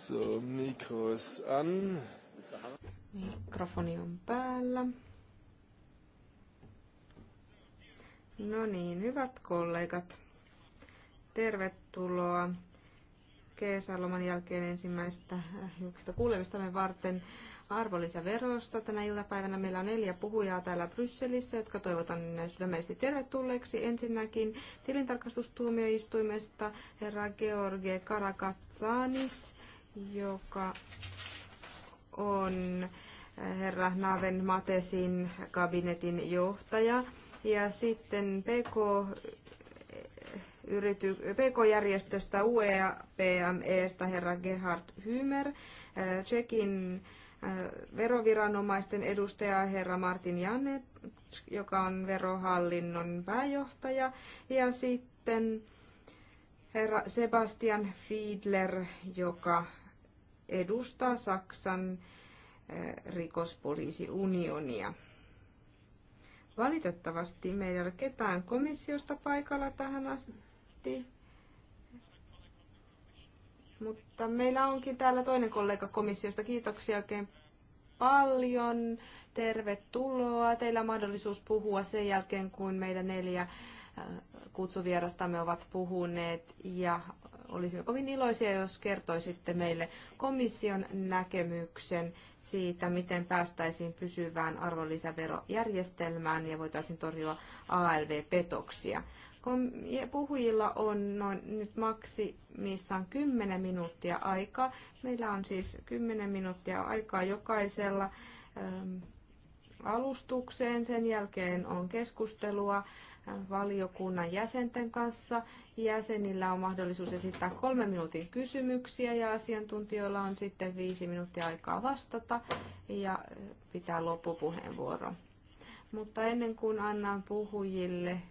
So, mikros an. Mikrofoni on päällä. No niin, hyvät kollegat. Tervetuloa kesäloman jälkeen ensimmäistä julkista me varten arvonlisäverosta. Tänä iltapäivänä meillä on neljä puhujaa täällä Brysselissä, jotka toivotan sydämellisesti tervetulleeksi. Ensinnäkin tilintarkastustuomioistuimesta herra George Karakatsanis, joka on herra Naven Matesin kabinetin johtaja. Ja sitten PK, yrity, PK-järjestöstä UEPMEstä herra Gerhard Hymer, äh, Tsekin äh, veroviranomaisten edustaja herra Martin Jannet joka on verohallinnon pääjohtaja, ja sitten herra Sebastian Fiedler, joka edustaa Saksan eh, rikospoliisiunionia. Valitettavasti meillä ei ole ketään komissiosta paikalla tähän asti, mutta meillä onkin täällä toinen kollega komissiosta. Kiitoksia oikein paljon. Tervetuloa. Teillä on mahdollisuus puhua sen jälkeen, kun meidän neljä eh, kutsuvierastamme ovat puhuneet ja Olisimme kovin iloisia, jos kertoisitte meille komission näkemyksen siitä, miten päästäisiin pysyvään arvonlisäverojärjestelmään ja voitaisiin torjua ALV-petoksia. Puhujilla on noin nyt maksimissaan 10 minuuttia aikaa. Meillä on siis 10 minuuttia aikaa jokaisella ähm, alustukseen. Sen jälkeen on keskustelua valiokunnan jäsenten kanssa. Jäsenillä on mahdollisuus esittää kolme minuutin kysymyksiä ja asiantuntijoilla on sitten viisi minuuttia aikaa vastata ja pitää loppupuheenvuoro. Mutta ennen kuin annan puhujille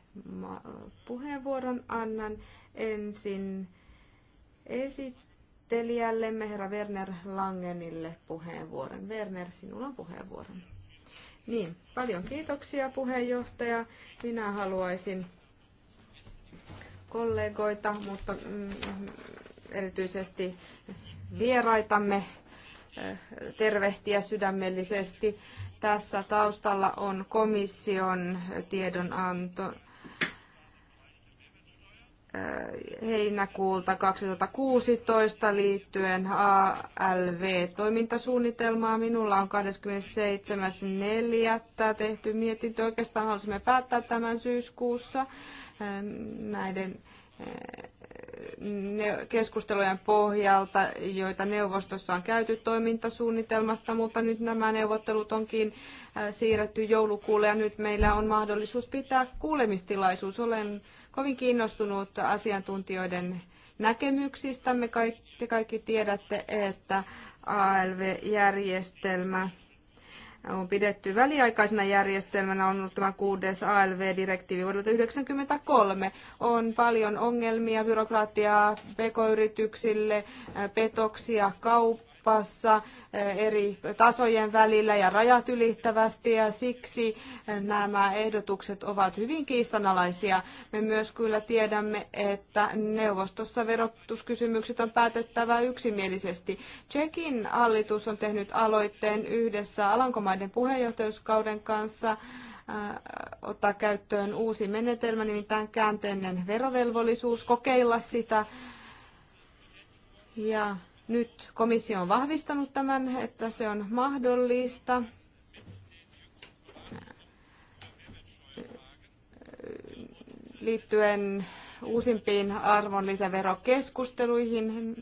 puheenvuoron, annan ensin esittelijällemme herra Werner Langenille puheenvuoron. Werner, sinulla on puheenvuoro. Niin, paljon kiitoksia puheenjohtaja. Minä haluaisin kollegoita, mutta mm, erityisesti vieraitamme eh, tervehtiä sydämellisesti. Tässä taustalla on komission tiedonanto heinäkuulta 2016 liittyen ALV-toimintasuunnitelmaa. Minulla on 27.4. tehty mietintö. Oikeastaan halusimme päättää tämän syyskuussa näiden keskustelujen pohjalta, joita neuvostossa on käyty toimintasuunnitelmasta, mutta nyt nämä neuvottelut onkin äh, siirretty joulukuulle ja nyt meillä on mahdollisuus pitää kuulemistilaisuus. Olen kovin kiinnostunut asiantuntijoiden näkemyksistä. Me kaikki, te kaikki tiedätte, että ALV-järjestelmä on pidetty väliaikaisena järjestelmänä, on ollut tämä kuudes ALV-direktiivi vuodelta 1993. On paljon ongelmia, byrokratiaa pk-yrityksille, petoksia, kauppaa Euroopassa eh, eri tasojen välillä ja rajat ylittävästi ja siksi eh, nämä ehdotukset ovat hyvin kiistanalaisia. Me myös kyllä tiedämme, että neuvostossa verotuskysymykset on päätettävä yksimielisesti. Tsekin hallitus on tehnyt aloitteen yhdessä Alankomaiden puheenjohtajuuskauden kanssa eh, ottaa käyttöön uusi menetelmä, nimittäin käänteinen verovelvollisuus, kokeilla sitä. Ja nyt komissio on vahvistanut tämän, että se on mahdollista. liittyen uusimpiin arvonlisäverokeskusteluihin.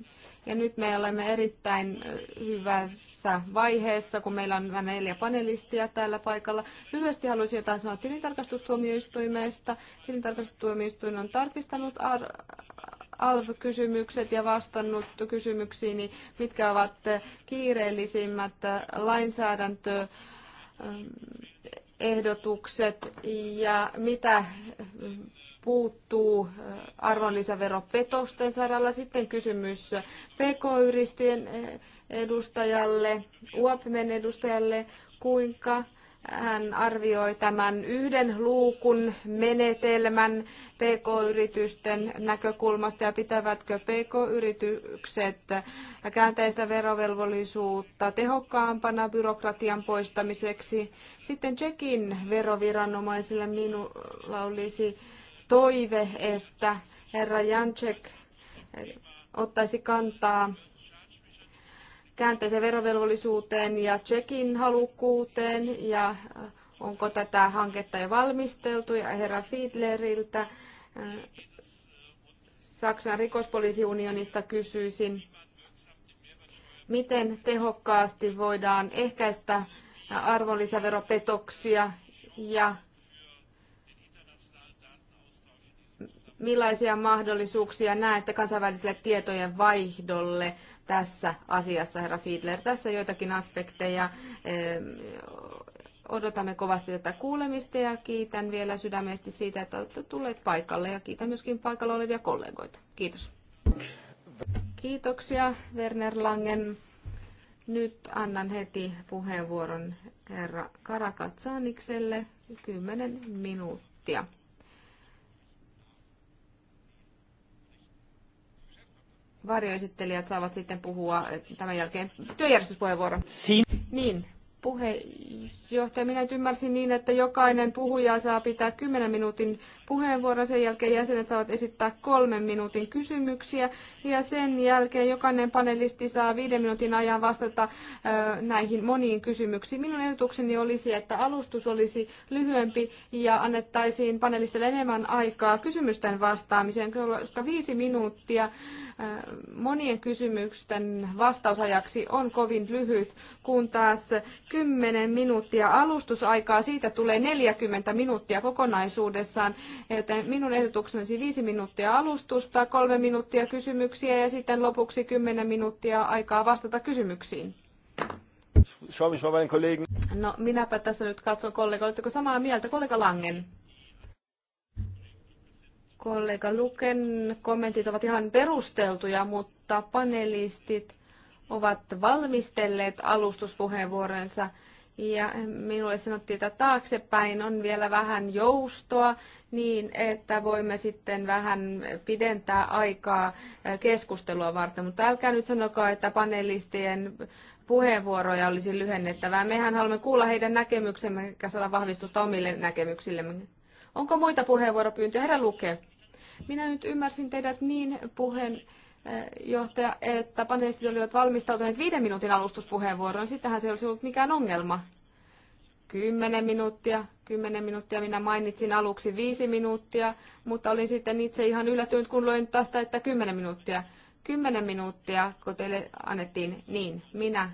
Ja nyt me olemme erittäin hyvässä vaiheessa, kun meillä on neljä panelistia täällä paikalla. Lyhyesti haluaisin jotain sanoa tilintarkastustuomioistuimesta. Tilintarkastustuomioistuin on tarkistanut ar- ALV-kysymykset ja vastannut niin mitkä ovat kiireellisimmät lainsäädäntöehdotukset ja mitä puuttuu arvonlisäveropetosten saralla. Sitten kysymys PK-yritysten edustajalle, UAPMen edustajalle, kuinka hän arvioi tämän yhden luukun menetelmän PK-yritysten näkökulmasta ja pitävätkö PK-yritykset käänteistä verovelvollisuutta tehokkaampana byrokratian poistamiseksi. Sitten Tsekin veroviranomaisille minulla olisi toive, että herra Jancek ottaisi kantaa käänteisen verovelvollisuuteen ja Tsekin halukkuuteen ja äh, onko tätä hanketta jo valmisteltu ja herra Fiedleriltä äh, Saksan rikospoliisiunionista kysyisin, miten tehokkaasti voidaan ehkäistä arvonlisäveropetoksia ja Millaisia mahdollisuuksia näette kansainväliselle tietojen vaihdolle tässä asiassa, herra Fiedler? Tässä joitakin aspekteja. Odotamme kovasti tätä kuulemista ja kiitän vielä sydämesti siitä, että olette tulleet paikalle ja kiitän myöskin paikalla olevia kollegoita. Kiitos. Kiitoksia Werner Langen. Nyt annan heti puheenvuoron herra Karakatsanikselle kymmenen minuuttia. varjoesittelijät saavat sitten puhua tämän jälkeen työjärjestyspuheenvuoron. Siin. Niin, puhe. Johtaja, minä nyt ymmärsin niin, että jokainen puhuja saa pitää 10 minuutin puheenvuoron, sen jälkeen jäsenet saavat esittää kolmen minuutin kysymyksiä ja sen jälkeen jokainen panelisti saa viiden minuutin ajan vastata näihin moniin kysymyksiin. Minun ehdotukseni olisi, että alustus olisi lyhyempi ja annettaisiin panelistille enemmän aikaa kysymysten vastaamiseen, koska viisi minuuttia monien kysymysten vastausajaksi on kovin lyhyt, kun taas kymmenen minuuttia minuuttia alustusaikaa, siitä tulee 40 minuuttia kokonaisuudessaan, joten minun ehdotukseni 5 minuuttia alustusta, 3 minuuttia kysymyksiä ja sitten lopuksi 10 minuuttia aikaa vastata kysymyksiin. No minäpä tässä nyt katson kollega, oletteko samaa mieltä? Kollega Langen. Kollega Luken kommentit ovat ihan perusteltuja, mutta panelistit ovat valmistelleet alustuspuheenvuoronsa ja minulle sanottiin, että taaksepäin on vielä vähän joustoa niin, että voimme sitten vähän pidentää aikaa keskustelua varten. Mutta älkää nyt sanokaa, että panelistien puheenvuoroja olisi lyhennettävää. Mehän haluamme kuulla heidän näkemyksemme ja saada vahvistusta omille näkemyksillemme. Onko muita puheenvuoropyyntöjä? Herra Luke. Minä nyt ymmärsin teidät niin puheen johtaja, että panelistit olivat valmistautuneet viiden minuutin alustuspuheenvuoroon. Sittenhän se olisi ollut mikään ongelma. Kymmenen minuuttia, kymmenen minuuttia minä mainitsin aluksi viisi minuuttia, mutta olin sitten itse ihan yllätynyt, kun luin tästä, että kymmenen minuuttia. Kymmenen minuuttia, kun teille annettiin, niin minä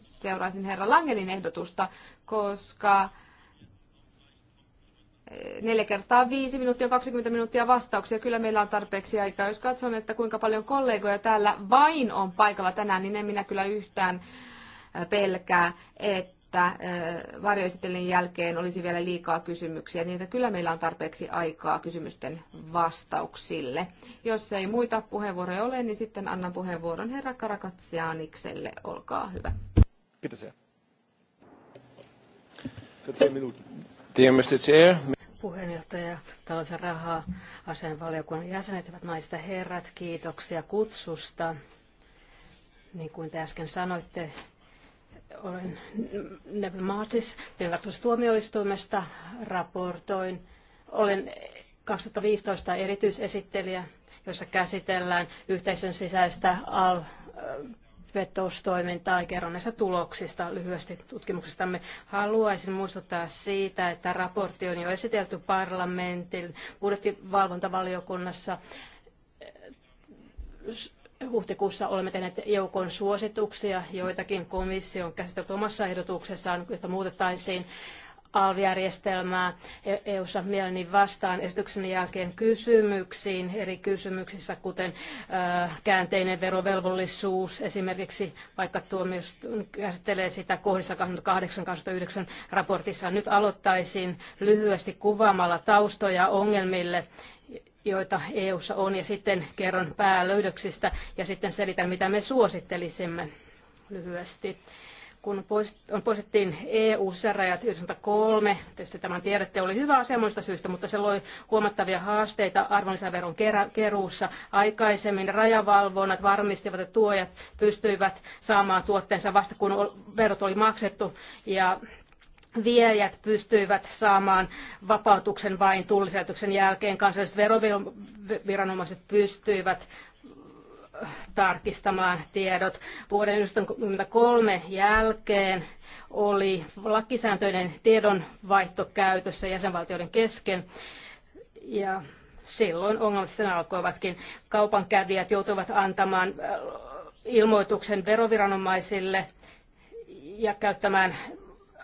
seuraisin herra Langenin ehdotusta, koska neljä kertaa viisi minuuttia on 20 minuuttia vastauksia. Kyllä meillä on tarpeeksi aikaa. Jos katson, että kuinka paljon kollegoja täällä vain on paikalla tänään, niin en minä kyllä yhtään pelkää, että varjoesittelyn jälkeen olisi vielä liikaa kysymyksiä, niin että kyllä meillä on tarpeeksi aikaa kysymysten vastauksille. Jos ei muita puheenvuoroja ole, niin sitten annan puheenvuoron herra Karakatsianikselle. Olkaa hyvä. Kiitos. 10 minuutin. Dear Mr. Chair puheenjohtaja, talous- ja rahaa, asianvaliokunnan jäsenet, hyvät naiset ja herrat, kiitoksia kutsusta. Niin kuin te äsken sanoitte, olen Neville Martis, tuomioistuimesta raportoin. Olen 2015 erityisesittelijä, jossa käsitellään yhteisön sisäistä al- petostoimintaa ja kerron näistä tuloksista lyhyesti tutkimuksestamme. Haluaisin muistuttaa siitä, että raportti on jo esitelty parlamentin budjettivalvontavaliokunnassa huhtikuussa olemme tehneet joukon suosituksia, joitakin komissio on käsitelty omassa ehdotuksessaan, jotta muutettaisiin alvijärjestelmää EU-ssa e mieleni vastaan esityksen jälkeen kysymyksiin eri kysymyksissä, kuten käänteinen verovelvollisuus esimerkiksi, vaikka tuomioistuin käsittelee sitä kohdissa 28-29 raportissa. Nyt aloittaisin lyhyesti kuvaamalla taustoja ongelmille, joita EU:ssa on, ja sitten kerron päälöydöksistä ja sitten selitän, mitä me suosittelisimme lyhyesti kun poistettiin EU-särajat 93, tietysti tämän tiedätte, oli hyvä asia muista syistä, mutta se loi huomattavia haasteita arvonlisäveron keruussa. Aikaisemmin rajavalvonnat varmistivat, että tuojat pystyivät saamaan tuotteensa vasta kun verot oli maksettu ja viejät pystyivät saamaan vapautuksen vain tulliselityksen jälkeen. Kansalliset veroviranomaiset pystyivät tarkistamaan tiedot. Vuoden 1993 jälkeen oli lakisääntöinen tiedonvaihto käytössä jäsenvaltioiden kesken. Ja silloin ongelmat sitten alkoivatkin. Kaupankävijät joutuivat antamaan äh, ilmoituksen veroviranomaisille ja käyttämään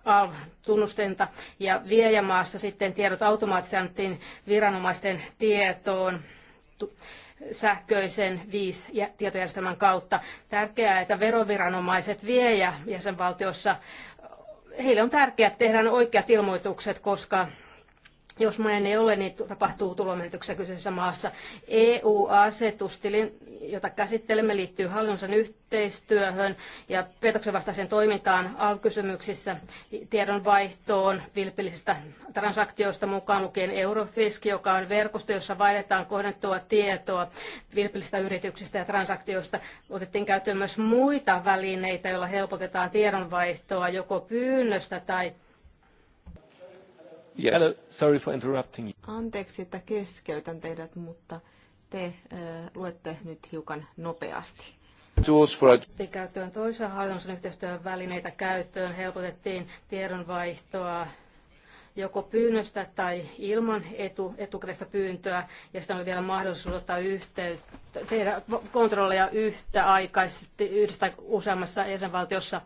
äh, tunnustenta ja viejämaassa sitten tiedot automaattisesti viranomaisten tietoon sähköisen viis tietojärjestelmän kautta. Tärkeää, että veroviranomaiset vie ja jäsenvaltiossa heille on tärkeää tehdä oikeat ilmoitukset, koska jos monen ei ole, niin tapahtuu tulomenetyksiä kyseisessä maassa. EU-asetustilin, jota käsittelemme, liittyy hallinnon yhteistyöhön ja petoksen vastaiseen toimintaan alkysymyksissä, tiedonvaihtoon, vilpillisistä transaktioista mukaan lukien Eurofisk, joka on verkosto, jossa vaihdetaan kohdentua tietoa vilpillisistä yrityksistä ja transaktioista. Otettiin käyttöön myös muita välineitä, joilla helpotetaan tiedonvaihtoa joko pyynnöstä tai Yes. Hello, sorry for interrupting Anteeksi, että keskeytän teidät, mutta te uh, luette nyt hiukan nopeasti. Otettiin käyttöön toisen hallinnon yhteistyön välineitä käyttöön, helpotettiin tiedonvaihtoa joko pyynnöstä tai ilman etu, etukäteistä pyyntöä, ja sitten oli vielä mahdollisuus ottaa yhteyttä, tehdä kontrolleja yhtäaikaisesti yhdestä useammassa jäsenvaltiossa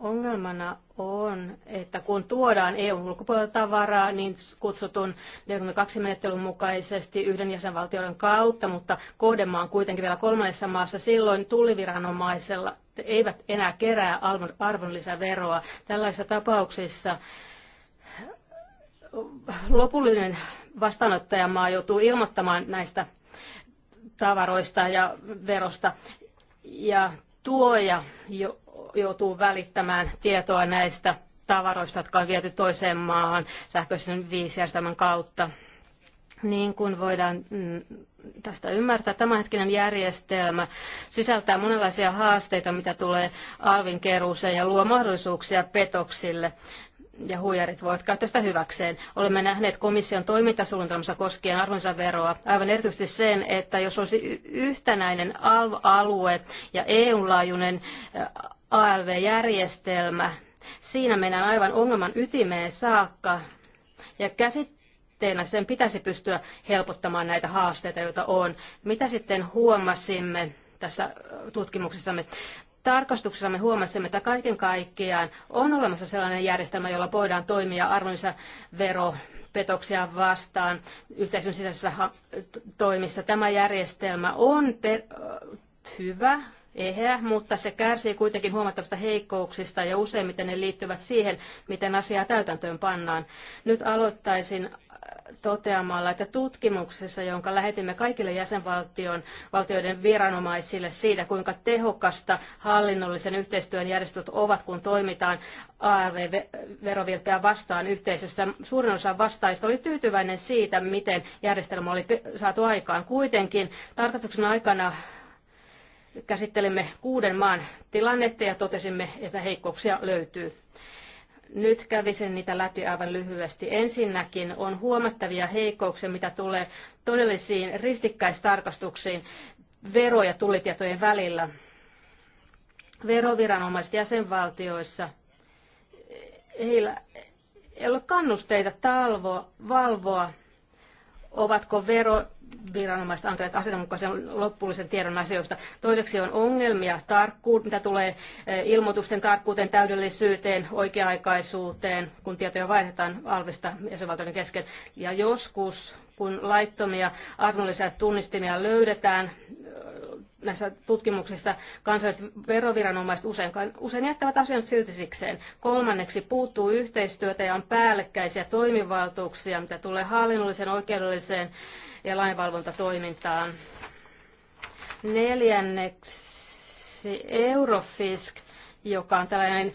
Ongelmana on, että kun tuodaan EUn ulkopuolelta tavaraa niin kutsutun 42-menettelyn mukaisesti yhden jäsenvaltioiden kautta, mutta kohdemaan kuitenkin vielä kolmannessa maassa, silloin tulliviranomaisella eivät enää kerää arvonlisäveroa. Tällaisissa tapauksissa lopullinen vastaanottajamaa joutuu ilmoittamaan näistä tavaroista ja verosta. Ja tuoja joutuu välittämään tietoa näistä tavaroista, jotka on viety toiseen maahan sähköisen viisijärjestelmän kautta. Niin kuin voidaan mm, tästä ymmärtää, tämänhetkinen järjestelmä sisältää monenlaisia haasteita, mitä tulee alvin keruuseen ja luo mahdollisuuksia petoksille ja huijarit voivat käyttää sitä hyväkseen. Olemme nähneet komission toimintasuunnitelmassa koskien arvonlisäveroa aivan erityisesti sen, että jos olisi yhtenäinen alue ja EU-laajuinen ALV-järjestelmä, siinä mennään aivan ongelman ytimeen saakka ja käsittää sen pitäisi pystyä helpottamaan näitä haasteita, joita on. Mitä sitten huomasimme tässä tutkimuksessamme? tarkastuksessamme huomasimme, että kaiken kaikkiaan on olemassa sellainen järjestelmä, jolla voidaan toimia arvonlisävero petoksia vastaan yhteisön sisäisissä toimissa. Tämä järjestelmä on hyvä, eheä, mutta se kärsii kuitenkin huomattavista heikkouksista ja useimmiten ne liittyvät siihen, miten asiaa täytäntöön pannaan. Nyt aloittaisin toteamalla, että tutkimuksessa, jonka lähetimme kaikille jäsenvaltion valtioiden viranomaisille siitä, kuinka tehokasta hallinnollisen yhteistyön järjestöt ovat, kun toimitaan ARV-verovilppeä vastaan yhteisössä. Suurin osa vastaajista oli tyytyväinen siitä, miten järjestelmä oli saatu aikaan. Kuitenkin tarkastuksen aikana käsittelimme kuuden maan tilannetta ja totesimme, että heikkouksia löytyy. Nyt kävisin niitä läpi aivan lyhyesti. Ensinnäkin on huomattavia heikkouksia, mitä tulee todellisiin ristikkäistarkastuksiin vero- ja tulitietojen välillä. Veroviranomaiset jäsenvaltioissa, heillä ei ole kannusteita talvo, valvoa, ovatko vero- viranomaiset antavat asianmukaisen loppullisen tiedon asioista. Toiseksi on ongelmia tarkkuut, mitä tulee eh, ilmoitusten tarkkuuteen, täydellisyyteen, oikea-aikaisuuteen, kun tietoja vaihdetaan alvista jäsenvaltioiden kesken. Ja joskus, kun laittomia tunnistimia löydetään, näissä tutkimuksissa kansalliset veroviranomaiset usein usein jättävät asian silti sikseen. Kolmanneksi puuttuu yhteistyötä ja on päällekkäisiä toimivaltuuksia, mitä tulee hallinnolliseen, oikeudelliseen ja lainvalvontatoimintaan. Neljänneksi Eurofisk, joka on tällainen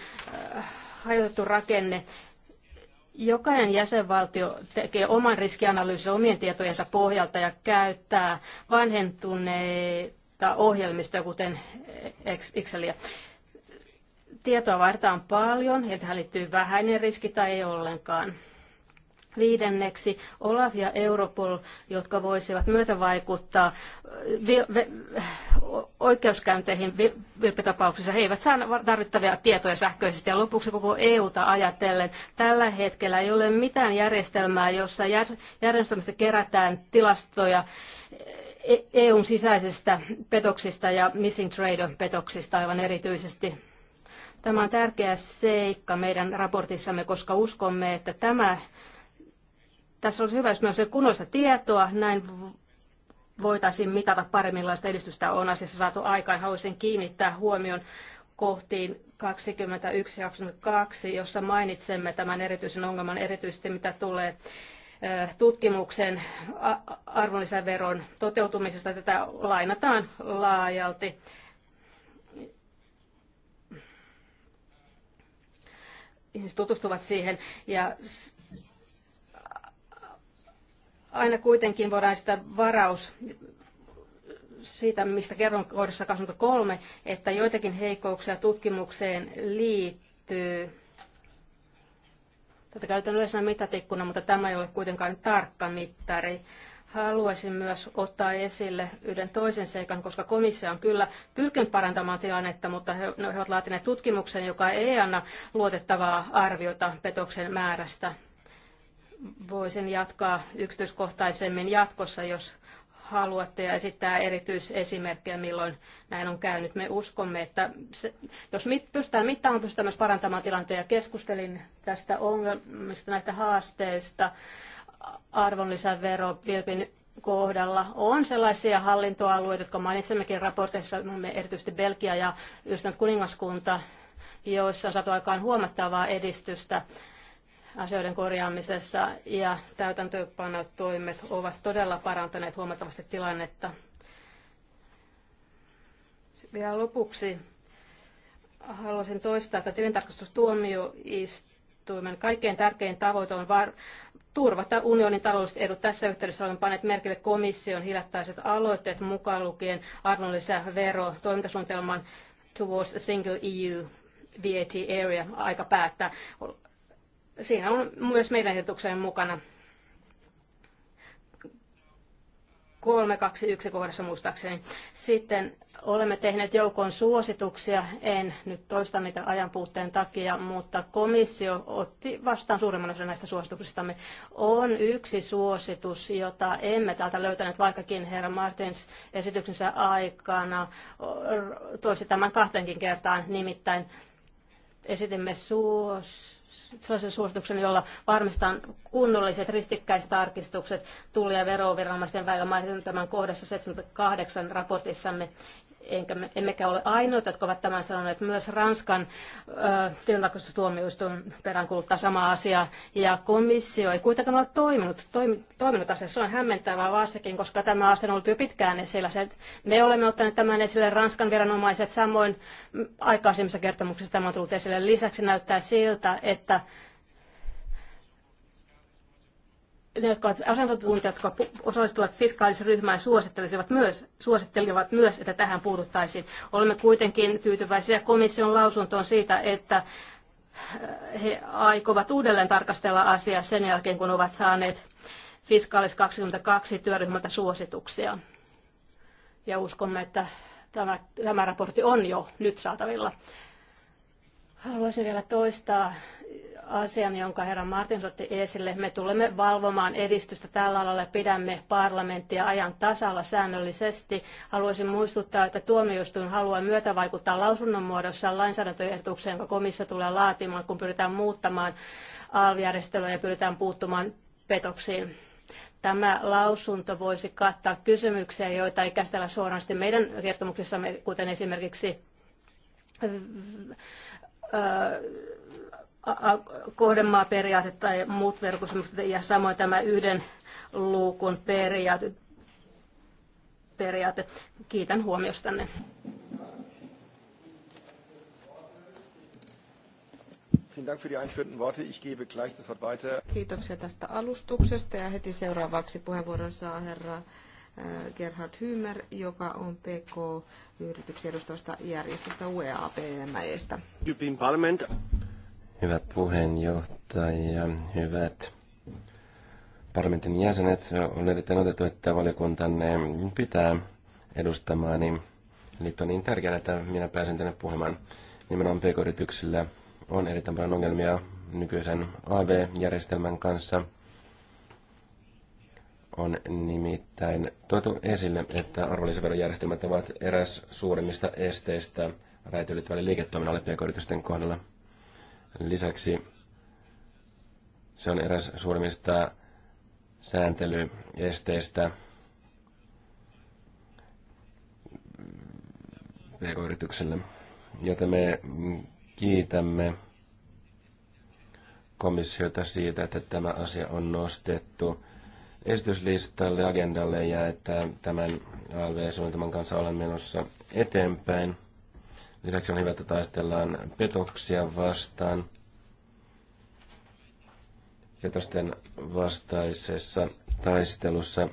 äh, hajotettu rakenne, Jokainen jäsenvaltio tekee oman riskianalyysin omien tietojensa pohjalta ja käyttää vanhentuneita tai ohjelmistoja, kuten Excelia. Tietoa vaihdetaan paljon ja tähän liittyy vähäinen riski tai ei ollenkaan. Viidenneksi Olaf ja Europol, jotka voisivat myötävaikuttaa eh, eh, oikeuskäynteihin vilpitapauksissa, he eivät saa tarvittavia tietoja sähköisesti. Ja lopuksi koko EUta ajatellen, tällä hetkellä ei ole mitään järjestelmää, jossa järjestelmästä kerätään tilastoja eh, E- EUn sisäisistä petoksista ja missing trader-petoksista aivan erityisesti. Tämä on tärkeä seikka meidän raportissamme, koska uskomme, että tämä, tässä olisi hyvä, jos meillä kunnoista tietoa, näin voitaisiin mitata paremmin, edistystä on asiassa saatu aikaan. Haluaisin kiinnittää huomion kohtiin 21 ja 22, jossa mainitsemme tämän erityisen ongelman erityisesti, mitä tulee tutkimuksen arvonlisäveron toteutumisesta. Tätä lainataan laajalti. Ihmiset tutustuvat siihen ja aina kuitenkin voidaan sitä varaus siitä, mistä kerron kohdassa 23, että joitakin heikkouksia tutkimukseen liittyy Tätä käytän yleisenä mitatikkuna, mutta tämä ei ole kuitenkaan tarkka mittari. Haluaisin myös ottaa esille yhden toisen seikan, koska komissio on kyllä pyrkinyt parantamaan tilannetta, mutta he, no, he ovat laatineet tutkimuksen, joka ei anna luotettavaa arviota petoksen määrästä. Voisin jatkaa yksityiskohtaisemmin jatkossa, jos haluatte ja esittää erityisesimerkkejä, milloin näin on käynyt. Me uskomme, että se, jos mit, pystytään mittaamaan, pystytään myös parantamaan tilanteen. Ja keskustelin tästä ongelmista, näistä haasteista, arvonlisävero, Vilpin kohdalla on sellaisia hallintoalueita, jotka mainitsemmekin raportissa, no erityisesti Belgia ja Yhdistynyt kuningaskunta, joissa on saatu aikaan huomattavaa edistystä asioiden korjaamisessa ja täytäntöönpanot toimet ovat todella parantaneet huomattavasti tilannetta. Vielä lopuksi haluaisin toistaa, että tilintarkastustuomioistuimen kaikkein tärkein tavoite on var- turvata unionin taloudelliset edut. Tässä yhteydessä olen panneet merkille komission hiljattaiset aloitteet mukaan lukien arvonlisävero toimintasuunnitelman Towards a Single EU VAT Area aika päättää. Siinä on myös meidän ehdotuksemme mukana. 321 kohdassa muistaakseni. Sitten olemme tehneet joukon suosituksia, en nyt toista niitä ajan puutteen takia, mutta komissio otti vastaan suurimman osan näistä suosituksistamme. On yksi suositus, jota emme täältä löytäneet, vaikkakin herra Martins esityksensä aikana toisi tämän kahteenkin kertaan, nimittäin esitimme suos sellaisen suosituksen, jolla varmistetaan kunnolliset ristikkäistarkistukset tuli- ja veroviranomaisten välillä. Mainitsin tämän kohdassa 78 raportissamme enkä, emmekä ole ainoita, jotka ovat tämän sanoneet. Myös Ranskan tilintarkastustuomioistuin peräänkuuluttaa samaa asiaa, ja komissio ei kuitenkaan ole toiminut, toimi, toiminut asiassa. Se on hämmentävää vastakin, koska tämä asia on ollut jo pitkään esillä. Se, me olemme ottaneet tämän esille, Ranskan viranomaiset samoin aikaisemmissa kertomuksissa tämä on tullut esille. Lisäksi näyttää siltä, että ne, jotka ovat asiantuntijat, jotka osallistuvat fiskaalisryhmään, suosittelisivat myös, suosittelivat myös, että tähän puututtaisiin. Olemme kuitenkin tyytyväisiä komission lausuntoon siitä, että eh, he aikovat uudelleen tarkastella asiaa sen jälkeen, kun ovat saaneet Fiskaalis 22 työryhmältä suosituksia. Ja uskomme, että tämä, tämä raportti on jo nyt saatavilla. Haluaisin vielä toistaa asian, jonka herra Martin otti esille. Me tulemme valvomaan edistystä tällä alalla ja pidämme parlamenttia ajan tasalla säännöllisesti. Haluaisin muistuttaa, että tuomioistuin haluaa myötävaikuttaa lausunnon muodossa lainsäädäntöehdotukseen, jonka komissio tulee laatimaan, kun pyritään muuttamaan alvijärjestelyä ja pyritään puuttumaan petoksiin. Tämä lausunto voisi kattaa kysymyksiä, joita ei käsitellä suorasti meidän kertomuksessamme, kuten esimerkiksi kohdemaaperiaate tai muut verkosopimukset ja samoin tämä yhden luukun periaate. periaate. Kiitän huomiostanne. Kiitoksia tästä alustuksesta ja heti seuraavaksi puheenvuoron saa herra äh, Gerhard Hymer, joka on PK-yrityksen edustavasta järjestöstä UEAPMEstä. European Hyvä puheenjohtaja, hyvät parlamentin jäsenet. On erittäin otettu, että valiokuntanne pitää edustamaani on niin tärkeää, että minä pääsen tänne puhumaan. Nimenomaan pk-yrityksillä on erittäin paljon ongelmia nykyisen AV-järjestelmän kanssa. On nimittäin tuotu esille, että arvonlisäverojärjestelmät ovat eräs suurimmista esteistä rajat liiketoiminnalle pk-yritysten kohdalla – Lisäksi se on eräs suurimmista sääntelyesteistä pk-yritykselle, joten me kiitämme komissiota siitä, että tämä asia on nostettu esityslistalle, agendalle ja että tämän ALV-suunnitelman kanssa olen menossa eteenpäin. Lisäksi on hyvä, että taistellaan petoksia vastaan. Petosten vastaisessa taistelussa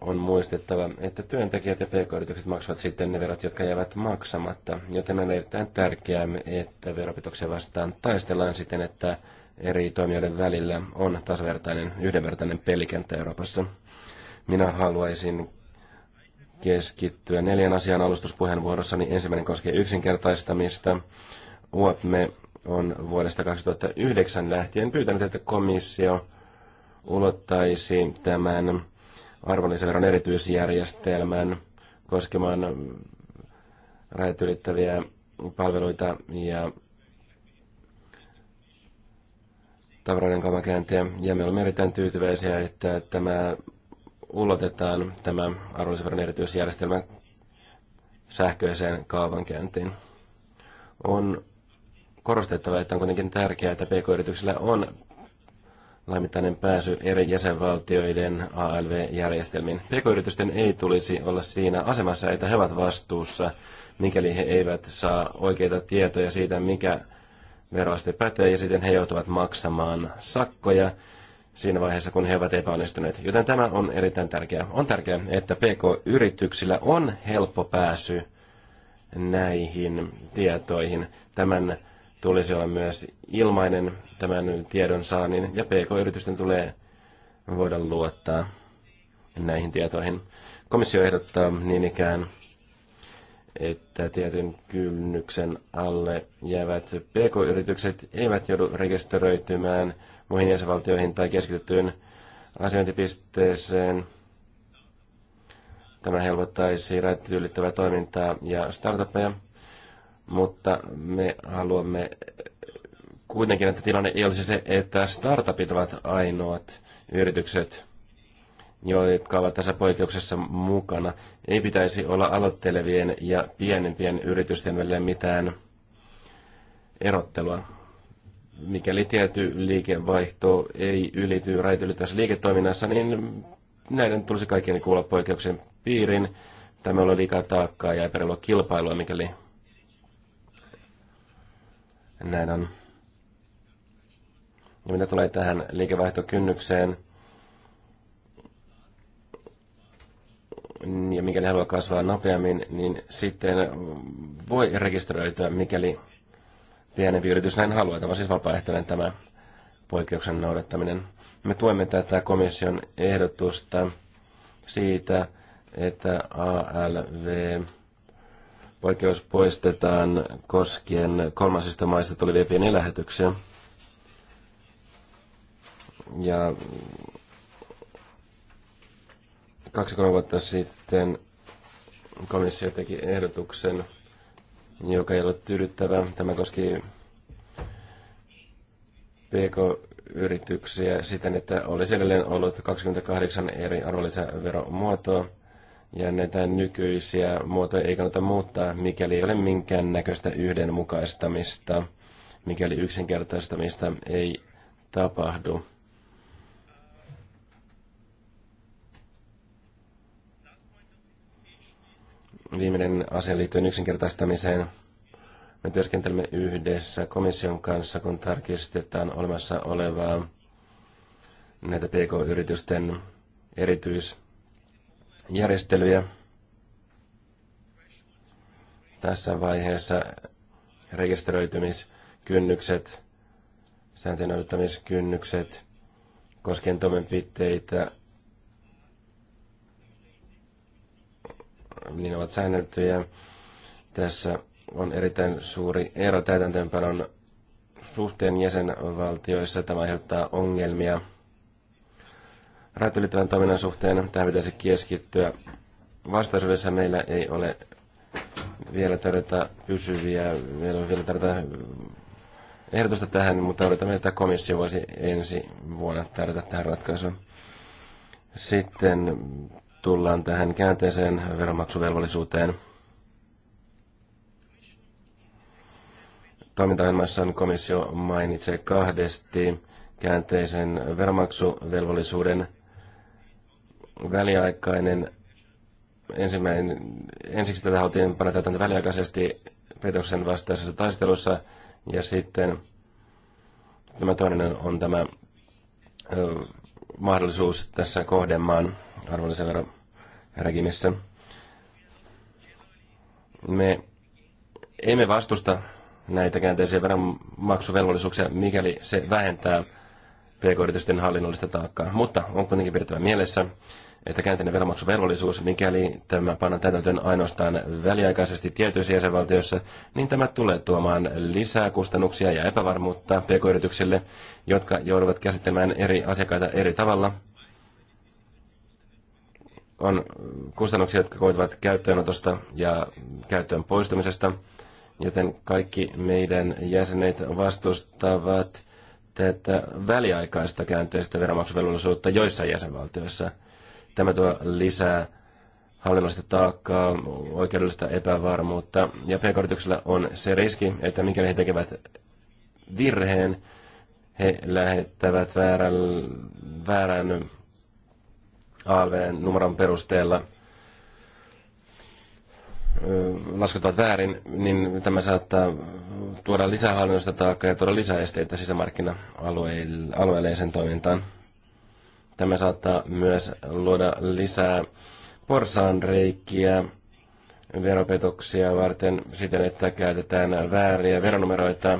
on muistettava, että työntekijät ja pk-yritykset maksavat sitten ne verot, jotka jäävät maksamatta, joten on erittäin tärkeää, että veropetoksia vastaan taistellaan siten, että eri toimijoiden välillä on tasavertainen, yhdenvertainen pelikenttä Euroopassa. Minä haluaisin keskittyä neljän asian alustuspuheenvuorossani. Ensimmäinen koskee yksinkertaistamista. UAPME on vuodesta 2009 lähtien pyytänyt, että komissio ulottaisi tämän arvonlisäveron erityisjärjestelmän koskemaan rajat ylittäviä palveluita ja tavaroiden kaupankäyntiä. Ja me olemme erittäin tyytyväisiä, että tämä ulotetaan tämä arvonlisäveron erityisjärjestelmä sähköiseen kaavankäyntiin. On korostettava, että on kuitenkin tärkeää, että pk-yrityksillä on laimittainen pääsy eri jäsenvaltioiden ALV-järjestelmiin. Pk-yritysten ei tulisi olla siinä asemassa, että he ovat vastuussa, mikäli he eivät saa oikeita tietoja siitä, mikä veroaste pätee, ja sitten he joutuvat maksamaan sakkoja siinä vaiheessa, kun he ovat epäonnistuneet. Joten tämä on erittäin tärkeää. On tärkeää, että PK-yrityksillä on helppo pääsy näihin tietoihin. Tämän tulisi olla myös ilmainen tämän tiedon saannin ja PK-yritysten tulee voida luottaa näihin tietoihin. Komissio ehdottaa niin ikään, että tietyn kynnyksen alle jäävät PK-yritykset eivät joudu rekisteröitymään – muihin jäsenvaltioihin tai keskitettyyn asiointipisteeseen. Tämä helpottaisi rajat ylittävää toimintaa ja startupeja, mutta me haluamme kuitenkin, että tilanne ei olisi se, että startupit ovat ainoat yritykset, jotka ovat tässä poikkeuksessa mukana. Ei pitäisi olla aloittelevien ja pienempien yritysten välillä mitään erottelua mikäli tietty liikevaihto ei ylity tässä liiketoiminnassa, niin näiden tulisi kaikkien kuulla poikkeuksen piirin. Tämä on liikaa taakkaa ja ei kilpailua, mikäli näin on. Ja mitä tulee tähän liikevaihtokynnykseen, ja mikäli haluaa kasvaa nopeammin, niin sitten voi rekisteröityä, mikäli pienempi yritys näin haluaa. Tämä on siis vapaaehtoinen tämä poikkeuksen noudattaminen. Me tuemme tätä komission ehdotusta siitä, että ALV poikkeus poistetaan koskien kolmansista maista tulevia pieniä lähetyksiä. Ja kaksi kolme vuotta sitten komissio teki ehdotuksen joka ei ollut tyydyttävä. Tämä koski PK-yrityksiä siten, että olisi edelleen ollut 28 eri arvonlisäveromuotoa, ja näitä nykyisiä muotoja ei kannata muuttaa, mikäli ei ole minkäännäköistä yhdenmukaistamista, mikäli yksinkertaistamista ei tapahdu. Viimeinen asia liittyen yksinkertaistamiseen. Me työskentelemme yhdessä komission kanssa, kun tarkistetaan olemassa olevaa näitä PK-yritysten erityisjärjestelyjä. Tässä vaiheessa rekisteröitymiskynnykset, sääntöjen odottamiskynnykset koskien toimenpiteitä niin ovat säänneltyjä. Tässä on erittäin suuri ero täytäntöönpanon suhteen jäsenvaltioissa. Tämä aiheuttaa ongelmia rajat ylittävän toiminnan suhteen. Tähän pitäisi keskittyä. Vastaisuudessa meillä ei ole vielä tarjota pysyviä, vielä, vielä tarjota ehdotusta tähän, mutta odotamme, että komissio voisi ensi vuonna tarjota tähän ratkaisuun. Sitten tullaan tähän käänteiseen veronmaksuvelvollisuuteen. Toimintaohjelmassaan komissio mainitsee kahdesti käänteisen veronmaksuvelvollisuuden väliaikainen ensimmäinen, ensiksi tätä haluttiin panna väliaikaisesti petoksen vastaisessa taistelussa ja sitten tämä toinen on tämä ö, mahdollisuus tässä kohdemaan arvonlisäveron regimessä. Me emme vastusta näitä käänteisiä verran maksuvelvollisuuksia, mikäli se vähentää pk-yritysten hallinnollista taakkaa. Mutta on kuitenkin pidettävä mielessä, että käänteinen veronmaksuvelvollisuus, mikäli tämä panna täytäntöön ainoastaan väliaikaisesti tietyissä jäsenvaltioissa, niin tämä tulee tuomaan lisää kustannuksia ja epävarmuutta pk-yrityksille, jotka jouduvat käsittelemään eri asiakkaita eri tavalla – on kustannuksia, jotka koituvat käyttöönotosta ja käyttöön poistumisesta, joten kaikki meidän jäsenet vastustavat tätä väliaikaista käänteistä veromaksuvelvollisuutta joissain jäsenvaltioissa. Tämä tuo lisää hallinnollista taakkaa, oikeudellista epävarmuutta, ja pk on se riski, että mikäli he tekevät virheen, he lähettävät väärän, väärän ALV-numeron perusteella laskuttavat väärin, niin tämä saattaa tuoda lisää hallinnosta taakkaa ja tuoda lisää esteitä sisämarkkina-alueelliseen toimintaan. Tämä saattaa myös luoda lisää porsaanreikiä veropetoksia varten siten, että käytetään vääriä veronumeroita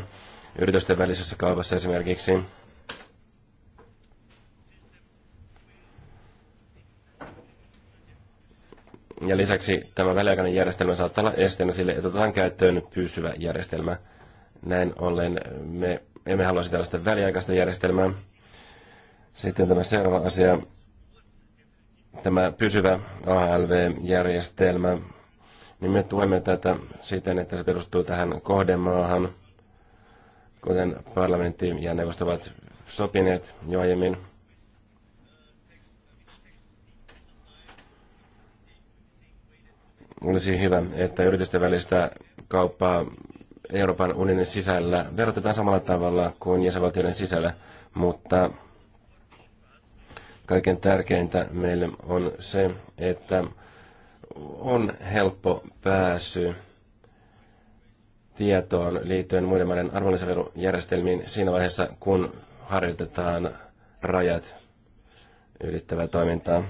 yritysten välisessä kaupassa esimerkiksi. Ja lisäksi tämä väliaikainen järjestelmä saattaa olla esteenä sille, että otetaan käyttöön pysyvä järjestelmä. Näin ollen me emme haluaisi tällaista väliaikaista järjestelmää. Sitten tämä seuraava asia, tämä pysyvä ALV-järjestelmä, niin me tuemme tätä siten, että se perustuu tähän kohdemaahan, kuten parlamentti ja neuvosto ovat sopineet jo aiemmin. Olisi hyvä, että yritysten välistä kauppaa Euroopan unionin sisällä verotetaan samalla tavalla kuin jäsenvaltioiden sisällä, mutta kaiken tärkeintä meille on se, että on helppo pääsy tietoon liittyen muiden maiden arvonlisäverojärjestelmiin siinä vaiheessa, kun harjoitetaan rajat ylittävää toimintaa.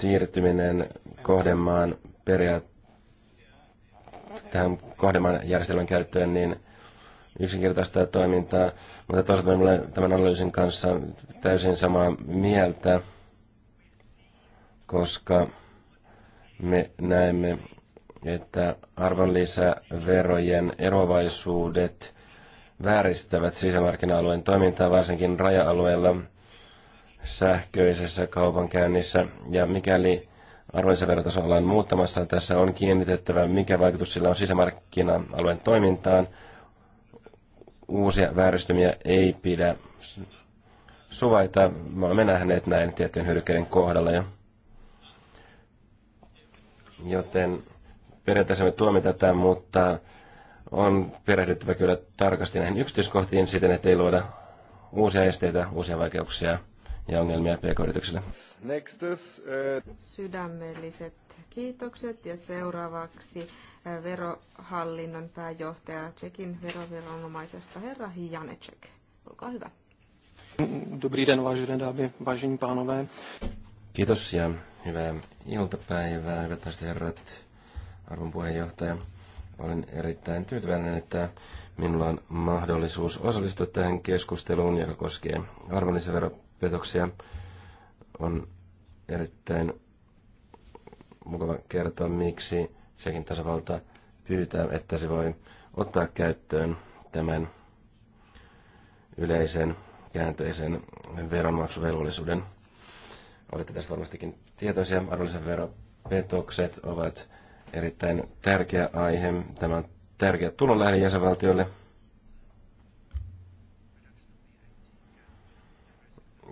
siirtyminen kohdemaan periaat- tähän kohdemaan järjestelmän käyttöön, niin yksinkertaista toimintaa, mutta toisaalta olen tämän analyysin kanssa täysin samaa mieltä, koska me näemme, että arvonlisäverojen eroavaisuudet vääristävät sisämarkkina-alueen toimintaa, varsinkin raja-alueella – sähköisessä kaupankäynnissä. Ja mikäli arvonlisäverotaso ollaan muuttamassa, tässä on kiinnitettävä, mikä vaikutus sillä on sisämarkkina-alueen toimintaan. Uusia vääristymiä ei pidä suvaita. Me olemme nähneet näin tiettyjen hyödykkeiden kohdalla jo. Joten periaatteessa me tuomme tätä, mutta on perehdyttävä kyllä tarkasti näihin yksityiskohtiin siten, ei luoda uusia esteitä, uusia vaikeuksia – ja ongelmia pk-yrityksille. Eh, Sydämelliset kiitokset ja seuraavaksi eh, verohallinnon pääjohtaja Tsekin veroviranomaisesta herra Janecek. Olkaa hyvä. Dobrý den, vážené dámy, vážení pánové. Kiitos ja hyvää iltapäivää, hyvät naiset herrat, arvon puheenjohtaja. Olen erittäin tyytyväinen, että minulla on mahdollisuus osallistua tähän keskusteluun, joka koskee arvonlisäveroa petoksia. On erittäin mukava kertoa, miksi sekin tasavalta pyytää, että se voi ottaa käyttöön tämän yleisen käänteisen veronmaksuvelvollisuuden. Olette tästä varmastikin tietoisia. Arvonlisäveropetokset ovat erittäin tärkeä aihe. Tämä on tärkeä tulonlähde jäsenvaltioille –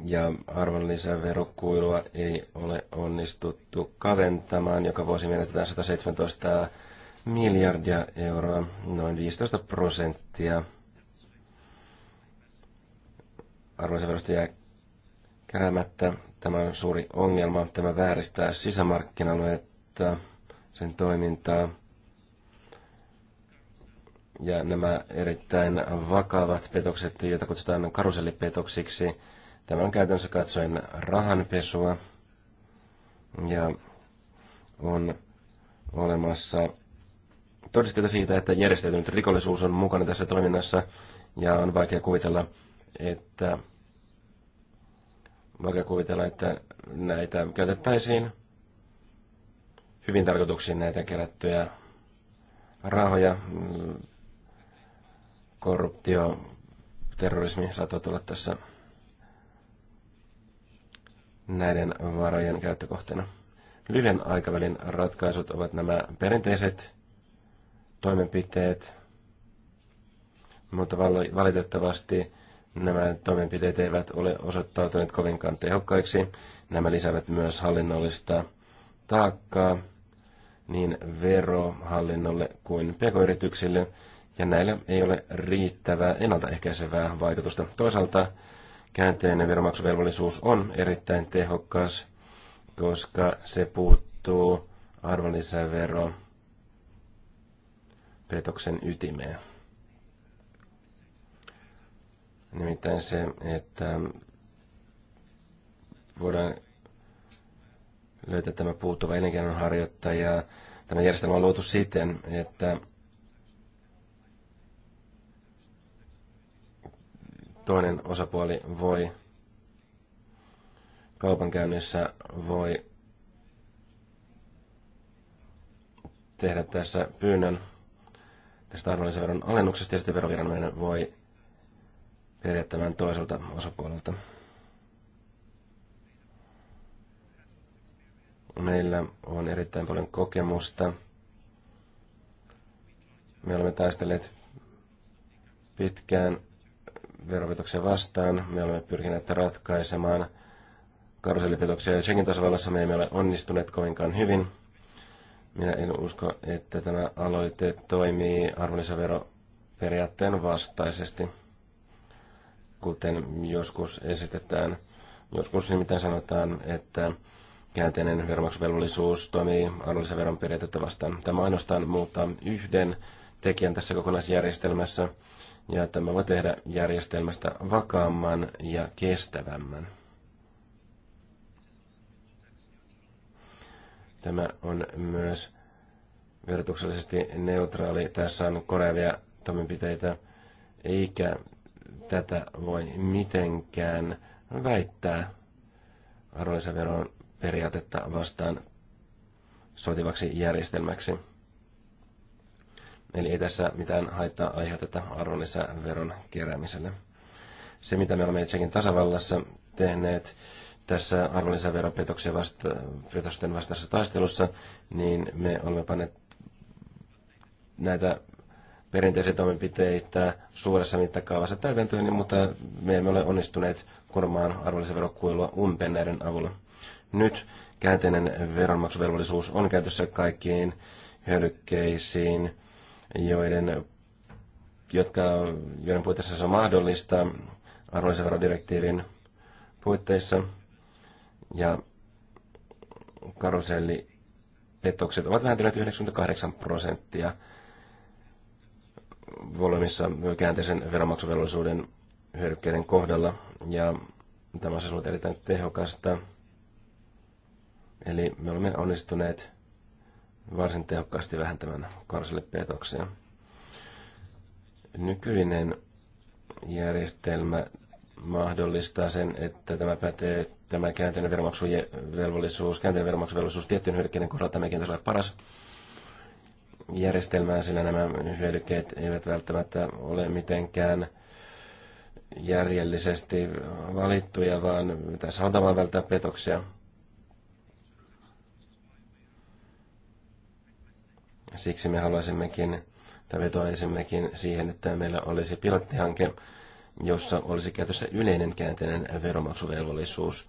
ja arvonlisäverokuilua ei ole onnistuttu kaventamaan. Joka vuosi menetetään 117 miljardia euroa, noin 15 prosenttia. Arvonlisäverosta jää keräämättä. Tämä on suuri ongelma. Tämä vääristää sisämarkkinaluetta, sen toimintaa. Ja nämä erittäin vakavat petokset, joita kutsutaan karusellipetoksiksi, Tämä on käytännössä katsoen rahanpesua ja on olemassa todisteita siitä, että järjestäytynyt rikollisuus on mukana tässä toiminnassa ja on vaikea kuvitella, että vaikea kuvitella, että näitä käytettäisiin hyvin tarkoituksiin näitä kerättyjä rahoja. Mm, korruptio, terrorismi saattavat olla tässä näiden varojen käyttökohteena. Lyhyen aikavälin ratkaisut ovat nämä perinteiset toimenpiteet, mutta valitettavasti nämä toimenpiteet eivät ole osoittautuneet kovinkaan tehokkaiksi. Nämä lisäävät myös hallinnollista taakkaa niin verohallinnolle kuin pk-yrityksille, ja näillä ei ole riittävää ennaltaehkäisevää vaikutusta. Toisaalta Käänteinen veromaksuvelvollisuus on erittäin tehokas, koska se puuttuu arvonlisävero petoksen ytimeen. Nimittäin se, että voidaan löytää tämä puuttuva elinkeinonharjoittaja. Tämä järjestelmä on luotu siten, että toinen osapuoli voi kaupankäynnissä voi tehdä tässä pyynnön tästä arvonlisäveron alennuksesta ja sitten veroviranomainen voi periä tämän toiselta osapuolelta. Meillä on erittäin paljon kokemusta. Me olemme taistelleet pitkään veropetoksia vastaan. Me olemme pyrkineet ratkaisemaan ja Tsekin tasavallassa me emme ole onnistuneet kovinkaan hyvin. Minä en usko, että tämä aloite toimii arvonlisäveroperiaatteen vastaisesti, kuten joskus esitetään. Joskus nimittäin sanotaan, että käänteinen veromaksuvelvollisuus toimii arvonlisäveron periaatetta vastaan. Tämä ainoastaan muuttaa yhden tekijän tässä kokonaisjärjestelmässä, ja me voi tehdä järjestelmästä vakaamman ja kestävämmän. Tämä on myös verotuksellisesti neutraali. Tässä on korjaavia toimenpiteitä, eikä tätä voi mitenkään väittää arvonlisäveron periaatetta vastaan sotivaksi järjestelmäksi. Eli ei tässä mitään haittaa aiheuteta arvonlisäveron keräämiselle. Se, mitä me olemme Tsekin tasavallassa tehneet tässä arvonlisäveropetoksen vasta, vastaisessa taistelussa, niin me olemme panneet näitä perinteisiä toimenpiteitä suuressa mittakaavassa täytäntöön, niin, mutta me emme ole onnistuneet kurmaan arvonlisäverokuilua umpeen näiden avulla. Nyt käänteinen veronmaksuvelvollisuus on käytössä kaikkiin hyödykkeisiin, joiden, jotka, joiden puitteissa se on mahdollista arvonlisäverodirektiivin puitteissa. Ja karuselipetokset ovat vähentyneet 98 prosenttia volyymissa käänteisen veronmaksuvelvollisuuden hyödykkeiden kohdalla. Ja tämä on siis ollut erittäin tehokasta. Eli me olemme onnistuneet varsin tehokkaasti vähentämään karsillepetoksia. Nykyinen järjestelmä mahdollistaa sen, että tämä pätee tämä käänteinen veromaksuvelvollisuus, käänteinen veromaksuvelvollisuus tiettyjen hyödykkeiden kohdalla tämä kenties ole paras järjestelmä, sillä nämä hyödykkeet eivät välttämättä ole mitenkään järjellisesti valittuja, vaan tässä halutaan välttää petoksia. Siksi me haluaisimmekin tai vetoaisimmekin siihen, että meillä olisi pilottihanke, jossa olisi käytössä yleinen käänteinen veromaksuvelvollisuus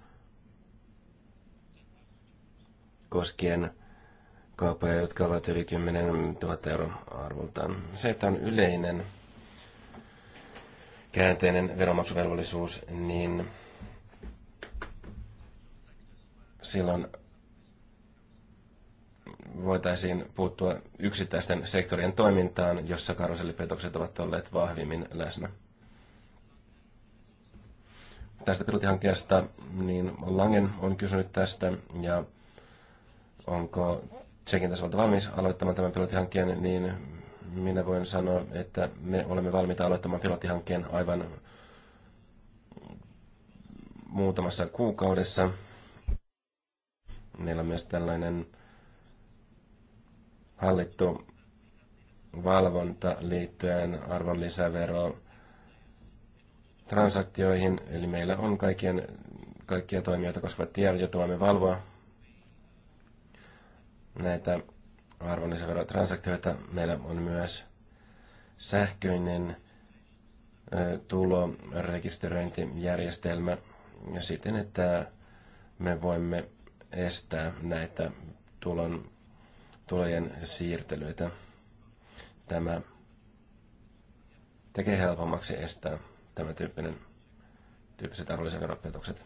koskien kauppoja, jotka ovat yli 10 000 euron arvoltaan. Se, että on yleinen käänteinen veromaksuvelvollisuus, niin silloin voitaisiin puuttua yksittäisten sektorien toimintaan, jossa karusellipetokset ovat olleet vahvimmin läsnä. Tästä pilotihankkeesta, niin Langen on kysynyt tästä ja onko Tsekin tasavalta valmis aloittamaan tämän pilotihankkeen, niin minä voin sanoa, että me olemme valmiita aloittamaan pilotihankkeen aivan muutamassa kuukaudessa. Meillä on myös tällainen hallittu valvonta liittyen arvonlisäveroon transaktioihin, eli meillä on kaikkien, kaikkia toimijoita koskevat tiedot, joita voimme valvoa näitä arvonlisäverotransaktioita. Meillä on myös sähköinen tulorekisteröintijärjestelmä siten, että me voimme estää näitä tulon tulojen siirtelyitä. Tämä tekee helpommaksi estää tämä tyyppinen, tyyppiset arvonlisäveropetokset.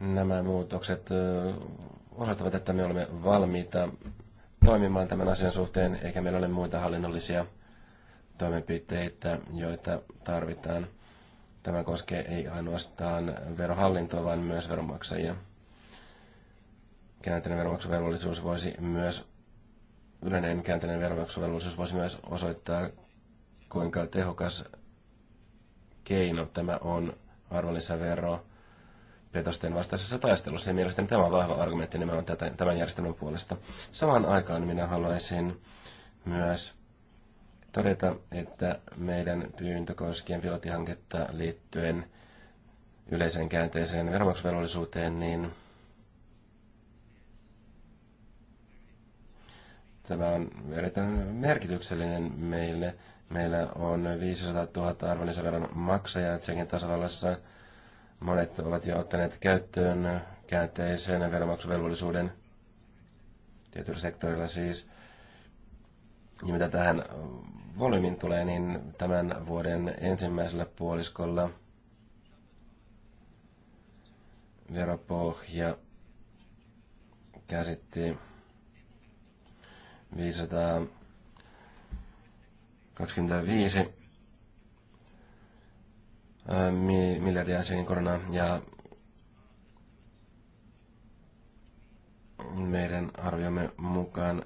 Nämä muutokset osoittavat, että me olemme valmiita toimimaan tämän asian suhteen, eikä meillä ole muita hallinnollisia toimenpiteitä, joita tarvitaan. Tämä koskee ei ainoastaan verohallintoa, vaan myös veronmaksajia käänteinen veronmaksuvelvollisuus voisi myös, yleinen käänteinen veronmaksuvelvollisuus voisi myös osoittaa, kuinka tehokas keino tämä on arvonlisävero petosten vastaisessa taistelussa. Ja mielestäni tämä on vahva argumentti nimenomaan tätä, tämän järjestelmän puolesta. Samaan aikaan minä haluaisin myös todeta, että meidän pyyntö koskien pilotihanketta liittyen yleiseen käänteiseen veronmaksuvelvollisuuteen, niin Tämä on erittäin merkityksellinen meille. Meillä on 500 000 arvonlisäveron maksajaa Tsekin tasavallassa. Monet ovat jo ottaneet käyttöön käänteisen veromaksuvelvollisuuden tietyllä sektorilla siis. Ja mitä tähän volyymiin tulee, niin tämän vuoden ensimmäisellä puoliskolla veropohja käsitti 525 miljardia Tsekin koronaa ja meidän arviomme mukaan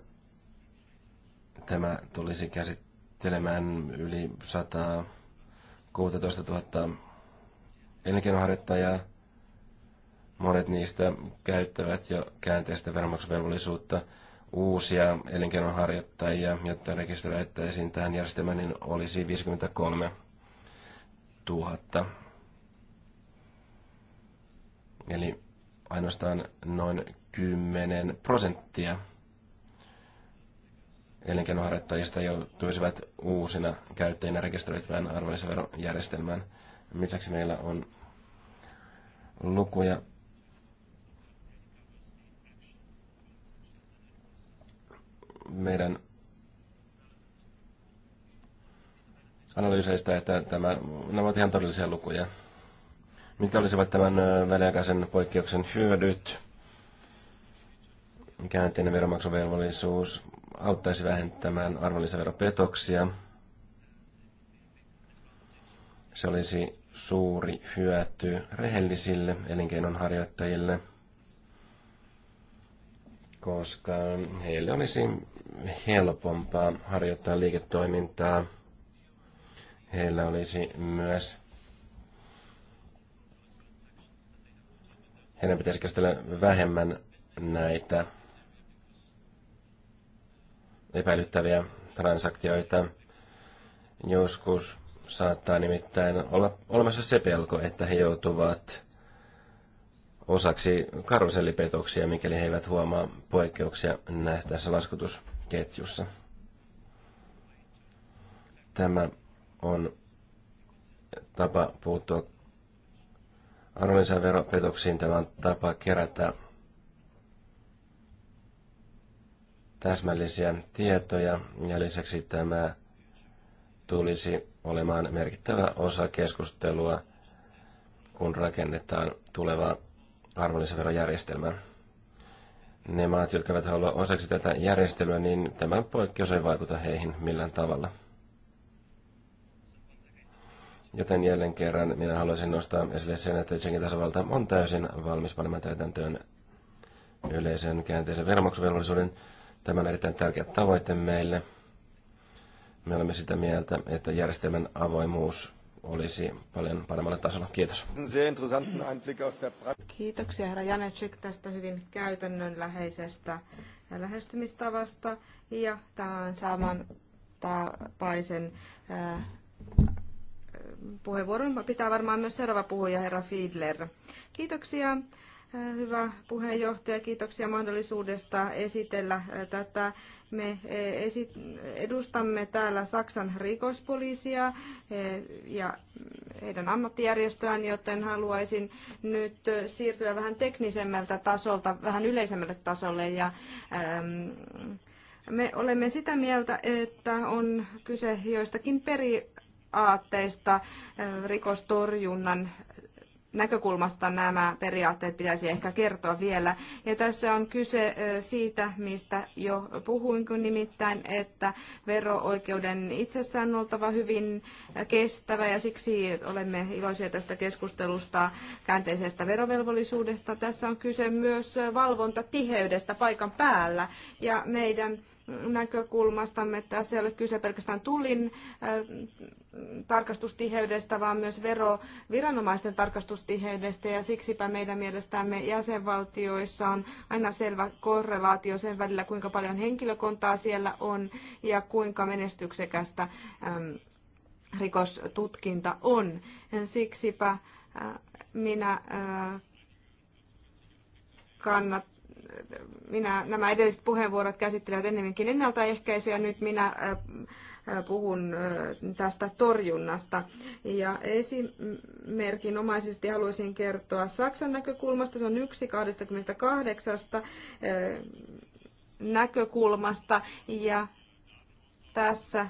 tämä tulisi käsittelemään yli 116 000 elinkeinoharjoittajaa. Monet niistä käyttävät jo käänteistä veronmaksuvelvollisuutta uusia elinkeinonharjoittajia, jotta rekisteröittäisiin tähän järjestelmään, niin olisi 53 000. Eli ainoastaan noin 10 prosenttia elinkeinonharjoittajista joutuisivat uusina käyttäjinä rekisteröityvään arvonlisäverojärjestelmään. Lisäksi meillä on lukuja meidän analyyseistä, että tämä, nämä ovat ihan todellisia lukuja. Mitkä olisivat tämän väliaikaisen poikkeuksen hyödyt? Käänteinen veromaksuvelvollisuus auttaisi vähentämään arvonlisäveropetoksia. Se olisi suuri hyöty rehellisille elinkeinonharjoittajille, koska heille olisi helpompaa harjoittaa liiketoimintaa. Heillä olisi myös heidän pitäisi käsitellä vähemmän näitä epäilyttäviä transaktioita. Joskus saattaa nimittäin olla olemassa se pelko, että he joutuvat osaksi karusellipetoksia, mikäli he eivät huomaa poikkeuksia näissä laskutus ketjussa. Tämä on tapa puuttua arvonlisäveropetoksiin. Tämä on tapa kerätä täsmällisiä tietoja ja lisäksi tämä tulisi olemaan merkittävä osa keskustelua, kun rakennetaan tuleva arvonlisäverojärjestelmä ne maat, jotka eivät halua osaksi tätä järjestelyä, niin tämä poikkeus ei vaikuta heihin millään tavalla. Joten jälleen kerran minä haluaisin nostaa esille sen, että Tsekin tasavalta on täysin valmis panemaan täytäntöön yleisen käänteisen veromaksuvelvollisuuden. Tämä on erittäin tärkeä tavoite meille. Me olemme sitä mieltä, että järjestelmän avoimuus olisi paljon paremmalla tasolla. Kiitos. Kiitoksia herra Janecik tästä hyvin käytännönläheisestä lähestymistavasta ja tämän tapaisen äh, äh, puheenvuoron pitää varmaan myös seuraava puhuja, herra Fiedler. Kiitoksia. Hyvä puheenjohtaja, kiitoksia mahdollisuudesta esitellä tätä. Me edustamme täällä Saksan rikospoliisia ja heidän ammattijärjestöään, joten haluaisin nyt siirtyä vähän teknisemmältä tasolta, vähän yleisemmälle tasolle ja me olemme sitä mieltä, että on kyse joistakin periaatteista rikostorjunnan näkökulmasta nämä periaatteet pitäisi ehkä kertoa vielä. Ja tässä on kyse siitä, mistä jo puhuin, kun nimittäin, että vero-oikeuden itsessään on oltava hyvin kestävä ja siksi olemme iloisia tästä keskustelusta käänteisestä verovelvollisuudesta. Tässä on kyse myös valvontatiheydestä paikan päällä ja meidän näkökulmastamme, että tässä ei ole kyse pelkästään tullin äh, tarkastustiheydestä, vaan myös veroviranomaisten tarkastustiheydestä, ja siksipä meidän mielestämme jäsenvaltioissa on aina selvä korrelaatio sen välillä, kuinka paljon henkilökuntaa siellä on ja kuinka menestyksekästä ähm, rikostutkinta on. Siksipä äh, minä äh, kannat minä, nämä edelliset puheenvuorot käsittelevät ennemminkin ennaltaehkäisyä, nyt minä puhun tästä torjunnasta. Ja esimerkinomaisesti haluaisin kertoa Saksan näkökulmasta, se on yksi 28 näkökulmasta ja tässä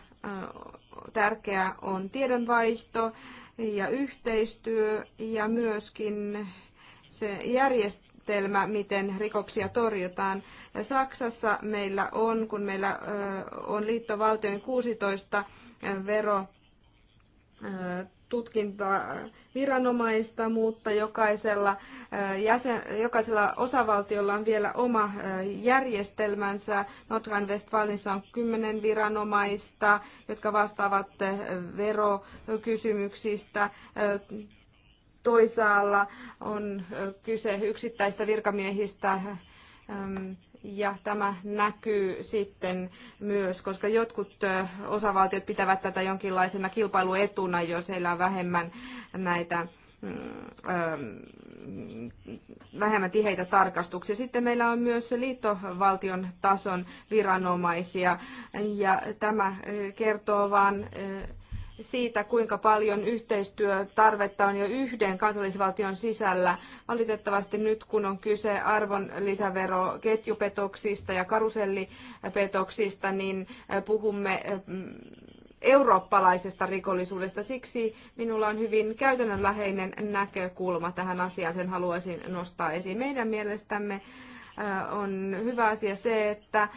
tärkeää on tiedonvaihto ja yhteistyö ja myöskin se järjest- määritelmä, miten rikoksia torjutaan. Saksassa meillä on, kun meillä on liittovaltion 16 vero viranomaista, mutta jokaisella, jäsen, jokaisella osavaltiolla on vielä oma järjestelmänsä. Notran westfalenissa on kymmenen viranomaista, jotka vastaavat verokysymyksistä. Toisaalla on kyse yksittäistä virkamiehistä ja tämä näkyy sitten myös, koska jotkut osavaltiot pitävät tätä jonkinlaisena kilpailuetuna, jos heillä on vähemmän näitä mm, vähemmän tiheitä tarkastuksia. Sitten meillä on myös liittovaltion tason viranomaisia ja tämä kertoo vain siitä, kuinka paljon yhteistyötarvetta on jo yhden kansallisvaltion sisällä. Valitettavasti nyt, kun on kyse arvonlisäveroketjupetoksista ja karusellipetoksista, niin puhumme eurooppalaisesta rikollisuudesta. Siksi minulla on hyvin käytännönläheinen näkökulma tähän asiaan. Sen haluaisin nostaa esiin. Meidän mielestämme on hyvä asia se, että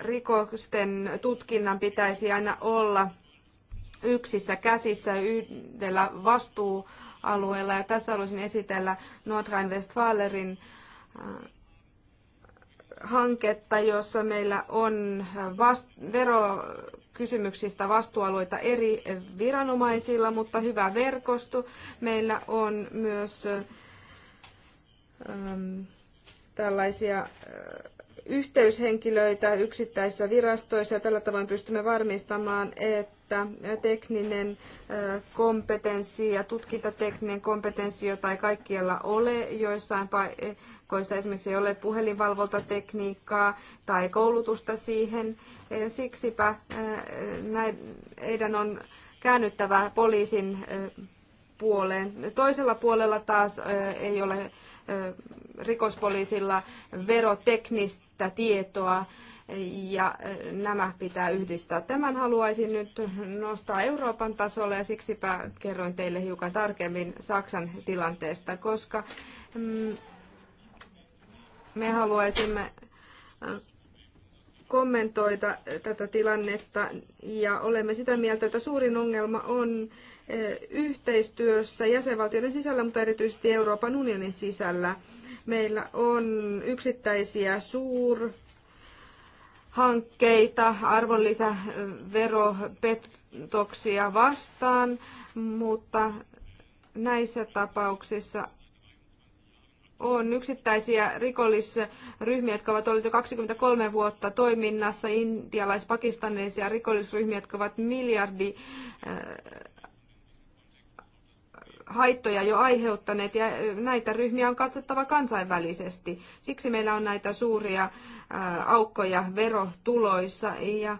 rikosten tutkinnan pitäisi aina olla yksissä käsissä yhdellä vastuualueella. Ja tässä haluaisin esitellä nordrhein westfalenin äh, hanketta, jossa meillä on äh, vast- verokysymyksistä vastuualueita eri viranomaisilla, mutta hyvä verkosto. Meillä on myös ähm, tällaisia äh, yhteyshenkilöitä yksittäisissä virastoissa ja tällä tavoin pystymme varmistamaan, että tekninen kompetenssi ja tutkintatekninen kompetenssi, jota ei kaikkialla ole, joissain paikoissa esimerkiksi ei ole puhelinvalvontatekniikkaa tai koulutusta siihen. Siksipä meidän on käännyttävä poliisin puoleen. Toisella puolella taas ei ole rikospoliisilla veroteknistä tietoa ja nämä pitää yhdistää. Tämän haluaisin nyt nostaa Euroopan tasolle ja siksipä kerroin teille hiukan tarkemmin Saksan tilanteesta, koska mm, me haluaisimme kommentoida tätä tilannetta ja olemme sitä mieltä, että suurin ongelma on Eh, yhteistyössä jäsenvaltioiden sisällä, mutta erityisesti Euroopan unionin sisällä. Meillä on yksittäisiä suur hankkeita arvonlisäveropetoksia vastaan, mutta näissä tapauksissa on yksittäisiä rikollisryhmiä, jotka ovat olleet jo 23 vuotta toiminnassa, intialais-pakistanilaisia rikollisryhmiä, jotka ovat miljardi eh, haittoja jo aiheuttaneet ja näitä ryhmiä on katsottava kansainvälisesti. Siksi meillä on näitä suuria aukkoja verotuloissa ja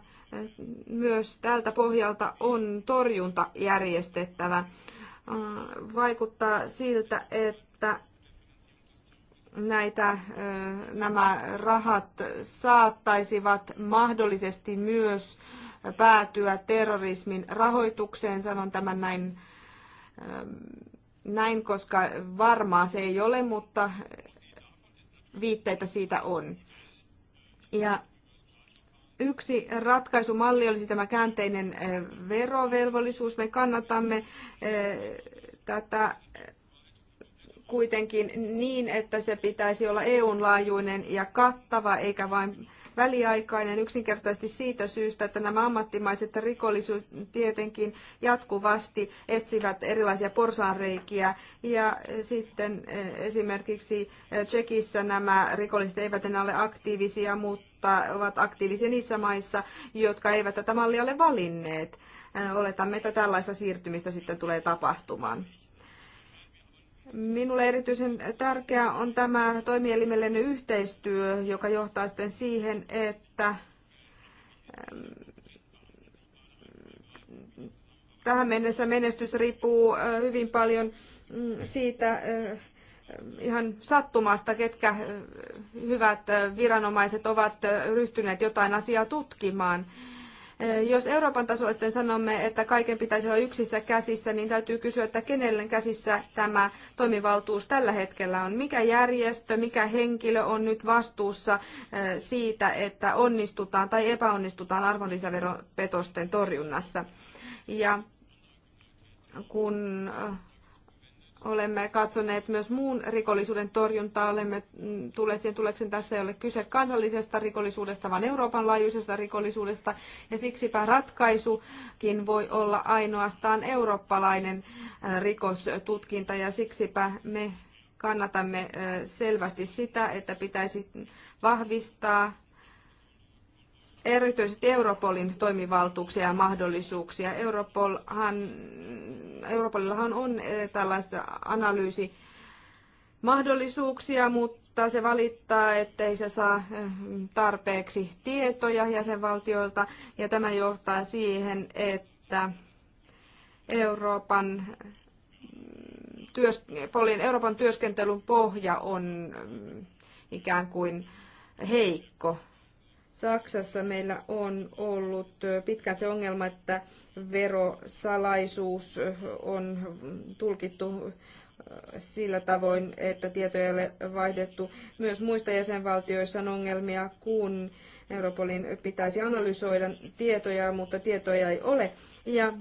myös tältä pohjalta on torjunta järjestettävä. Vaikuttaa siltä, että näitä, nämä rahat saattaisivat mahdollisesti myös päätyä terrorismin rahoitukseen, sanon tämän näin näin, koska varmaa se ei ole, mutta viitteitä siitä on. Ja yksi ratkaisumalli olisi tämä käänteinen verovelvollisuus. Me kannatamme tätä kuitenkin niin, että se pitäisi olla EUn laajuinen ja kattava, eikä vain väliaikainen yksinkertaisesti siitä syystä, että nämä ammattimaiset rikollisuus tietenkin jatkuvasti etsivät erilaisia porsaanreikiä ja eh, sitten eh, esimerkiksi eh, Tsekissä nämä rikolliset eivät enää ole aktiivisia, mutta ovat aktiivisia niissä maissa, jotka eivät tätä mallia ole valinneet. Oletamme, että tällaista siirtymistä sitten tulee tapahtumaan. Minulle erityisen tärkeää on tämä toimielimellinen yhteistyö, joka johtaa sitten siihen, että mm, tähän mennessä menestys riippuu hyvin paljon mm, siitä ihan sattumasta, ketkä hyvät viranomaiset ovat ryhtyneet jotain asiaa tutkimaan. Eh, jos Euroopan tasolla sitten sanomme, että kaiken pitäisi olla yksissä käsissä, niin täytyy kysyä, että kenellen käsissä tämä toimivaltuus tällä hetkellä on. Mikä järjestö, mikä henkilö on nyt vastuussa eh, siitä, että onnistutaan tai epäonnistutaan arvonlisäveropetosten torjunnassa. Ja kun eh, Olemme katsoneet myös muun rikollisuuden torjuntaa, olemme mm, tulleet siihen tuleksen, tässä ei ole kyse kansallisesta rikollisuudesta, vaan Euroopan laajuisesta rikollisuudesta, ja siksipä ratkaisukin voi olla ainoastaan eurooppalainen äh, rikostutkinta, ja siksipä me kannatamme äh, selvästi sitä, että pitäisi vahvistaa erityisesti Europolin toimivaltuuksia ja mahdollisuuksia. Europolhan, Europolillahan on eh, tällaista analyysi mahdollisuuksia, mutta se valittaa, ettei se saa eh, tarpeeksi tietoja jäsenvaltioilta, ja tämä johtaa siihen, että Euroopan, työs, Euroopan työskentelyn pohja on eh, ikään kuin heikko. Saksassa meillä on ollut pitkään se ongelma, että verosalaisuus on tulkittu sillä tavoin, että tietoja ei ole vaihdettu. Myös muista jäsenvaltioissa on ongelmia, kun Europolin pitäisi analysoida tietoja, mutta tietoja ei ole. Ja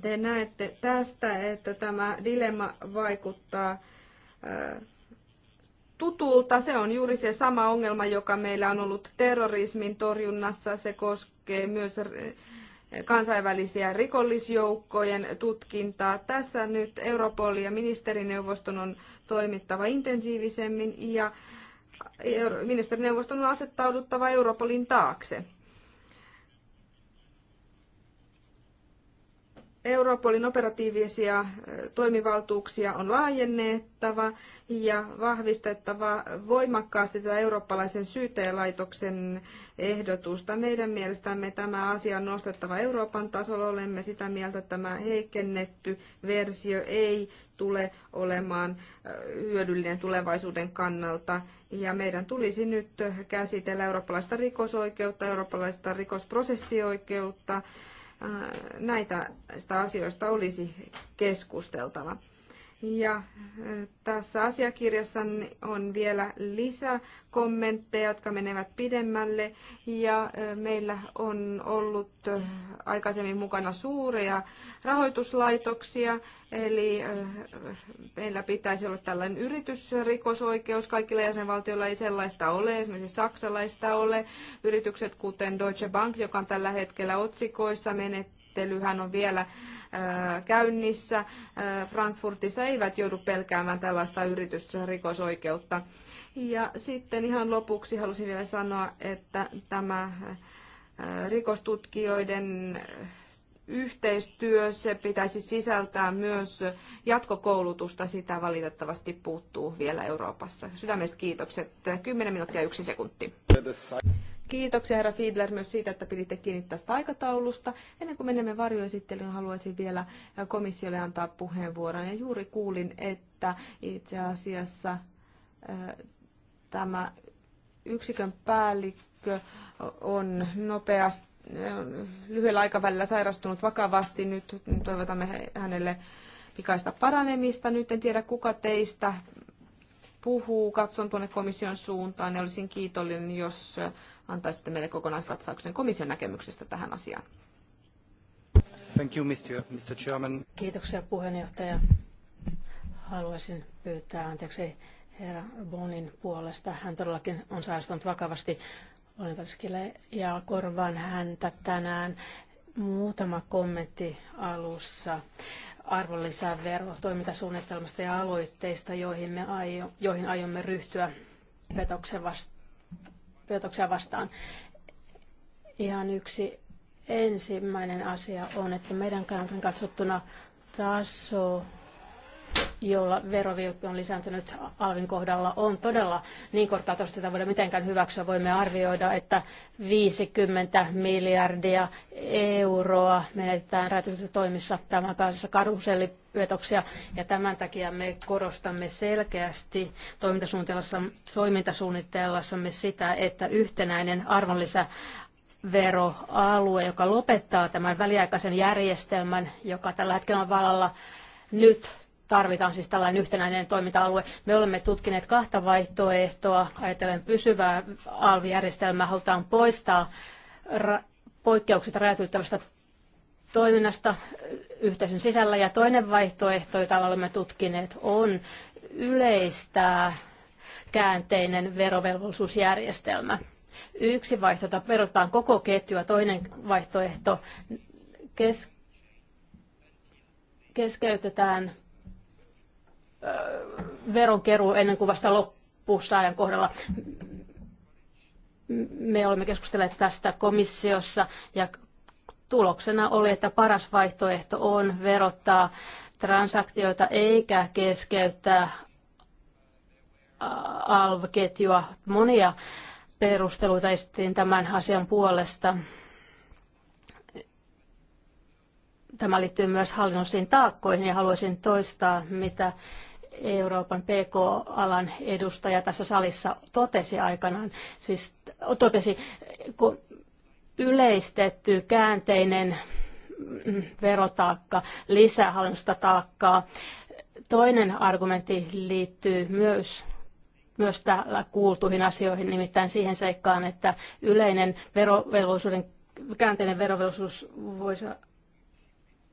te näette tästä, että tämä dilemma vaikuttaa tutulta. Se on juuri se sama ongelma, joka meillä on ollut terrorismin torjunnassa. Se koskee myös kansainvälisiä rikollisjoukkojen tutkintaa. Tässä nyt Europol ja ministerineuvoston on toimittava intensiivisemmin ja ministerineuvoston on asettauduttava Europolin taakse. Europolin operatiivisia toimivaltuuksia on laajennettava ja vahvistettava voimakkaasti tätä eurooppalaisen syyttäjälaitoksen ehdotusta. Meidän mielestämme tämä asia on nostettava Euroopan tasolla. Olemme sitä mieltä, että tämä heikennetty versio ei tule olemaan hyödyllinen tulevaisuuden kannalta. Ja meidän tulisi nyt käsitellä eurooppalaista rikosoikeutta, eurooppalaista rikosprosessioikeutta, näitä sitä asioista olisi keskusteltava. Ja eh, tässä asiakirjassa on vielä lisäkommentteja, jotka menevät pidemmälle. Ja eh, meillä on ollut eh, aikaisemmin mukana suuria rahoituslaitoksia, eli meillä pitäisi olla tällainen yritysrikosoikeus. Kaikilla jäsenvaltioilla ei sellaista ole, esimerkiksi saksalaista ole. Yritykset kuten Deutsche Bank, joka on tällä hetkellä otsikoissa, menettelyhän on vielä Äh, käynnissä äh, Frankfurtissa eivät joudu pelkäämään tällaista yritysrikosoikeutta. Ja sitten ihan lopuksi halusin vielä sanoa, että tämä äh, rikostutkijoiden yhteistyö, se pitäisi sisältää myös jatkokoulutusta. Sitä valitettavasti puuttuu vielä Euroopassa. Sydämestä kiitokset. 10 minuuttia yksi sekunti. Kiitoksia herra Fiedler myös siitä, että piditte kiinni tästä aikataulusta. Ennen kuin menemme varjoesittelyyn, haluaisin vielä komissiolle antaa puheenvuoron. Ja juuri kuulin, että itse asiassa eh, tämä yksikön päällikkö on nopeasti eh, lyhyellä aikavälillä sairastunut vakavasti. Nyt toivotamme hänelle pikaista paranemista. Nyt en tiedä, kuka teistä puhuu. Katson tuonne komission suuntaan ja olisin kiitollinen, jos eh, antaisitte meille kokonaiskatsauksen komission näkemyksestä tähän asiaan. Thank you, Mr. Mr. Chairman. Kiitoksia puheenjohtaja. Haluaisin pyytää anteeksi herra Bonin puolesta. Hän todellakin on sairastunut vakavasti Olentaskille ja korvaan häntä tänään. Muutama kommentti alussa arvonlisävero toimintasuunnitelmasta ja aloitteista, joihin, me aio, joihin aiomme ryhtyä petoksen vasta petoksia vastaan. Ihan yksi ensimmäinen asia on, että meidän kannalta katsottuna taso jolla verovilppi on lisääntynyt alvin kohdalla, on todella niin korkea että sitä voida mitenkään hyväksyä. Voimme arvioida, että 50 miljardia euroa menetetään räätylisissä toimissa. Tämä pääsessä karusellipetoksia ja tämän takia me korostamme selkeästi toimintasuunnitelmassamme sitä, että yhtenäinen arvonlisä veroalue, joka lopettaa tämän väliaikaisen järjestelmän, joka tällä hetkellä on vallalla nyt tarvitaan siis tällainen yhtenäinen toiminta-alue. Me olemme tutkineet kahta vaihtoehtoa. Ajatellen pysyvää alvijärjestelmää halutaan poistaa ra- poikkeukset rajatyttävästä toiminnasta yhteisön sisällä. Ja toinen vaihtoehto, jota olemme tutkineet, on yleistää käänteinen verovelvollisuusjärjestelmä. Yksi vaihtoehto verotetaan koko ketjua, toinen vaihtoehto kes- keskeytetään Veronkeru ennen kuin vasta ajan kohdalla. Me olemme keskustelleet tästä komissiossa ja tuloksena oli, että paras vaihtoehto on verottaa transaktioita eikä keskeyttää alvketjua. Monia perusteluita esitettiin tämän asian puolesta. Tämä liittyy myös hallinnollisiin taakkoihin ja haluaisin toistaa, mitä Euroopan PK-alan edustaja tässä salissa totesi aikanaan, siis totesi, kun yleistetty käänteinen verotaakka lisää hallinnosta taakkaa. Toinen argumentti liittyy myös myös täällä kuultuihin asioihin, nimittäin siihen seikkaan, että yleinen verovelvollisuuden, käänteinen verovelvollisuus voisi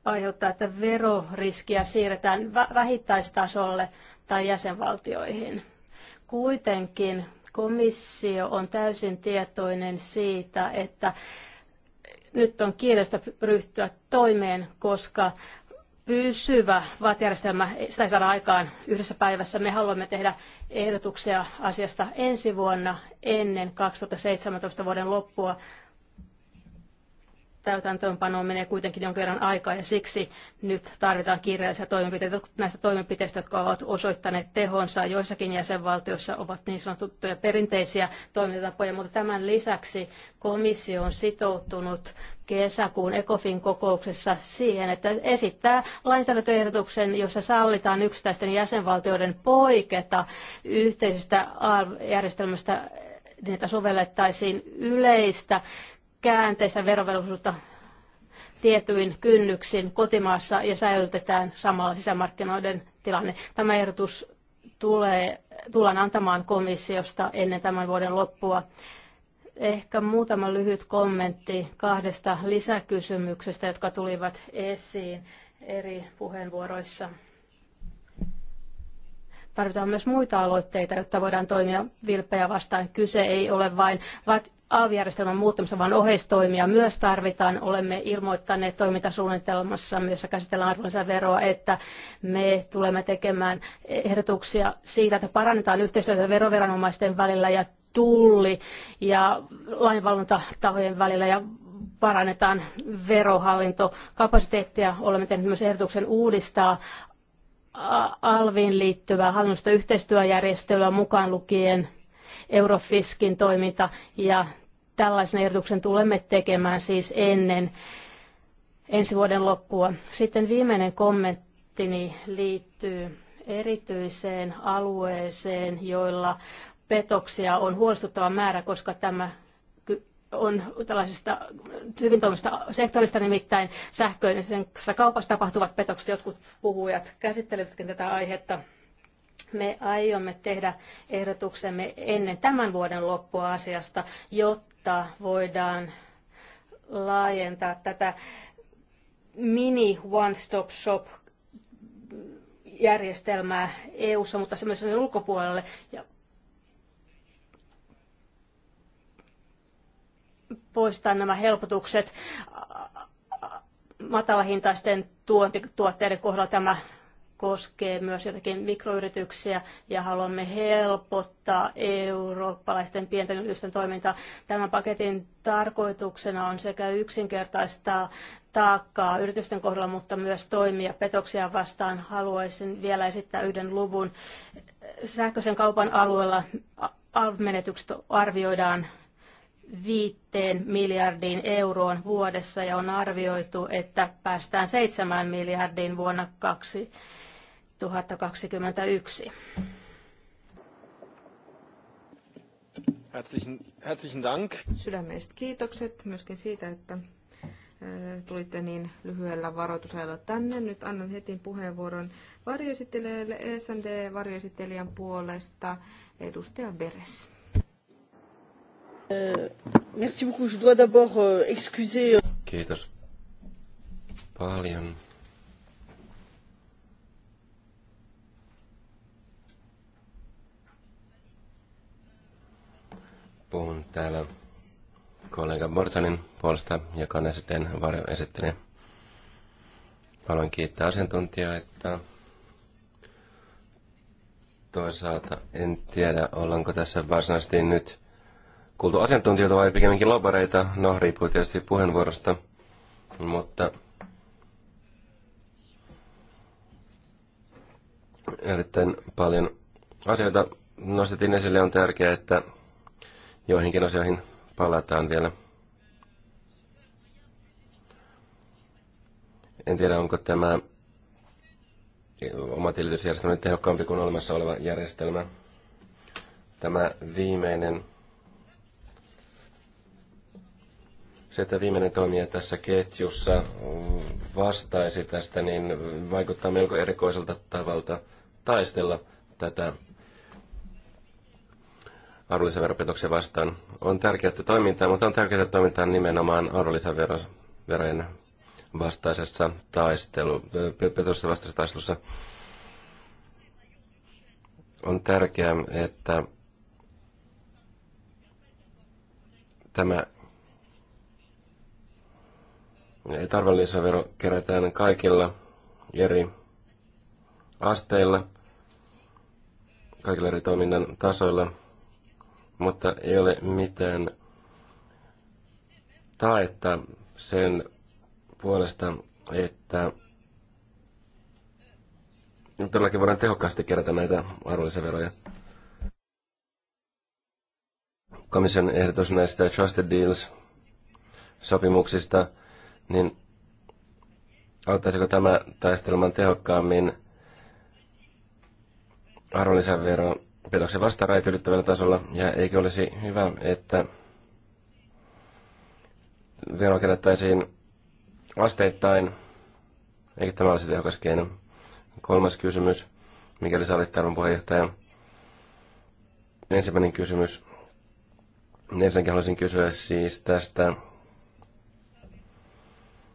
aiheuttaa, että veroriskiä siirretään vähittäistasolle tai jäsenvaltioihin. Kuitenkin komissio on täysin tietoinen siitä, että nyt on kiireistä ryhtyä toimeen, koska pysyvä vaatijärjestelmä sitä ei saada aikaan yhdessä päivässä. Me haluamme tehdä ehdotuksia asiasta ensi vuonna ennen 2017 vuoden loppua täytäntöönpanoon menee kuitenkin jonkin verran aikaa ja siksi nyt tarvitaan kiireellisiä toimenpiteitä. Näistä toimenpiteistä, jotka ovat osoittaneet tehonsa joissakin jäsenvaltioissa, ovat niin sanottuja perinteisiä toimintatapoja, mutta tämän lisäksi komissio on sitoutunut kesäkuun ECOFIN kokouksessa siihen, että esittää lainsäädäntöehdotuksen, jossa sallitaan yksittäisten jäsenvaltioiden poiketa yhteisestä järjestelmästä niin, että sovellettaisiin yleistä käänteistä verovelvollisuutta tietyin kynnyksin kotimaassa ja säilytetään samalla sisämarkkinoiden tilanne. Tämä ehdotus tulee, tullaan antamaan komissiosta ennen tämän vuoden loppua. Ehkä muutama lyhyt kommentti kahdesta lisäkysymyksestä, jotka tulivat esiin eri puheenvuoroissa. Tarvitaan myös muita aloitteita, jotta voidaan toimia vilpeä vastaan. Kyse ei ole vain AV-järjestelmän muuttamista, vaan oheistoimia myös tarvitaan. Olemme ilmoittaneet toimintasuunnitelmassa, jossa käsitellään arvonlisäveroa, että me tulemme tekemään ehdotuksia siitä, että parannetaan yhteistyötä veroviranomaisten välillä ja tulli ja lainvalvontatahojen välillä ja parannetaan verohallintokapasiteettia. Olemme tehneet myös ehdotuksen uudistaa alviin liittyvää hallinnollista yhteistyöjärjestelyä mukaan lukien Eurofiskin toiminta ja Tällaisen ehdotuksen tulemme tekemään siis ennen ensi vuoden loppua. Sitten viimeinen kommenttini liittyy erityiseen alueeseen, joilla petoksia on huolestuttava määrä, koska tämä on tällaisesta hyvin toimista sektorista, nimittäin sähköisessä kaupassa tapahtuvat petokset. Jotkut puhujat käsittelevätkin tätä aihetta. Me aiomme tehdä ehdotuksemme ennen tämän vuoden loppua asiasta, jotta jotta voidaan laajentaa tätä mini one-stop shop järjestelmää EU-ssa, mutta se myös sen ulkopuolelle. Ja poistaa nämä helpotukset matalahintaisten tuontituotteiden kohdalla tämä koskee myös jotakin mikroyrityksiä ja haluamme helpottaa eurooppalaisten pienten yritysten toimintaa. Tämän paketin tarkoituksena on sekä yksinkertaistaa taakkaa yritysten kohdalla, mutta myös toimia petoksia vastaan. Haluaisin vielä esittää yhden luvun. Sähköisen kaupan alueella alv-menetykset arvioidaan viiteen miljardiin euroon vuodessa ja on arvioitu, että päästään seitsemään miljardiin vuonna 2020 2021. Herzlichen, herzlichen Dank. Sydämelliset kiitokset myöskin siitä, että äh, tulitte niin lyhyellä varoitusajalla tänne. Nyt annan heti puheenvuoron varjoesittelijälle ESND-varjoesittelijän puolesta edustaja Beres. Äh, merci beaucoup. Je dois d'abord äh, excuser. Kiitos paljon. Puhun täällä kollega Bortonin puolesta, joka on esitteen esittelijä. Haluan kiittää että Toisaalta en tiedä, ollaanko tässä varsinaisesti nyt kuultu asiantuntijoita vai pikemminkin lobareita. No, riippuu tietysti puheenvuorosta, mutta erittäin paljon asioita nostettiin esille. On tärkeää, että Joihinkin asioihin palataan vielä. En tiedä, onko tämä oma tilitysjärjestelmä tehokkaampi kuin olemassa oleva järjestelmä. Tämä viimeinen, se, että viimeinen toimija tässä ketjussa vastaisi tästä, niin vaikuttaa melko erikoiselta tavalta taistella tätä arvonlisäveropetoksen vastaan. On tärkeää toimintaa, mutta on tärkeää toimintaa nimenomaan arvonlisäverojen vastaisessa taistelu, petossa vastaisessa taistelussa. On tärkeää, että tämä että arvonlisävero kerätään kaikilla eri asteilla, kaikilla eri toiminnan tasoilla – mutta ei ole mitään taetta sen puolesta, että todellakin voidaan tehokkaasti kerätä näitä arvonlisäveroja. Komission ehdotus näistä Trusted Deals-sopimuksista, niin auttaisiko tämä taistelemaan tehokkaammin arvonlisäveroa petoksen vastarajat ylittävällä tasolla, ja eikö olisi hyvä, että vero kerättäisiin asteittain, eikä tämä olisi tehokas keino. Kolmas kysymys, mikäli sallitte arvon puheenjohtaja. Ensimmäinen kysymys. Ensinnäkin haluaisin kysyä siis tästä,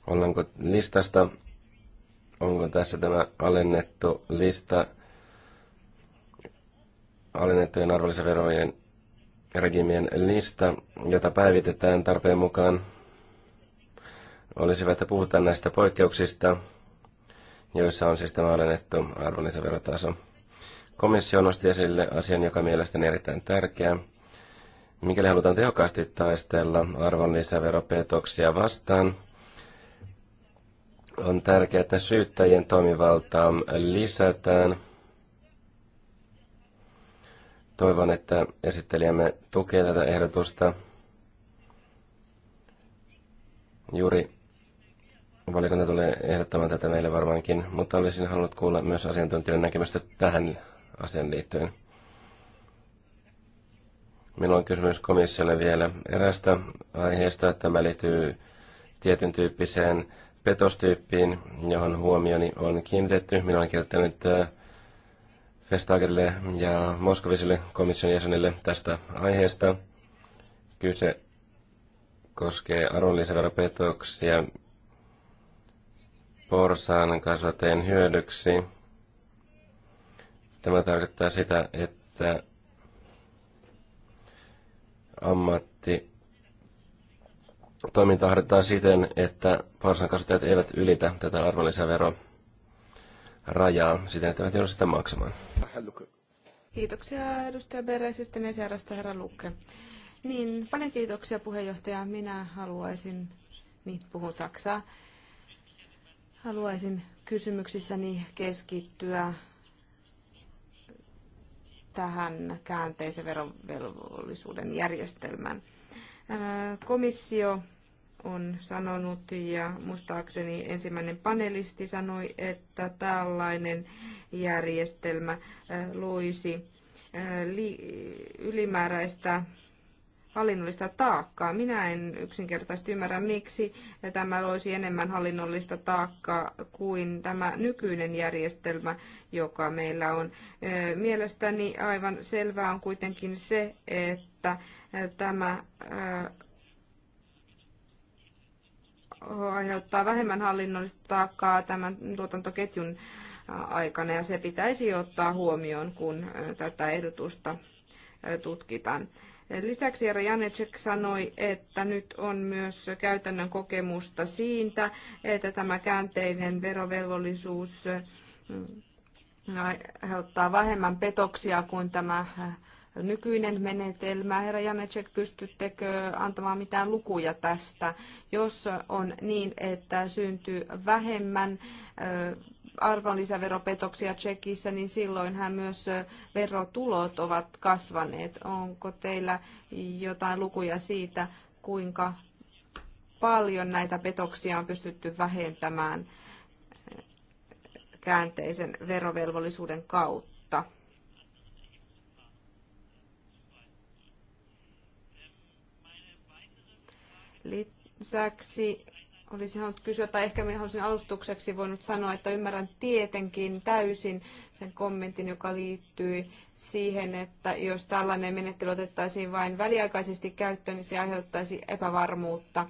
ollaanko listasta, onko tässä tämä alennettu lista, alennettujen arvonlisäverojen regimien lista, jota päivitetään tarpeen mukaan, olisi, että puhutaan näistä poikkeuksista, joissa on siis tämä alennettu arvonlisäverotaso. Komissio nosti esille asian, joka mielestäni erittäin tärkeä. Mikäli halutaan tehokkaasti taistella arvonlisäveropetoksia vastaan, on tärkeää, että syyttäjien toimivaltaa lisätään – Toivon, että esittelijämme tukee tätä ehdotusta. Juuri valiokunta tulee ehdottamaan tätä meille varmaankin, mutta olisin halunnut kuulla myös asiantuntijan näkemystä tähän asian liittyen. Minulla on kysymys komissiolle vielä erästä aiheesta. Tämä liittyy tietyn tyyppiseen petostyyppiin, johon huomioni on kiinnitetty. Minä olen kirjoittanut äh, Vestagerille ja Moskovisille komission jäsenille tästä aiheesta. Kyse koskee arvonlisäveropetoksia porsaan kasvateen hyödyksi. Tämä tarkoittaa sitä, että ammatti toiminta harjoittaa siten, että porsaan kasvattajat eivät ylitä tätä arvonlisäveroa rajaa sitä, että eivät joudu sitä maksamaan. Kiitoksia edustaja Beresisten esiarasta herra Lukke. Niin, paljon kiitoksia puheenjohtaja. Minä haluaisin, niin puhun Saksaa, haluaisin kysymyksissäni keskittyä tähän käänteisen verovelvollisuuden järjestelmään. Komissio on sanonut ja muistaakseni ensimmäinen panelisti sanoi, että tällainen järjestelmä äh, luisi äh, ylimääräistä hallinnollista taakkaa. Minä en yksinkertaisesti ymmärrä, miksi tämä loisi enemmän hallinnollista taakkaa kuin tämä nykyinen järjestelmä, joka meillä on. Äh, mielestäni aivan selvää on kuitenkin se, että tämä aiheuttaa vähemmän hallinnollista taakkaa tämän tuotantoketjun aikana ja se pitäisi ottaa huomioon, kun tätä ehdotusta tutkitaan. Lisäksi Jere Janecek sanoi, että nyt on myös käytännön kokemusta siitä, että tämä käänteinen verovelvollisuus aiheuttaa vähemmän petoksia kuin tämä nykyinen menetelmä. Herra Janecek, pystyttekö antamaan mitään lukuja tästä, jos on niin, että syntyy vähemmän äh, arvonlisäveropetoksia Tsekissä, niin silloinhan myös äh, verotulot ovat kasvaneet. Onko teillä jotain lukuja siitä, kuinka paljon näitä petoksia on pystytty vähentämään äh, käänteisen verovelvollisuuden kautta? Lisäksi olisin halunnut kysyä, tai ehkä minä haluaisin alustukseksi voinut sanoa, että ymmärrän tietenkin täysin sen kommentin, joka liittyy siihen, että jos tällainen menettely otettaisiin vain väliaikaisesti käyttöön, niin se aiheuttaisi epävarmuutta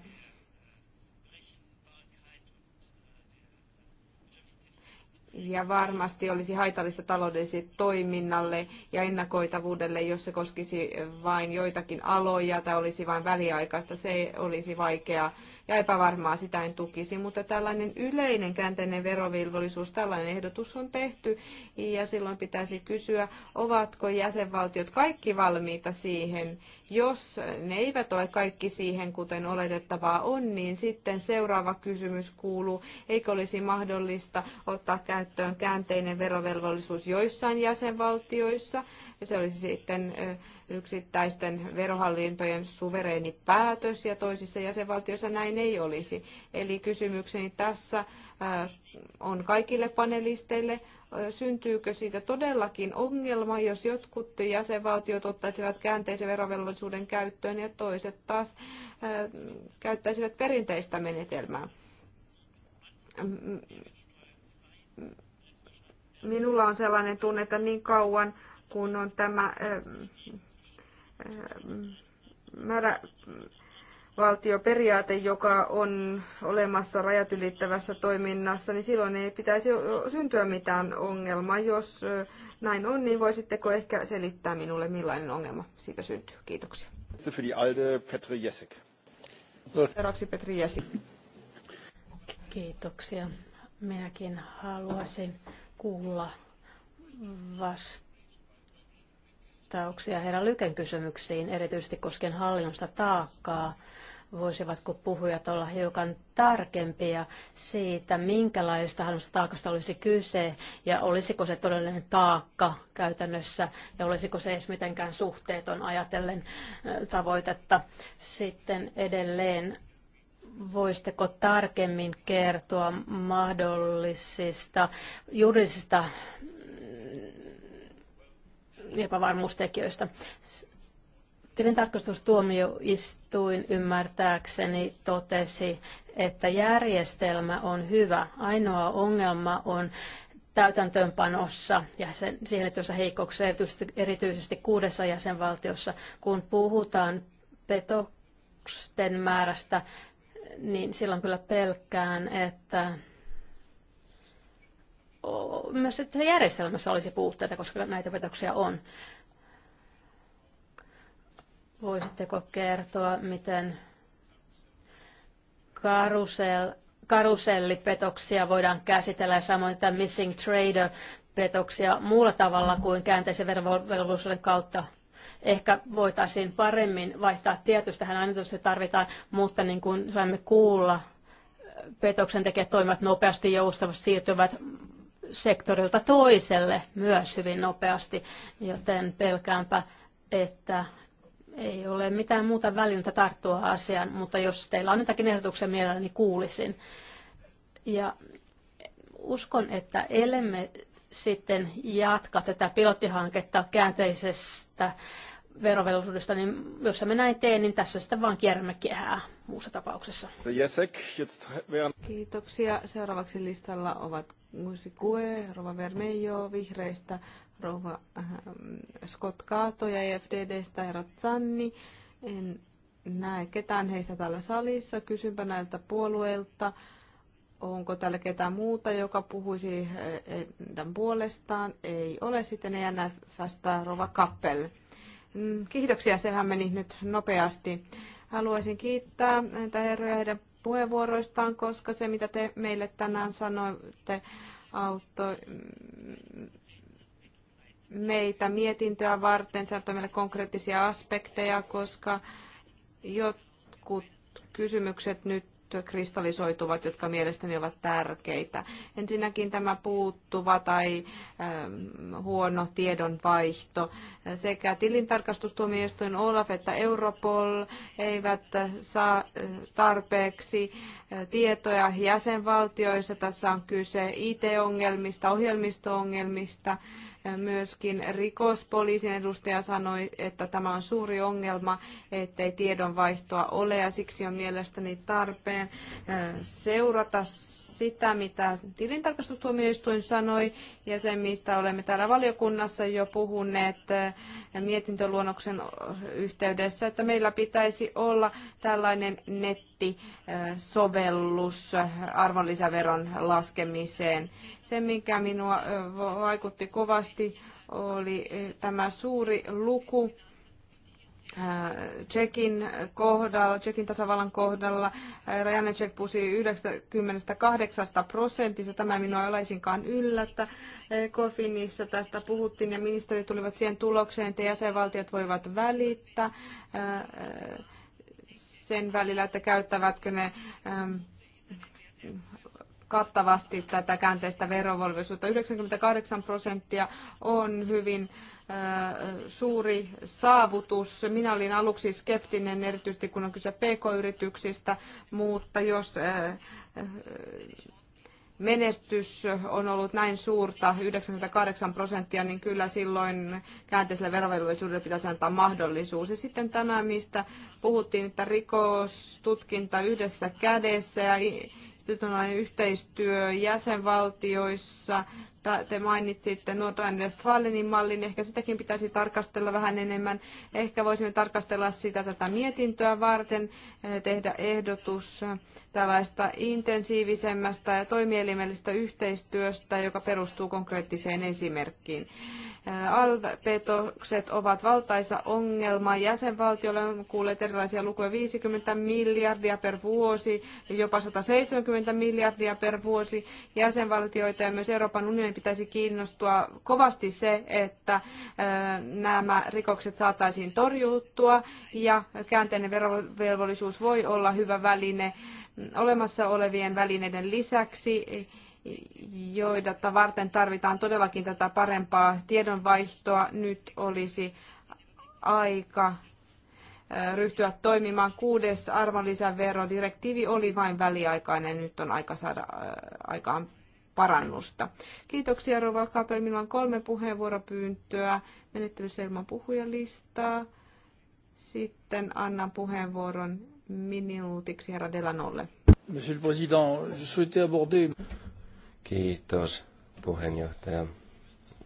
ja varmasti olisi haitallista taloudelliselle toiminnalle ja ennakoitavuudelle, jos se koskisi vain joitakin aloja tai olisi vain väliaikaista. Se olisi vaikeaa ja epävarmaa, sitä en tukisi, mutta tällainen yleinen käänteinen verovelvollisuus, tällainen ehdotus on tehty ja silloin pitäisi kysyä, ovatko jäsenvaltiot kaikki valmiita siihen. Jos ne eivät ole kaikki siihen, kuten oletettavaa on, niin sitten seuraava kysymys kuuluu, eikö olisi mahdollista ottaa käyttöön käänteinen verovelvollisuus joissain jäsenvaltioissa, ja se olisi sitten yksittäisten verohallintojen suvereeni päätös ja toisissa jäsenvaltioissa näin ei olisi. Eli kysymykseni tässä on kaikille panelisteille, syntyykö siitä todellakin ongelma, jos jotkut jäsenvaltiot ottaisivat käänteisen verovelvollisuuden käyttöön ja toiset taas käyttäisivät perinteistä menetelmää. Minulla on sellainen tunne, että niin kauan kun on tämä määrävaltioperiaate, valtioperiaate, joka on olemassa rajat ylittävässä toiminnassa, niin silloin ei pitäisi syntyä mitään ongelmaa. Jos näin on, niin voisitteko ehkä selittää minulle, millainen ongelma siitä syntyy? Kiitoksia. Petri Seuraavaksi Petri Jäsi. Kiitoksia. Minäkin haluaisin kuulla vasta vastauksia herra Lyken kysymyksiin, erityisesti koskien hallinnosta taakkaa. Voisivatko puhujat olla hiukan tarkempia siitä, minkälaista hallinnosta taakasta olisi kyse ja olisiko se todellinen taakka käytännössä ja olisiko se edes mitenkään suhteeton ajatellen tavoitetta. Sitten edelleen voisitteko tarkemmin kertoa mahdollisista juridisista epävarmuustekijöistä. Tilintarkastustuomioistuin ymmärtääkseni totesi, että järjestelmä on hyvä. Ainoa ongelma on täytäntöönpanossa ja sen, siihen liittyvissä heikkouksia, erityisesti, erityisesti kuudessa jäsenvaltiossa. Kun puhutaan petosten määrästä, niin silloin kyllä pelkään, että myös että järjestelmässä olisi puutteita, koska näitä petoksia on. Voisitteko kertoa, miten karusel, karusellipetoksia voidaan käsitellä ja samoin tämä missing trader-petoksia muulla tavalla kuin käänteisen verovelvollisuuden kautta? Ehkä voitaisiin paremmin vaihtaa tietystä tähän aina tarvitaan, mutta niin kuin saimme kuulla, petoksen tekijät toimivat nopeasti, joustavasti, siirtyvät sektorilta toiselle myös hyvin nopeasti, joten pelkäänpä, että ei ole mitään muuta välintä tarttua asiaan, mutta jos teillä on jotakin ehdotuksia mielelläni niin kuulisin. Ja uskon, että ellemme sitten jatka tätä pilottihanketta käänteisestä verovelvollisuudesta, niin jos me näin tee, niin tässä sitten vaan kierrämme kehää muussa tapauksessa. Kiitoksia. Seuraavaksi listalla ovat Musi Kue, Rova Vermejo Vihreistä, Rova äh, Scott Kaato ja FDDstä ja Ratsanni. En näe ketään heistä täällä salissa. Kysynpä näiltä puolueilta. Onko täällä ketään muuta, joka puhuisi äh, heidän puolestaan? Ei ole. Sitten ENFstä Rova Kappel. Mm, kiitoksia, sehän meni nyt nopeasti. Haluaisin kiittää näitä herroja heidän puheenvuoroistaan, koska se mitä te meille tänään sanoitte auttoi meitä mietintöä varten, se meille konkreettisia aspekteja, koska jotkut kysymykset nyt kristallisoituvat, jotka mielestäni ovat tärkeitä. Ensinnäkin tämä puuttuva tai ähm, huono tiedonvaihto. Sekä tilintarkastustuomioistuin Olaf että Europol eivät saa äh, tarpeeksi äh, tietoja jäsenvaltioissa. Tässä on kyse IT-ongelmista, ohjelmisto-ongelmista. ongelmista ohjelmisto ongelmista Myöskin rikospoliisin edustaja sanoi, että tämä on suuri ongelma, ettei tiedonvaihtoa ole ja siksi on mielestäni tarpeen seurata sitä, mitä tilintarkastustuomioistuin sanoi ja se, mistä olemme täällä valiokunnassa jo puhuneet eh, mietintöluonnoksen yhteydessä, että meillä pitäisi olla tällainen nettisovellus arvonlisäveron laskemiseen. Se, mikä minua eh, vaikutti kovasti, oli eh, tämä suuri luku Äh, Tsekin kohdalla, Tsekin tasavallan kohdalla äh, Tsek pusi 98 prosentissa. Tämä minua ei olisinkaan yllättä. Äh, Kofinissa tästä puhuttiin ja ministerit tulivat siihen tulokseen, että jäsenvaltiot voivat välittää sen välillä, että käyttävätkö ne ähm, kattavasti tätä käänteistä verovolvisuutta. 98 prosenttia on hyvin Äh, suuri saavutus. Minä olin aluksi skeptinen, erityisesti kun on kyse pk-yrityksistä, mutta jos äh, äh, menestys on ollut näin suurta, 98 prosenttia, niin kyllä silloin käänteisellä verovelvollisuudella pitäisi antaa mahdollisuus. Ja sitten tämä, mistä puhuttiin, että rikostutkinta yhdessä kädessä ja yhteistyö jäsenvaltioissa te mainitsitte Nordrhein-Westfalenin mallin, ehkä sitäkin pitäisi tarkastella vähän enemmän. Ehkä voisimme tarkastella sitä tätä mietintöä varten, eh, tehdä ehdotus eh, tällaista intensiivisemmästä ja toimielimellisestä yhteistyöstä, joka perustuu konkreettiseen esimerkkiin. Alvepetokset ovat valtaisa ongelma. Jäsenvaltiolle olemme kuulleet erilaisia lukuja 50 miljardia per vuosi, jopa 170 miljardia per vuosi. Jäsenvaltioita ja myös Euroopan unionin pitäisi kiinnostua kovasti se, että äh, nämä rikokset saataisiin torjuttua ja käänteinen verovelvollisuus voi olla hyvä väline olemassa olevien välineiden lisäksi joita varten tarvitaan todellakin tätä parempaa tiedonvaihtoa. Nyt olisi aika ryhtyä toimimaan. Kuudes arvonlisäverodirektiivi oli vain väliaikainen. Nyt on aika saada aikaan parannusta. Kiitoksia Rova Kapel. Minulla on kolme puheenvuoropyyntöä. Menettelyssä ilman puhujalistaa. Sitten annan puheenvuoron minuutiksi herra Delanolle. Monsieur le Président, je souhaitais aborder... Kiitos puheenjohtaja.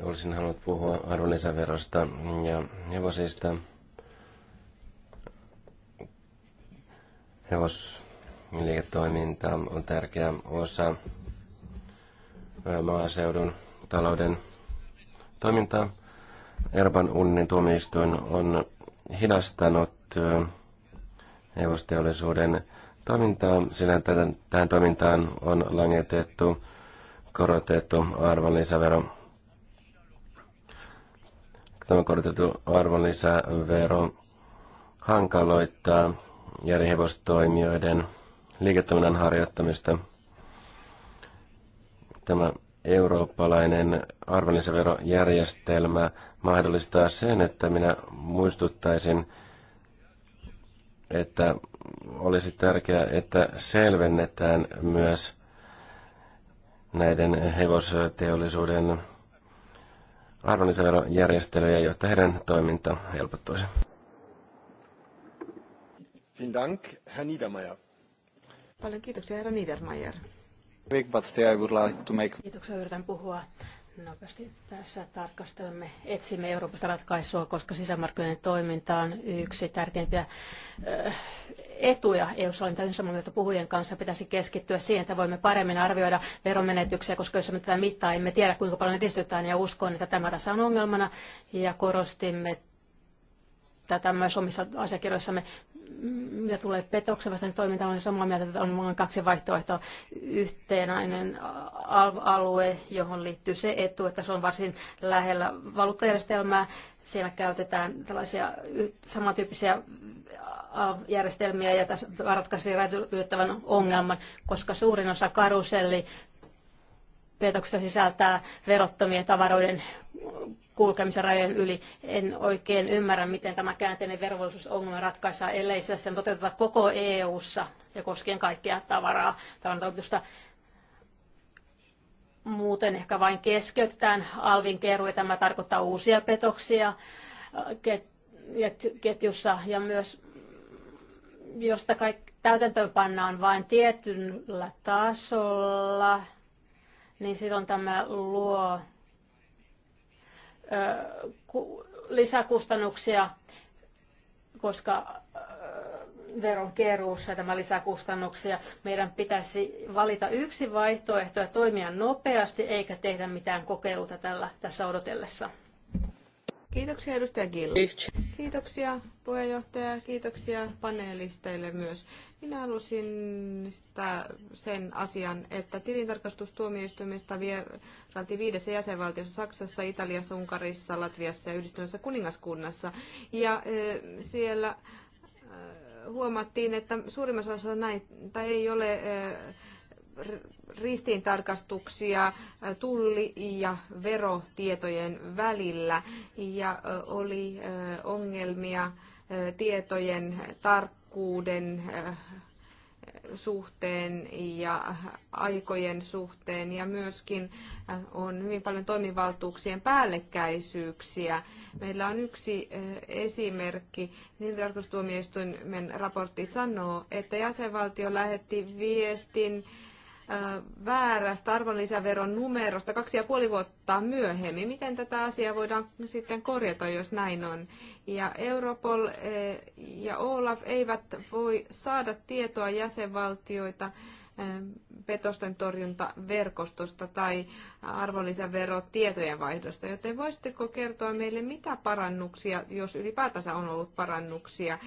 Olisin halunnut puhua arvonlisäverosta ja hevosista. Hevosliiketoiminta on tärkeä osa maaseudun talouden toimintaa. Euroopan unionin tuomioistuin on hidastanut hevosteollisuuden toimintaa, sillä tähän toimintaan on langetettu korotettu arvonlisävero. Tämä korotettu arvonlisävero hankaloittaa järjehevostoimijoiden liiketoiminnan harjoittamista. Tämä eurooppalainen arvonlisäverojärjestelmä mahdollistaa sen, että minä muistuttaisin, että olisi tärkeää, että selvennetään myös näiden hevosteollisuuden arvonlisäverojärjestelyjä, jotta heidän toiminta helpottuisi. Dank, Herr Niedermayer. Paljon kiitoksia, herra Niedermayer. Kiitoksia, yritän puhua nopeasti tässä tarkastelemme, etsimme Euroopasta ratkaisua, koska sisämarkkinoiden toiminta on yksi tärkeimpiä eh, etuja. EU olen täysin samaa mieltä puhujien kanssa. Pitäisi keskittyä siihen, että voimme paremmin arvioida veromenetyksiä, koska jos me tätä mittaa, emme tiedä kuinka paljon edistytään ja uskon, että tämä tässä on ongelmana ja korostimme tätä myös omissa asiakirjoissamme mitä tulee petoksen vastainen toiminta, olen samaa mieltä, että on vain kaksi vaihtoehtoa. Yhteenäinen alue, johon liittyy se etu, että se on varsin lähellä valuuttajärjestelmää. Siellä käytetään tällaisia samantyyppisiä järjestelmiä ja tässä ratkaisi yllättävän ongelman, koska suurin osa karuselli petoksesta sisältää verottomien tavaroiden kulkemisen rajojen yli. En oikein ymmärrä, miten tämä käänteinen verovelvollisuusongelma ratkaisaa. ellei se sen toteuteta koko EU-ssa ja koskien kaikkia tavaraa, tavarantoimitusta. Muuten ehkä vain keskeytetään alvin keru, ja tämä tarkoittaa uusia petoksia äh, ketjussa ja myös josta kaikki täytäntöön pannaan vain tietyllä tasolla, niin silloin tämä luo lisäkustannuksia, koska veronkeruussa tämä lisäkustannuksia. Meidän pitäisi valita yksi vaihtoehto ja toimia nopeasti eikä tehdä mitään kokeiluta tällä, tässä odotellessa. Kiitoksia edustaja Gill. Kiitoksia puheenjohtaja, kiitoksia paneelisteille myös. Minä halusin sen asian, että tilintarkastustuomioistuimesta vierailti viidessä jäsenvaltiossa Saksassa, Italiassa, Unkarissa, Latviassa ja yhdistyneessä kuningaskunnassa. Ja siellä huomattiin, että suurimmassa osassa näitä ei ole ristiintarkastuksia tulli- ja verotietojen välillä ja oli ongelmia tietojen tarkkuuden suhteen ja aikojen suhteen ja myöskin on hyvin paljon toimivaltuuksien päällekkäisyyksiä. Meillä on yksi esimerkki. Tarkastustuomioistuimen raportti sanoo, että jäsenvaltio lähetti viestin väärästä arvonlisäveron numerosta kaksi ja puoli vuotta myöhemmin. Miten tätä asiaa voidaan sitten korjata, jos näin on? Ja Europol ja Olaf eivät voi saada tietoa jäsenvaltioita Ähm, petosten torjuntaverkostosta tai arvonlisäverotietojen vaihdosta, joten voisitteko kertoa meille, mitä parannuksia, jos ylipäätänsä on ollut parannuksia äh,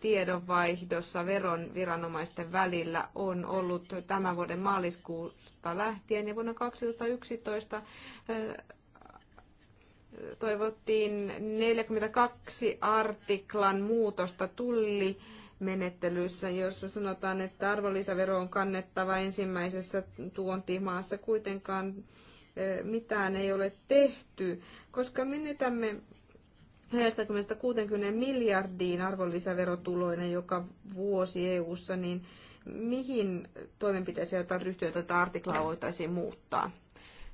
tiedonvaihdossa veron viranomaisten välillä, on ollut tämän vuoden maaliskuusta lähtien ja vuonna 2011 äh, toivottiin 42 artiklan muutosta tulli menettelyssä, jossa sanotaan, että arvonlisävero on kannettava ensimmäisessä tuontimaassa. Kuitenkaan mitään ei ole tehty, koska menetämme 60 miljardiin arvonlisäverotuloina joka vuosi EU-ssa, niin mihin toimenpiteisiin jotain ryhtyä tätä artiklaa voitaisiin muuttaa?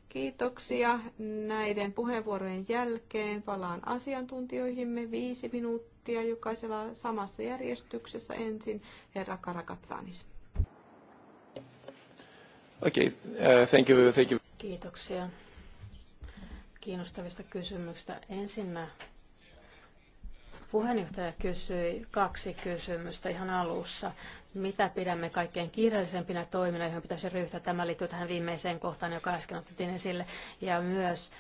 Kiitoksia. Näiden puheenvuorojen jälkeen palaan asiantuntijoihimme viisi minuuttia tekstiä jokaisella samassa järjestyksessä. Ensin herra Karakatsanis. Okei, okay. uh, thank you, thank you. Kiitoksia kiinnostavista kysymyksistä. Ensinnä puheenjohtaja kysyi kaksi kysymystä ihan alussa. Mitä pidämme kaikkein kiireellisempinä toimina, joihin pitäisi ryhtyä? Tämä liittyy tähän viimeiseen kohtaan, joka äsken otettiin esille. Ja myös,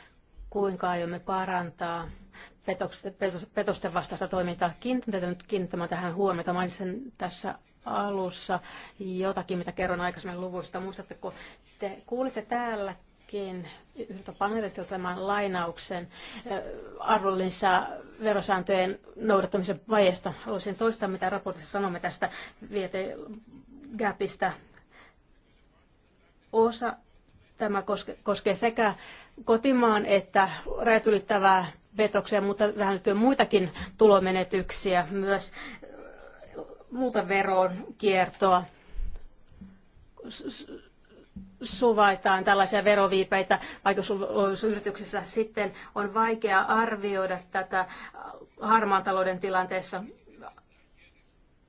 kuinka aiomme parantaa petosten vastaista toimintaa. Kiinnitän kiinnittämään tähän huomiota. sen tässä alussa jotakin, mitä kerron aikaisemmin luvuista. Muistatteko, te kuulitte täällä yhdeltä paneelistilta tämän lainauksen äh, verosääntöjen noudattamisen vaiheesta. Haluaisin toistaa, mitä raportissa sanomme tästä viete gapista. Osa tämä koske, koskee sekä kotimaan että rajat ylittävää petoksia, mutta tähän liittyy muitakin tulomenetyksiä, myös äh, muuta veronkiertoa suvaitaan tällaisia veroviipeitä vaikka yrityksessä sitten on vaikea arvioida tätä harmaan talouden tilanteessa.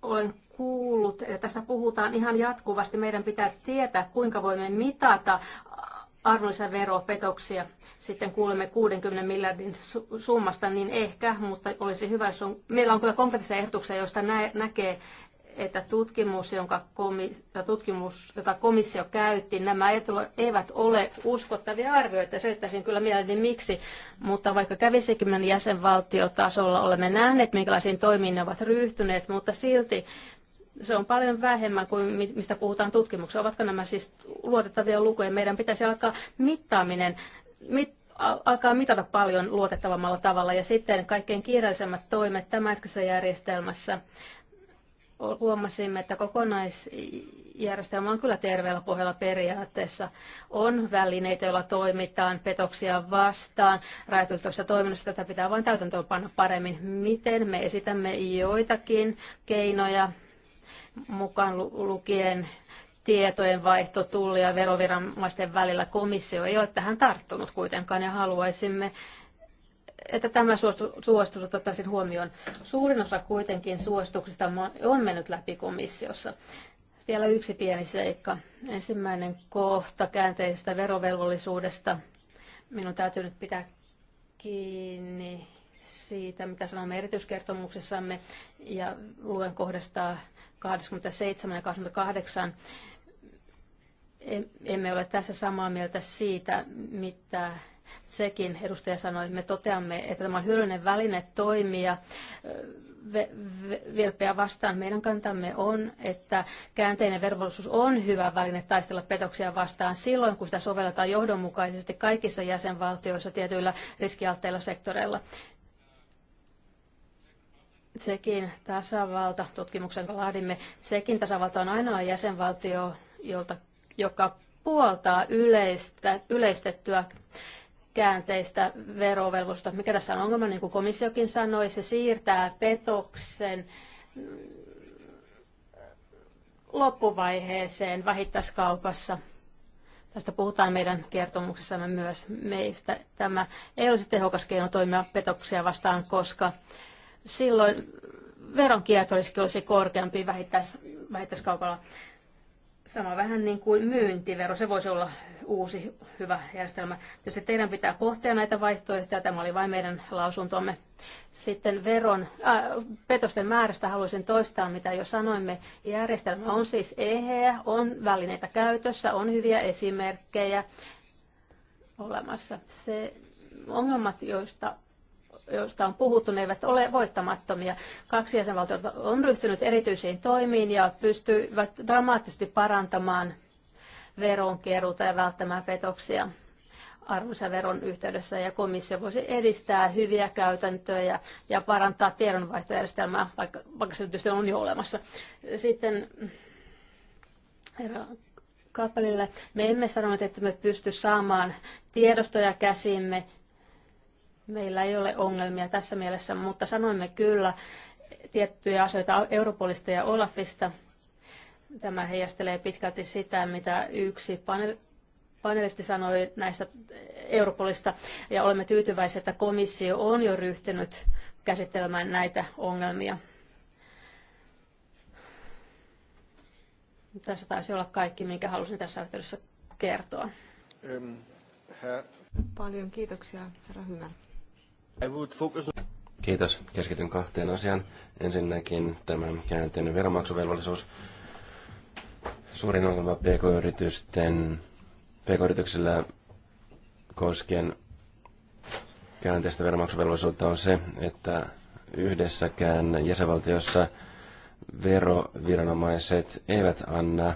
Olen kuullut, että tästä puhutaan ihan jatkuvasti. Meidän pitää tietää, kuinka voimme mitata arvonlisäveropetoksia. Sitten kuulemme 60 miljardin summasta, niin ehkä, mutta olisi hyvä, jos on... Meillä on kyllä konkreettisia ehdotuksia, joista nä- näkee, että tutkimus, jonka komi- tutkimus, jota komissio käytti, nämä eivät ole uskottavia arvioita. Selittäisin kyllä mielelläni miksi, mutta vaikka kävisikin jäsenvaltiotasolla, olemme nähneet, minkälaisiin toimiin ne ovat ryhtyneet, mutta silti se on paljon vähemmän kuin mistä puhutaan tutkimuksessa. Ovatko nämä siis luotettavia lukuja? Meidän pitäisi alkaa mittaaminen, mit, alkaa mitata paljon luotettavammalla tavalla ja sitten kaikkein kiireellisemmät toimet tämänhetkisessä järjestelmässä huomasimme, että kokonaisjärjestelmä on kyllä terveellä pohjalla periaatteessa. On välineitä, joilla toimitaan petoksia vastaan. Rajoitettavasta toiminnasta tätä pitää vain täytäntöön panna paremmin. Miten me esitämme joitakin keinoja mukaan lukien tietojen vaihto tulli- ja veroviranomaisten välillä. Komissio ei ole tähän tarttunut kuitenkaan ja haluaisimme, että tämä suositus ottaisiin huomioon. Suurin osa kuitenkin suosituksista on mennyt läpi komissiossa. Vielä yksi pieni seikka. Ensimmäinen kohta käänteisestä verovelvollisuudesta. Minun täytyy nyt pitää kiinni siitä, mitä sanomme erityiskertomuksessamme ja luen kohdasta 27 ja 28 emme ole tässä samaa mieltä siitä, mitä sekin edustaja sanoi. Me toteamme, että tämä on hyödyllinen väline toimia vilpeä vastaan. Meidän kantamme on, että käänteinen velvollisuus on hyvä väline taistella petoksia vastaan silloin, kun sitä sovelletaan johdonmukaisesti kaikissa jäsenvaltioissa tietyillä riskialtteilla sektoreilla. Tsekin tasavalta, tutkimuksen jonka laadimme, Tsekin tasavalta on ainoa jäsenvaltio, jolta, joka puoltaa yleistä, yleistettyä käänteistä verovelvollisuutta. Mikä tässä on ongelma, niin kuin komissiokin sanoi, se siirtää petoksen mm, loppuvaiheeseen vähittäiskaupassa. Tästä puhutaan meidän kertomuksessamme myös meistä. Tämä ei olisi tehokas keino toimia petoksia vastaan, koska silloin veronkiertoriskin olisi korkeampi vähittäis, vähittäiskaupalla. Sama vähän niin kuin myyntivero, se voisi olla uusi hyvä järjestelmä. Jos teidän pitää pohtia näitä vaihtoehtoja, tämä oli vain meidän lausuntomme. Sitten veron, äh, petosten määrästä haluaisin toistaa, mitä jo sanoimme. Järjestelmä on siis eheä, on välineitä käytössä, on hyviä esimerkkejä olemassa. Se ongelmat, joista joista on puhuttu, ne eivät ole voittamattomia. Kaksi jäsenvaltiota on ryhtynyt erityisiin toimiin ja pystyvät dramaattisesti parantamaan veronkeruuta ja välttämään petoksia arvonlisäveron yhteydessä ja komissio voisi edistää hyviä käytäntöjä ja parantaa tiedonvaihtojärjestelmää, vaikka, vaikka se tietysti on jo olemassa. Sitten herra Kaapelille, me emme sanoneet, että me pysty saamaan tiedostoja käsimme Meillä ei ole ongelmia tässä mielessä, mutta sanoimme kyllä tiettyjä asioita Europolista ja Olafista. Tämä heijastelee pitkälti sitä, mitä yksi panelisti sanoi näistä Europolista, ja olemme tyytyväisiä, että komissio on jo ryhtynyt käsittelemään näitä ongelmia. Tässä taisi olla kaikki, minkä halusin tässä yhteydessä kertoa. Paljon kiitoksia, herra Hymer. Kiitos. Keskityn kahteen asiaan. Ensinnäkin tämän käänteinen veromaksuvelvollisuus. Suurin ongelma pk-yritysten, pk-yrityksillä koskien käänteistä veromaksuvelvollisuutta on se, että yhdessäkään jäsenvaltiossa veroviranomaiset eivät anna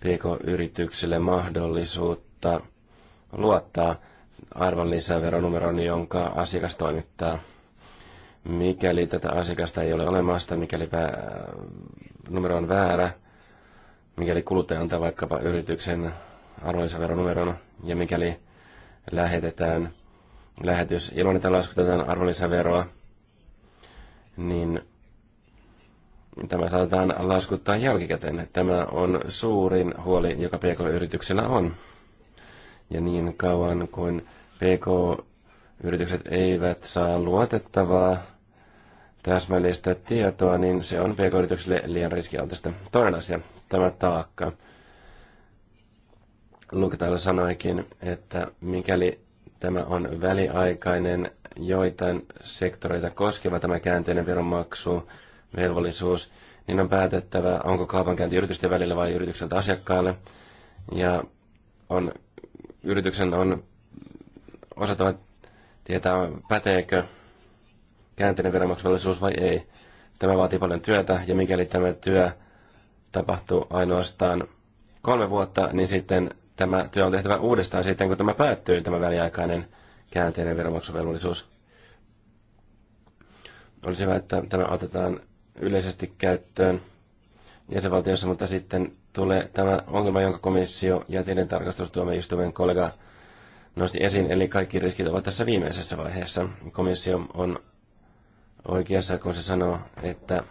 pk-yrityksille mahdollisuutta luottaa arvonlisäveronumeron, jonka asiakas toimittaa. Mikäli tätä asiakasta ei ole olemassa, mikäli numero on väärä, mikäli kuluttaja antaa vaikkapa yrityksen arvonlisäveronumeron ja mikäli lähetetään lähetys ilman, että laskutetaan arvonlisäveroa, niin tämä saatetaan laskuttaa jälkikäteen. Tämä on suurin huoli, joka pk yrityksellä on. Ja niin kauan kuin PK-yritykset eivät saa luotettavaa täsmällistä tietoa, niin se on PK-yrityksille liian riskialtista. Toinen asia, tämä taakka. Luke täällä sanoikin, että mikäli tämä on väliaikainen, joitain sektoreita koskeva tämä käänteinen veronmaksu, velvollisuus, niin on päätettävä, onko kaupankäynti yritysten välillä vai yritykseltä asiakkaalle. Ja on yrityksen on osattava tietää, päteekö käänteinen veronmaksuvelvollisuus vai ei. Tämä vaatii paljon työtä, ja mikäli tämä työ tapahtuu ainoastaan kolme vuotta, niin sitten tämä työ on tehtävä uudestaan sitten, kun tämä päättyy, tämä väliaikainen käänteinen veronmaksuvelvollisuus. Olisi hyvä, että tämä otetaan yleisesti käyttöön jäsenvaltioissa, mutta sitten tulee tämä ongelma, jonka komissio ja teidän tarkastustuomioistuimen kollega nosti esiin, eli kaikki riskit ovat tässä viimeisessä vaiheessa. Komissio on oikeassa, kun se sanoo, että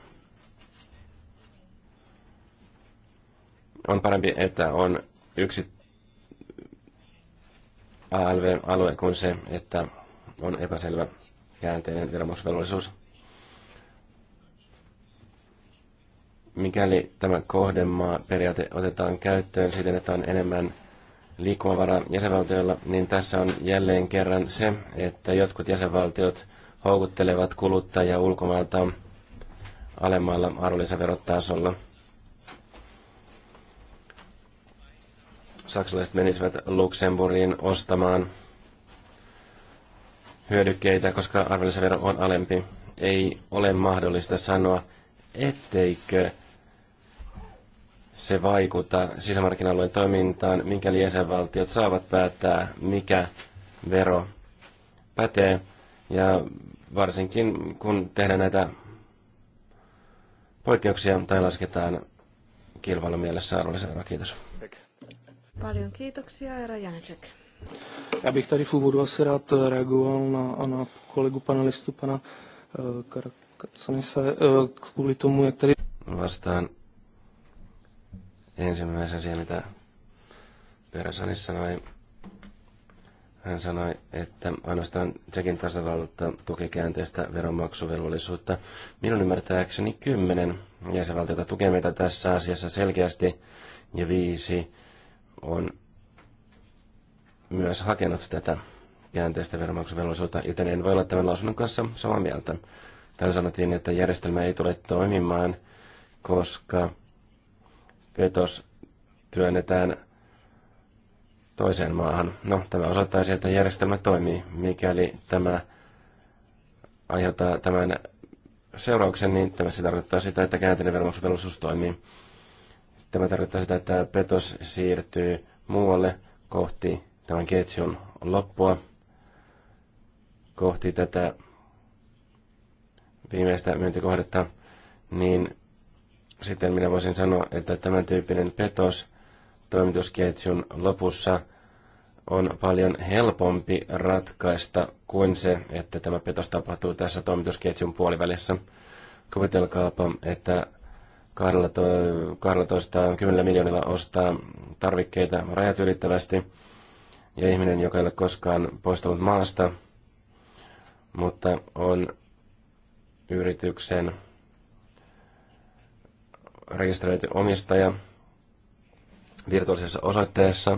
on parempi, että on yksi ALV-alue kuin se, että on epäselvä käänteinen viranomaisvelvollisuus. Mikäli tämä kohdemaa periaate otetaan käyttöön siten, että on enemmän liikkumavaraa jäsenvaltioilla, niin tässä on jälleen kerran se, että jotkut jäsenvaltiot houkuttelevat kuluttajia ulkomailta alemmalla arvonlisäverotasolla. Saksalaiset menisivät Luxemburgiin ostamaan hyödykkeitä, koska arvonlisävero on alempi. Ei ole mahdollista sanoa, etteikö se vaikuta sisämarkkina-alueen toimintaan, mikäli jäsenvaltiot saavat päättää, mikä vero pätee. Ja varsinkin kun tehdään näitä poikkeuksia tai lasketaan kilpailumielessä arvonlisäveroa. Kiitos. Paljon kiitoksia, Eero Janicek. Já bych tady v úvodu asi rád reagoval na, na kolegu panelistu, pana eh, Karakanise, eh, kvůli tomu, jak tady... Vastaan ensimmäisen asia, mitä Persani sanoi, hän sanoi, että ainoastaan Tsekin tasavalta tuki käänteistä veronmaksuvelvollisuutta. Minun ymmärtääkseni kymmenen jäsenvaltiota tukee meitä tässä asiassa selkeästi ja viisi on myös hakenut tätä käänteistä veronmaksuvelvollisuutta, joten en voi olla tämän lausunnon kanssa samaa mieltä. Täällä sanottiin, että järjestelmä ei tule toimimaan, koska petos työnnetään toiseen maahan. No, tämä osoittaisi, että järjestelmä toimii. Mikäli tämä aiheuttaa tämän seurauksen, niin tämä se tarkoittaa sitä, että käänteinen velvollisuus toimii. Tämä tarkoittaa sitä, että petos siirtyy muualle kohti tämän ketjun loppua, kohti tätä viimeistä myyntikohdetta, niin sitten minä voisin sanoa, että tämän tyyppinen petos toimitusketjun lopussa on paljon helpompi ratkaista kuin se, että tämä petos tapahtuu tässä toimitusketjun puolivälissä. Kuvitelkaapa, että 12, 10 miljoonilla ostaa tarvikkeita rajat ylittävästi ja ihminen, joka ei ole koskaan poistunut maasta, mutta on yrityksen rekisteröity omistaja virtuaalisessa osoitteessa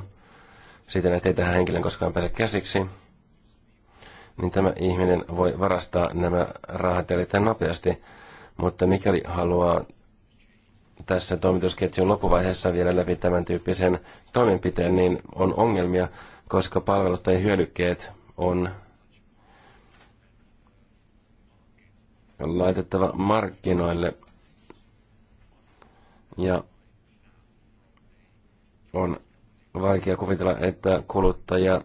siten, ettei tähän henkilön koskaan pääse käsiksi, niin tämä ihminen voi varastaa nämä rahat erittäin nopeasti. Mutta mikäli haluaa tässä toimitusketjun loppuvaiheessa vielä läpi tämän tyyppisen toimenpiteen, niin on ongelmia, koska palvelut tai hyödykkeet on laitettava markkinoille ja on vaikea kuvitella, että kuluttaja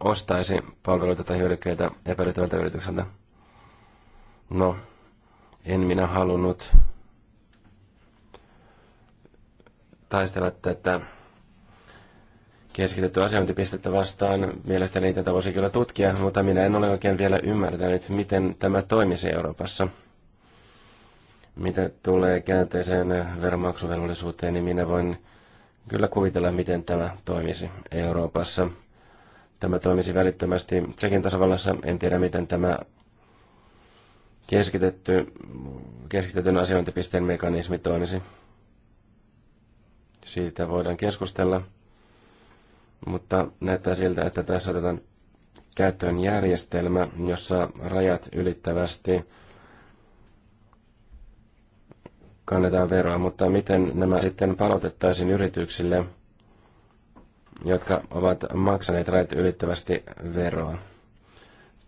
ostaisi palveluita tai hyödykkeitä epäilyttävältä yritykseltä. No, en minä halunnut taistella tätä keskitettyä asiointipistettä vastaan. Mielestäni tätä voisi kyllä tutkia, mutta minä en ole oikein vielä ymmärtänyt, miten tämä toimisi Euroopassa – mitä tulee käänteiseen veronmaksuvelvollisuuteen, niin minä voin kyllä kuvitella, miten tämä toimisi Euroopassa. Tämä toimisi välittömästi Tsekin tasavallassa. En tiedä, miten tämä keskitetty, keskitetyn asiointipisteen mekanismi toimisi. Siitä voidaan keskustella, mutta näyttää siltä, että tässä otetaan käyttöön järjestelmä, jossa rajat ylittävästi kannetaan veroa, mutta miten nämä sitten palautettaisiin yrityksille, jotka ovat maksaneet rajat ylittävästi veroa?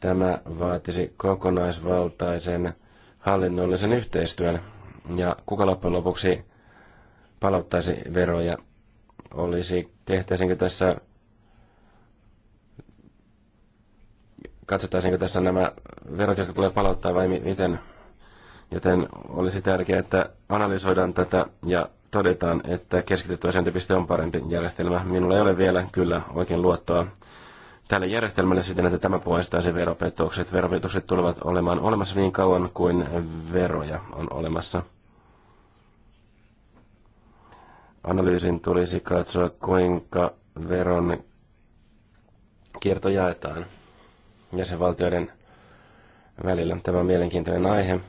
Tämä vaatisi kokonaisvaltaisen hallinnollisen yhteistyön ja kuka loppujen lopuksi palauttaisi veroja? Olisi, tehtäisinkö tässä katsotaanko tässä nämä verot, jotka tulee palauttaa vai miten Joten olisi tärkeää, että analysoidaan tätä ja todetaan, että keskitetty asiointipiste on parempi järjestelmä. Minulla ei ole vielä kyllä oikein luottoa tälle järjestelmälle siten, että tämä poistaisi veropetokset. Veropetokset tulevat olemaan olemassa niin kauan kuin veroja on olemassa. Analyysin tulisi katsoa, kuinka veron kierto jaetaan jäsenvaltioiden välillä. Tämä on mielenkiintoinen aihe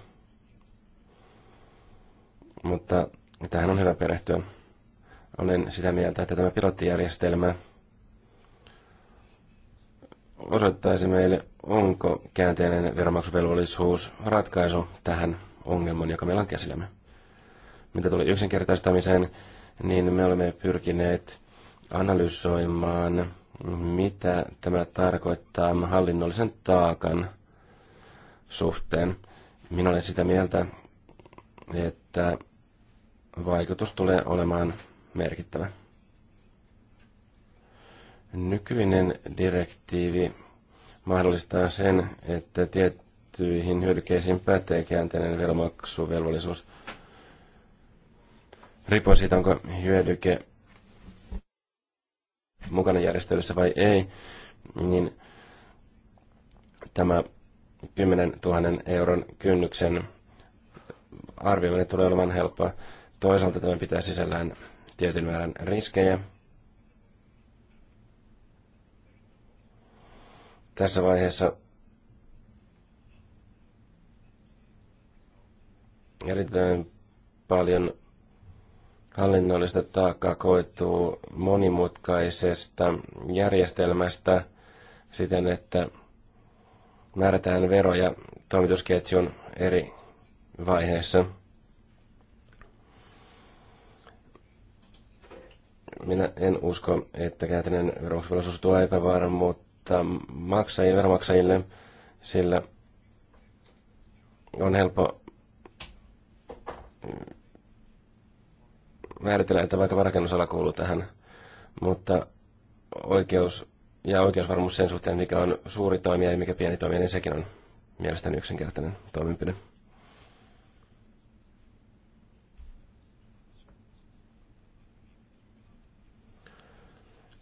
mutta tähän on hyvä perehtyä. Olen sitä mieltä, että tämä pilottijärjestelmä osoittaisi meille, onko käänteinen veronmaksuvelvollisuus ratkaisu tähän ongelmaan, joka meillä on käsillämme. Mitä tuli yksinkertaistamiseen, niin me olemme pyrkineet analysoimaan, mitä tämä tarkoittaa hallinnollisen taakan suhteen. Minä olen sitä mieltä, että vaikutus tulee olemaan merkittävä. Nykyinen direktiivi mahdollistaa sen, että tiettyihin hyödykkeisiin pätee käänteinen veromaksuvelvollisuus. Riippuen siitä, onko hyödyke mukana järjestelyssä vai ei, niin tämä 10 000 euron kynnyksen arvioiminen tulee olemaan helppoa. Toisaalta tämä pitää sisällään tietyn määrän riskejä. Tässä vaiheessa erittäin paljon hallinnollista taakkaa koituu monimutkaisesta järjestelmästä siten, että määrätään veroja toimitusketjun eri vaiheessa – Minä en usko, että käytännön verovelvollisuus tuo epävarmuutta maksajille, veromaksajille, sillä on helppo määritellä, että vaikka rakennusala kuuluu tähän, mutta oikeus ja oikeusvarmuus sen suhteen, mikä on suuri toimija ja mikä pieni toimija, niin sekin on mielestäni yksinkertainen toimenpide.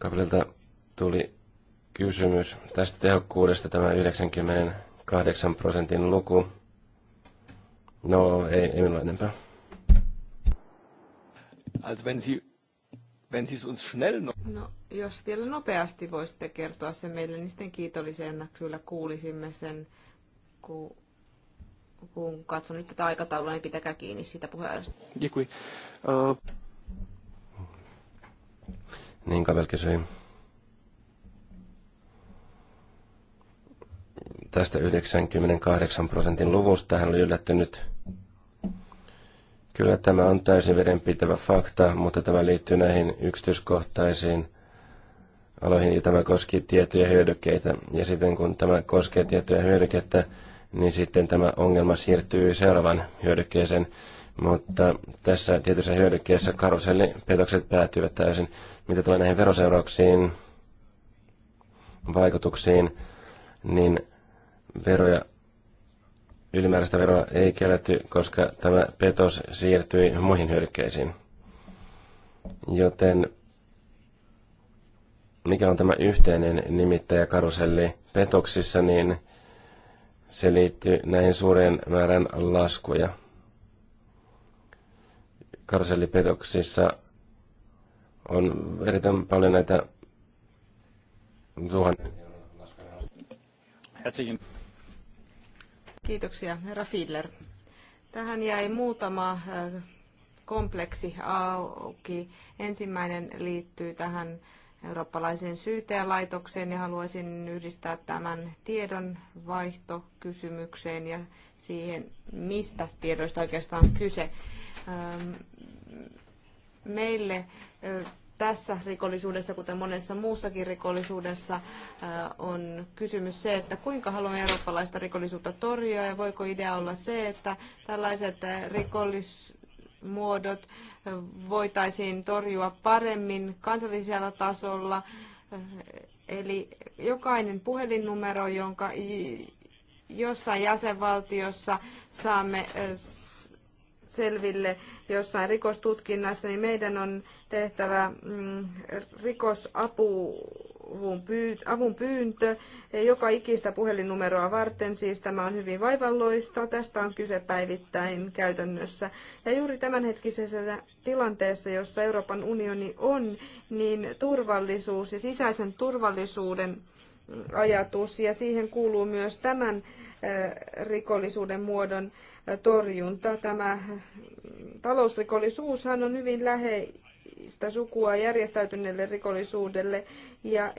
Kapililta tuli kysymys tästä tehokkuudesta, tämä 98 prosentin luku. No, ei, ei minulla enempää. Also wenn Sie, wenn Sie es uns schnell no... no, jos vielä nopeasti voisitte kertoa sen meille, niin sitten kiitollisena kyllä kuulisimme sen, kun, kun katson nyt tätä aikataulua, niin pitäkää kiinni siitä puheenjohtajasta. Uh niin Kabel kysyi tästä 98 prosentin luvusta. Hän oli yllättynyt. Kyllä tämä on täysin vedenpitävä fakta, mutta tämä liittyy näihin yksityiskohtaisiin aloihin, ja tämä koski tiettyjä hyödykkeitä. Ja sitten kun tämä koskee tiettyjä hyödykettä, niin sitten tämä ongelma siirtyy seuraavan hyödykkeeseen. Mutta tässä tietyssä hyödykkeessä karusellipetokset päätyivät täysin. Mitä tulee näihin veroseurauksiin, vaikutuksiin, niin veroja, ylimääräistä veroa ei kielletty, koska tämä petos siirtyi muihin hyödykkeisiin. Joten mikä on tämä yhteinen nimittäjä karuselli petoksissa, niin se liittyy näihin suureen määrän laskuja – karselipedoksissa on erittäin paljon näitä tuhannen Kiitoksia, herra Fiedler. Tähän jäi muutama kompleksi auki. Ensimmäinen liittyy tähän eurooppalaiseen syyttäjälaitokseen ja haluaisin yhdistää tämän tiedon vaihtokysymykseen ja siihen, mistä tiedoista oikeastaan on kyse meille tässä rikollisuudessa, kuten monessa muussakin rikollisuudessa, on kysymys se, että kuinka haluamme eurooppalaista rikollisuutta torjua ja voiko idea olla se, että tällaiset rikollismuodot voitaisiin torjua paremmin kansallisella tasolla. Eli jokainen puhelinnumero, jonka jossain jäsenvaltiossa saamme selville jossain rikostutkinnassa, niin meidän on tehtävä mm, rikosapu avun pyyntö joka ikistä puhelinnumeroa varten. Siis tämä on hyvin vaivalloista. Tästä on kyse päivittäin käytännössä. Ja juuri tämänhetkisessä tilanteessa, jossa Euroopan unioni on, niin turvallisuus ja sisäisen turvallisuuden mm, ajatus ja siihen kuuluu myös tämän rikollisuuden muodon torjunta. Tämä talousrikollisuushan on hyvin läheistä sukua järjestäytyneelle rikollisuudelle ja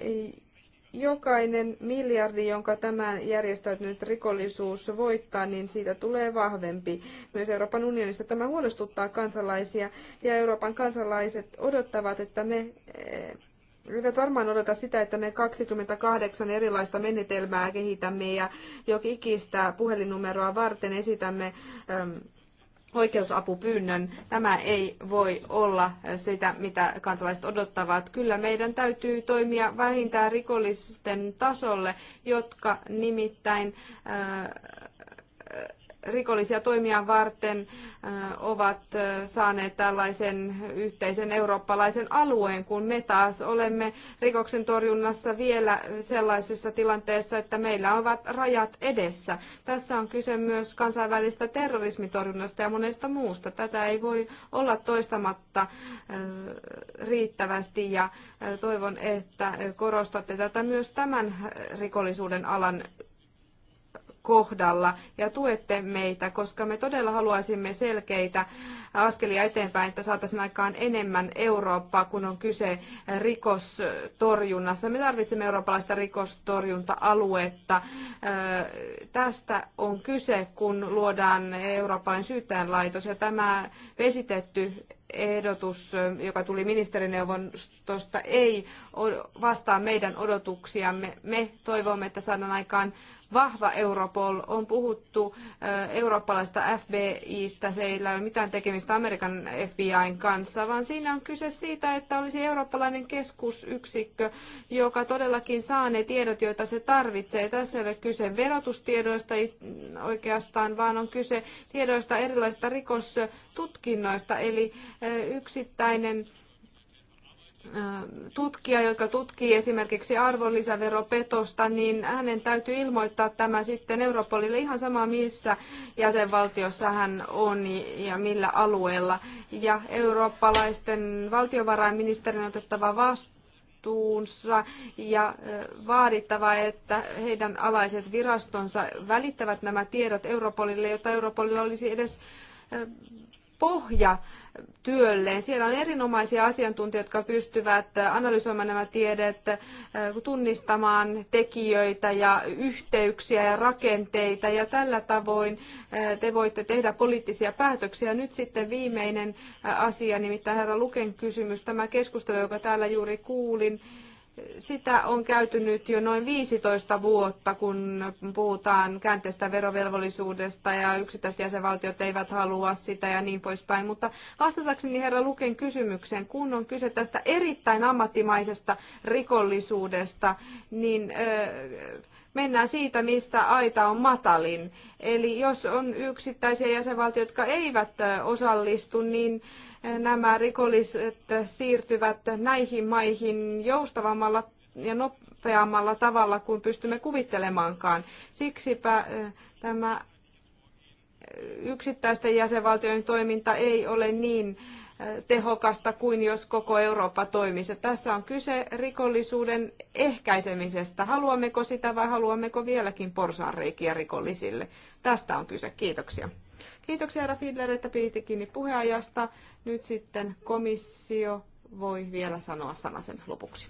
jokainen miljardi, jonka tämä järjestäytynyt rikollisuus voittaa, niin siitä tulee vahvempi. Myös Euroopan unionissa tämä huolestuttaa kansalaisia ja Euroopan kansalaiset odottavat, että me eh, eivät varmaan odota sitä, että me 28 erilaista menetelmää kehitämme ja jokin ikistä puhelinnumeroa varten esitämme ähm, oikeusapupyynnön. Tämä ei voi olla sitä, mitä kansalaiset odottavat. Kyllä meidän täytyy toimia vähintään rikollisten tasolle, jotka nimittäin äh, rikollisia toimia varten ovat saaneet tällaisen yhteisen eurooppalaisen alueen, kun me taas olemme rikoksen torjunnassa vielä sellaisessa tilanteessa, että meillä ovat rajat edessä. Tässä on kyse myös kansainvälistä terrorismitorjunnasta ja monesta muusta. Tätä ei voi olla toistamatta riittävästi ja toivon, että korostatte tätä myös tämän rikollisuuden alan kohdalla ja tuette meitä, koska me todella haluaisimme selkeitä askelia eteenpäin, että saataisiin aikaan enemmän Eurooppaa, kun on kyse rikostorjunnassa. Me tarvitsemme eurooppalaista rikostorjunta-aluetta. Tästä on kyse, kun luodaan eurooppalainen syyttäjänlaitos ja tämä vesitetty ehdotus, joka tuli ministerineuvostosta, ei vastaa meidän odotuksiamme. Me toivomme, että saadaan aikaan vahva Europol. On puhuttu eh, eurooppalaista FBIstä, se ei ole mitään tekemistä Amerikan FBIn kanssa, vaan siinä on kyse siitä, että olisi eurooppalainen keskusyksikkö, joka todellakin saa ne tiedot, joita se tarvitsee. Tässä ei ole kyse verotustiedoista oikeastaan, vaan on kyse tiedoista erilaisista rikostutkinnoista, eli eh, yksittäinen tutkija, joka tutkii esimerkiksi arvonlisäveropetosta, niin hänen täytyy ilmoittaa tämä sitten Europolille ihan sama missä jäsenvaltiossa hän on ja millä alueella. Ja eurooppalaisten valtiovarainministerin otettava vastuunsa ja vaadittava, että heidän alaiset virastonsa välittävät nämä tiedot Europolille, jotta Europolilla olisi edes pohja työlleen. Siellä on erinomaisia asiantuntijoita, jotka pystyvät analysoimaan nämä tiedet, äh, tunnistamaan tekijöitä ja yhteyksiä ja rakenteita ja tällä tavoin äh, te voitte tehdä poliittisia päätöksiä. Nyt sitten viimeinen äh, asia, nimittäin herra Luken kysymys, tämä keskustelu, joka täällä juuri kuulin, sitä on käyty nyt jo noin 15 vuotta, kun puhutaan käänteistä verovelvollisuudesta ja yksittäiset jäsenvaltiot eivät halua sitä ja niin poispäin. Mutta vastatakseni herra Luken kysymykseen, kun on kyse tästä erittäin ammattimaisesta rikollisuudesta, niin mennään siitä, mistä aita on matalin. Eli jos on yksittäisiä jäsenvaltioita, jotka eivät osallistu, niin nämä rikolliset siirtyvät näihin maihin joustavammalla ja nopeammalla tavalla kuin pystymme kuvittelemaankaan. Siksipä tämä yksittäisten jäsenvaltioiden toiminta ei ole niin tehokasta kuin jos koko Eurooppa toimisi. Tässä on kyse rikollisuuden ehkäisemisestä. Haluammeko sitä vai haluammeko vieläkin porsaanreikiä rikollisille? Tästä on kyse. Kiitoksia. Kiitoksia herra Fidler, että piti kiinni puheajasta. Nyt sitten komissio voi vielä sanoa sanasen lopuksi.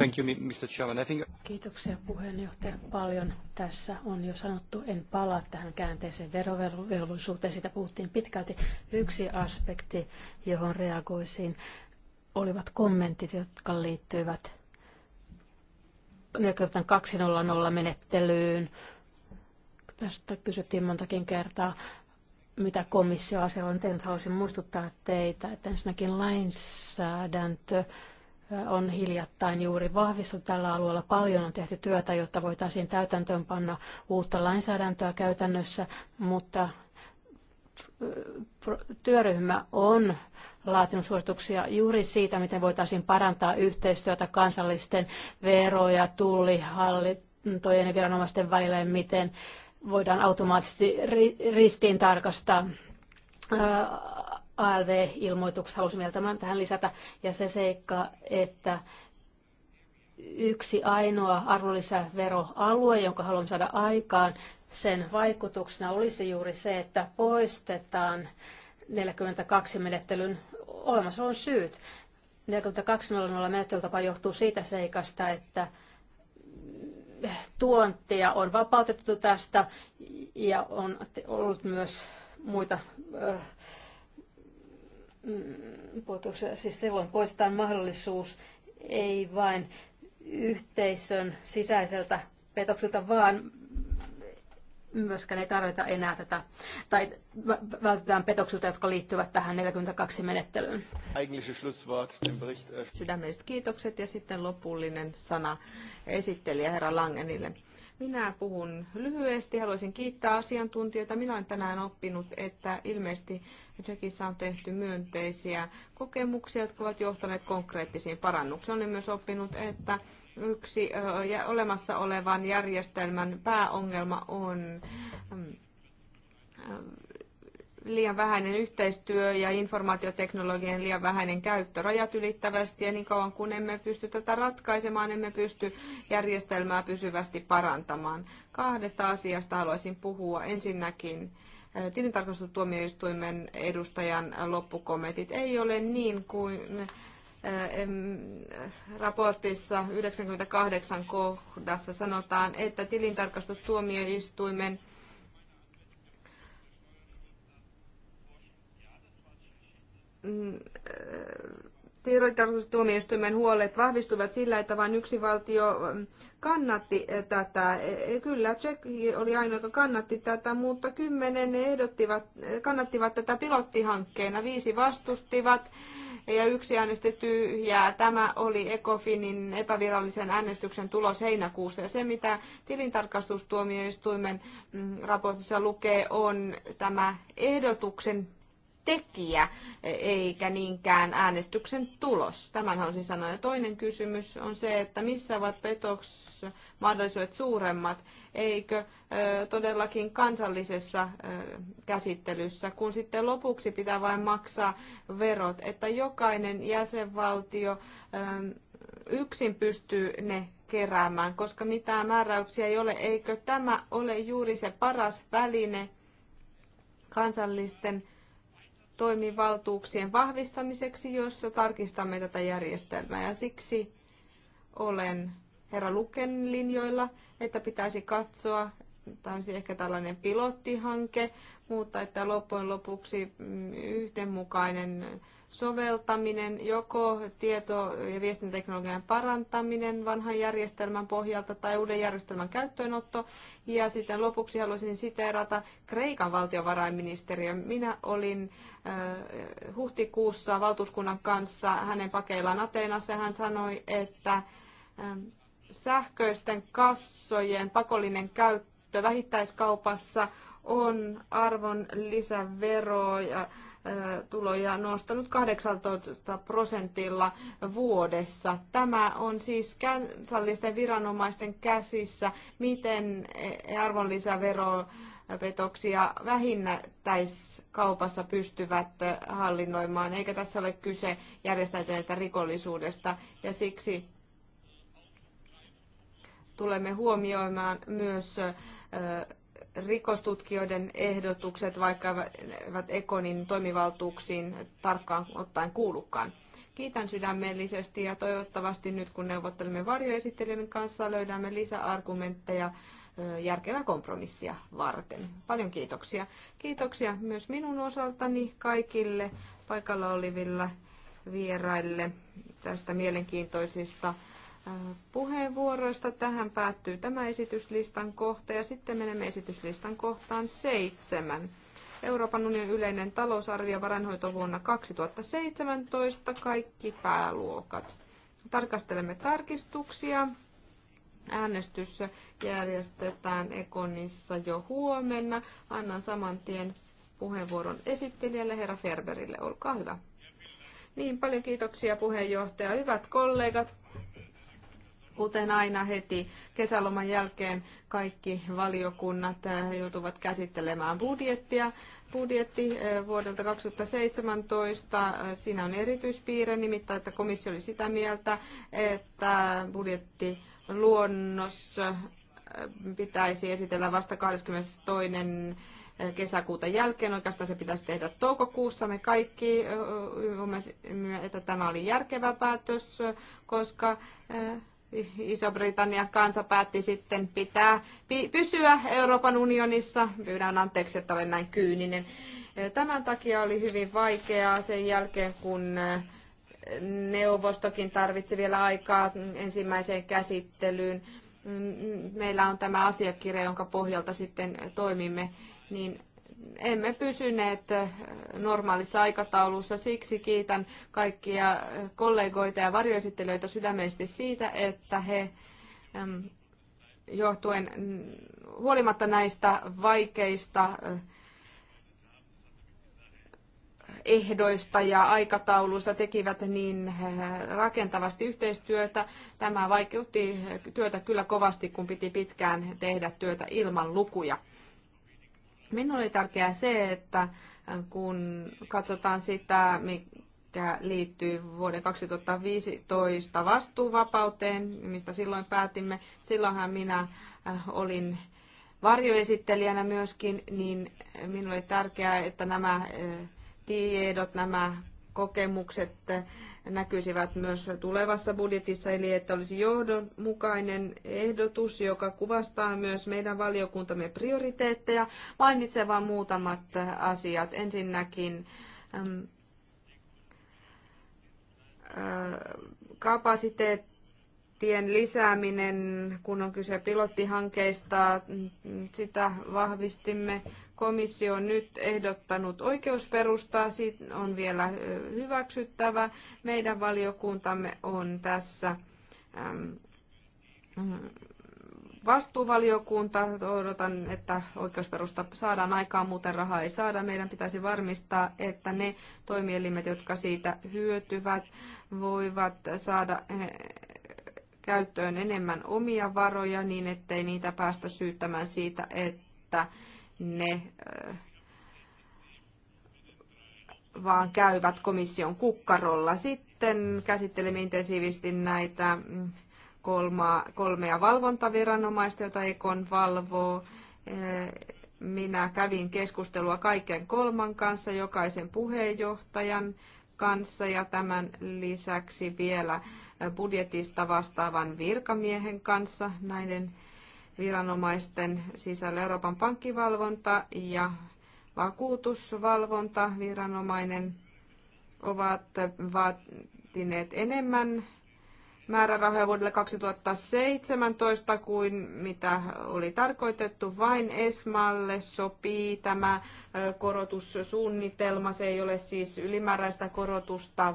Thank you, Mr. Chairman. I think... Kiitoksia puheenjohtaja. Paljon tässä on jo sanottu. En palaa tähän käänteiseen verovelvollisuuteen. Sitä puhuttiin pitkälti. Yksi aspekti, johon reagoisin, olivat kommentit, jotka liittyivät 4200 menettelyyn. Tästä kysyttiin montakin kertaa, mitä komissio asialla on tehnyt. Haluaisin muistuttaa teitä, että ensinnäkin lainsäädäntö on hiljattain juuri vahvistunut tällä alueella. Paljon on tehty työtä, jotta voitaisiin täytäntöönpanna uutta lainsäädäntöä käytännössä, mutta työryhmä on laatinut suosituksia juuri siitä, miten voitaisiin parantaa yhteistyötä kansallisten vero- ja tullihallintojen ja viranomaisten välillä ja miten voidaan automaattisesti ristiin tarkastaa ALV-ilmoituksessa, halusin vielä tämän tähän lisätä, ja se seikka, että yksi ainoa arvonlisäveroalue, jonka haluamme saada aikaan, sen vaikutuksena olisi juuri se, että poistetaan 42 menettelyn olemassa on syyt. 42.00 menettelytapa johtuu siitä seikasta, että tuontia on vapautettu tästä ja on ollut myös muita Mm, poistuksia. Siis silloin poistetaan mahdollisuus ei vain yhteisön sisäiseltä petoksilta, vaan myöskään ei tarvita enää tätä, tai vältetään petoksilta, jotka liittyvät tähän 42 menettelyyn. Äh, Sydämelliset kiitokset ja sitten lopullinen sana esittelijä herra Langenille. Minä puhun lyhyesti, haluaisin kiittää asiantuntijoita. Minä olen tänään oppinut, että ilmeisesti Tsekissä on tehty myönteisiä kokemuksia, jotka ovat johtaneet konkreettisiin parannuksiin. Olen myös oppinut, että yksi olemassa olevan järjestelmän pääongelma on mm, liian vähäinen yhteistyö ja informaatioteknologian liian vähäinen käyttö rajat ylittävästi ja niin kauan kun emme pysty tätä ratkaisemaan, emme pysty järjestelmää pysyvästi parantamaan. Kahdesta asiasta haluaisin puhua. Ensinnäkin eh, tilintarkastustuomioistuimen edustajan loppukommentit. Ei ole niin kuin eh, raportissa 98 kohdassa sanotaan, että tilintarkastustuomioistuimen Mm, äh, Tiedontarkastustuomioistuimen huolet vahvistuivat sillä, että vain yksi valtio mm, kannatti äh, tätä. E, e, kyllä, Tsekki oli ainoa, joka kannatti tätä, mutta kymmenen ehdottivat, äh, kannattivat tätä pilottihankkeena. Viisi vastustivat ja yksi äänesti tyhjää. Tämä oli Ecofinin epävirallisen äänestyksen tulos heinäkuussa. Ja se, mitä tilintarkastustuomioistuimen mm, raportissa lukee, on tämä ehdotuksen tekijä, eikä niinkään äänestyksen tulos. Tämän halusin sanoa. Ja toinen kysymys on se, että missä ovat petoksmahdollisuudet suuremmat, eikö todellakin kansallisessa käsittelyssä, kun sitten lopuksi pitää vain maksaa verot, että jokainen jäsenvaltio yksin pystyy ne keräämään, koska mitään määräyksiä ei ole. Eikö tämä ole juuri se paras väline kansallisten toimivaltuuksien vahvistamiseksi, jos tarkistamme tätä järjestelmää. Ja siksi olen herra Luken linjoilla, että pitäisi katsoa, tämä olisi ehkä tällainen pilottihanke, mutta että loppujen lopuksi mm, yhdenmukainen soveltaminen, joko tieto- ja viestintäteknologian parantaminen vanhan järjestelmän pohjalta tai uuden järjestelmän käyttöönotto. Ja sitten lopuksi haluaisin siteerata Kreikan valtiovarainministeriön. Minä olin äh, huhtikuussa valtuuskunnan kanssa hänen pakeillaan Ateenassa ja hän sanoi, että äh, sähköisten kassojen pakollinen käyttö vähittäiskaupassa on arvon lisävero ja äh, tuloja nostanut 18 prosentilla vuodessa. Tämä on siis kansallisten viranomaisten käsissä, miten arvonlisäveropetoksia petoksia vähinnäiskaupassa pystyvät hallinnoimaan, eikä tässä ole kyse järjestäytyneestä rikollisuudesta, ja siksi tulemme huomioimaan myös rikostutkijoiden ehdotukset, vaikka eivät Ekonin toimivaltuuksiin tarkkaan ottaen kuulukaan. Kiitän sydämellisesti ja toivottavasti nyt kun neuvottelemme varjoesittelijän kanssa löydämme lisäargumentteja järkevää kompromissia varten. Paljon kiitoksia. Kiitoksia myös minun osaltani kaikille paikalla oliville vieraille tästä mielenkiintoisista puheenvuoroista. Tähän päättyy tämä esityslistan kohta ja sitten menemme esityslistan kohtaan seitsemän. Euroopan unionin yleinen talousarvio vuonna 2017, kaikki pääluokat. Tarkastelemme tarkistuksia. Äänestys järjestetään Ekonissa jo huomenna. Annan saman tien puheenvuoron esittelijälle, herra Ferberille. Olkaa hyvä. Niin, paljon kiitoksia puheenjohtaja. Hyvät kollegat, Kuten aina heti kesäloman jälkeen kaikki valiokunnat äh, joutuvat käsittelemään budjettia. Budjetti äh, vuodelta 2017, äh, siinä on erityispiirre, nimittäin että komissio oli sitä mieltä, että budjetti luonnos pitäisi esitellä vasta 22 kesäkuuta jälkeen. Oikeastaan se pitäisi tehdä toukokuussa. Me kaikki ymmärsimme, että tämä oli järkevä päätös, koska Iso-Britannian kansa päätti sitten pitää, pysyä Euroopan unionissa. Pyydän anteeksi, että olen näin kyyninen. Tämän takia oli hyvin vaikeaa sen jälkeen, kun neuvostokin tarvitsi vielä aikaa ensimmäiseen käsittelyyn. Mm, mm, meillä on tämä asiakirja, jonka pohjalta sitten toimimme, niin emme pysyneet normaalissa aikataulussa. Siksi kiitän kaikkia kollegoita ja varjoesittelijöitä sydämellisesti siitä, että he johtuen huolimatta näistä vaikeista äh, ehdoista ja aikatauluista tekivät niin äh, rakentavasti yhteistyötä. Tämä vaikeutti työtä kyllä kovasti, kun piti pitkään tehdä työtä ilman lukuja. Minulle oli tärkeää se, että äh, kun katsotaan sitä, mikä liittyy vuoden 2015 vastuuvapauteen, mistä silloin päätimme, silloinhan minä äh, olin varjoesittelijänä myöskin, niin minulle oli tärkeää, että nämä äh, tiedot, nämä kokemukset näkyisivät myös tulevassa budjetissa, eli että olisi johdonmukainen ehdotus, joka kuvastaa myös meidän valiokuntamme prioriteetteja. Mainitsen vain muutamat asiat. Ensinnäkin äh, kapasiteettien lisääminen, kun on kyse pilottihankkeista, sitä vahvistimme. Komissio on nyt ehdottanut oikeusperustaa, siitä on vielä hyväksyttävä. Meidän valiokuntamme on tässä vastuuvaliokunta. Odotan, että oikeusperusta saadaan aikaan, muuten rahaa ei saada. Meidän pitäisi varmistaa, että ne toimielimet, jotka siitä hyötyvät, voivat saada e, käyttöön enemmän omia varoja niin, ettei niitä päästä syyttämään siitä, että ne vaan käyvät komission kukkarolla. Sitten käsittelimme intensiivisesti näitä mm, kolma kolmea valvontaviranomaista, joita Ekon valvoo. Minä kävin keskustelua kaiken kolman kanssa, jokaisen puheenjohtajan kanssa ja tämän lisäksi vielä budjetista vastaavan virkamiehen kanssa näiden viranomaisten sisällä Euroopan pankkivalvonta ja vakuutusvalvonta viranomainen ovat vaatineet enemmän määrärahoja vuodelle 2017 kuin mitä oli tarkoitettu. Vain Esmalle sopii tämä korotussuunnitelma. Se ei ole siis ylimääräistä korotusta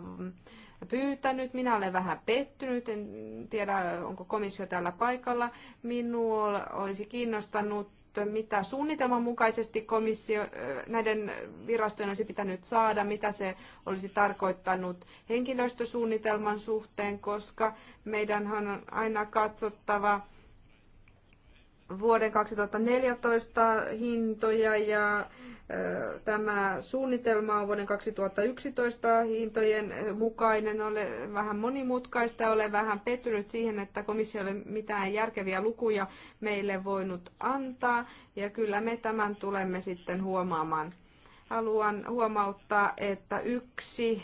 pyytänyt. Minä olen vähän pettynyt, en tiedä onko komissio täällä paikalla. Minua olisi kiinnostanut mitä suunnitelman mukaisesti komissio näiden virastojen olisi pitänyt saada, mitä se olisi tarkoittanut henkilöstösuunnitelman suhteen, koska meidän on aina katsottava vuoden 2014 hintoja ja tämä suunnitelma on vuoden 2011 hintojen mukainen. Olen vähän monimutkaista olen vähän pettynyt siihen, että komissio ei ole mitään järkeviä lukuja meille voinut antaa. Ja kyllä me tämän tulemme sitten huomaamaan. Haluan huomauttaa, että yksi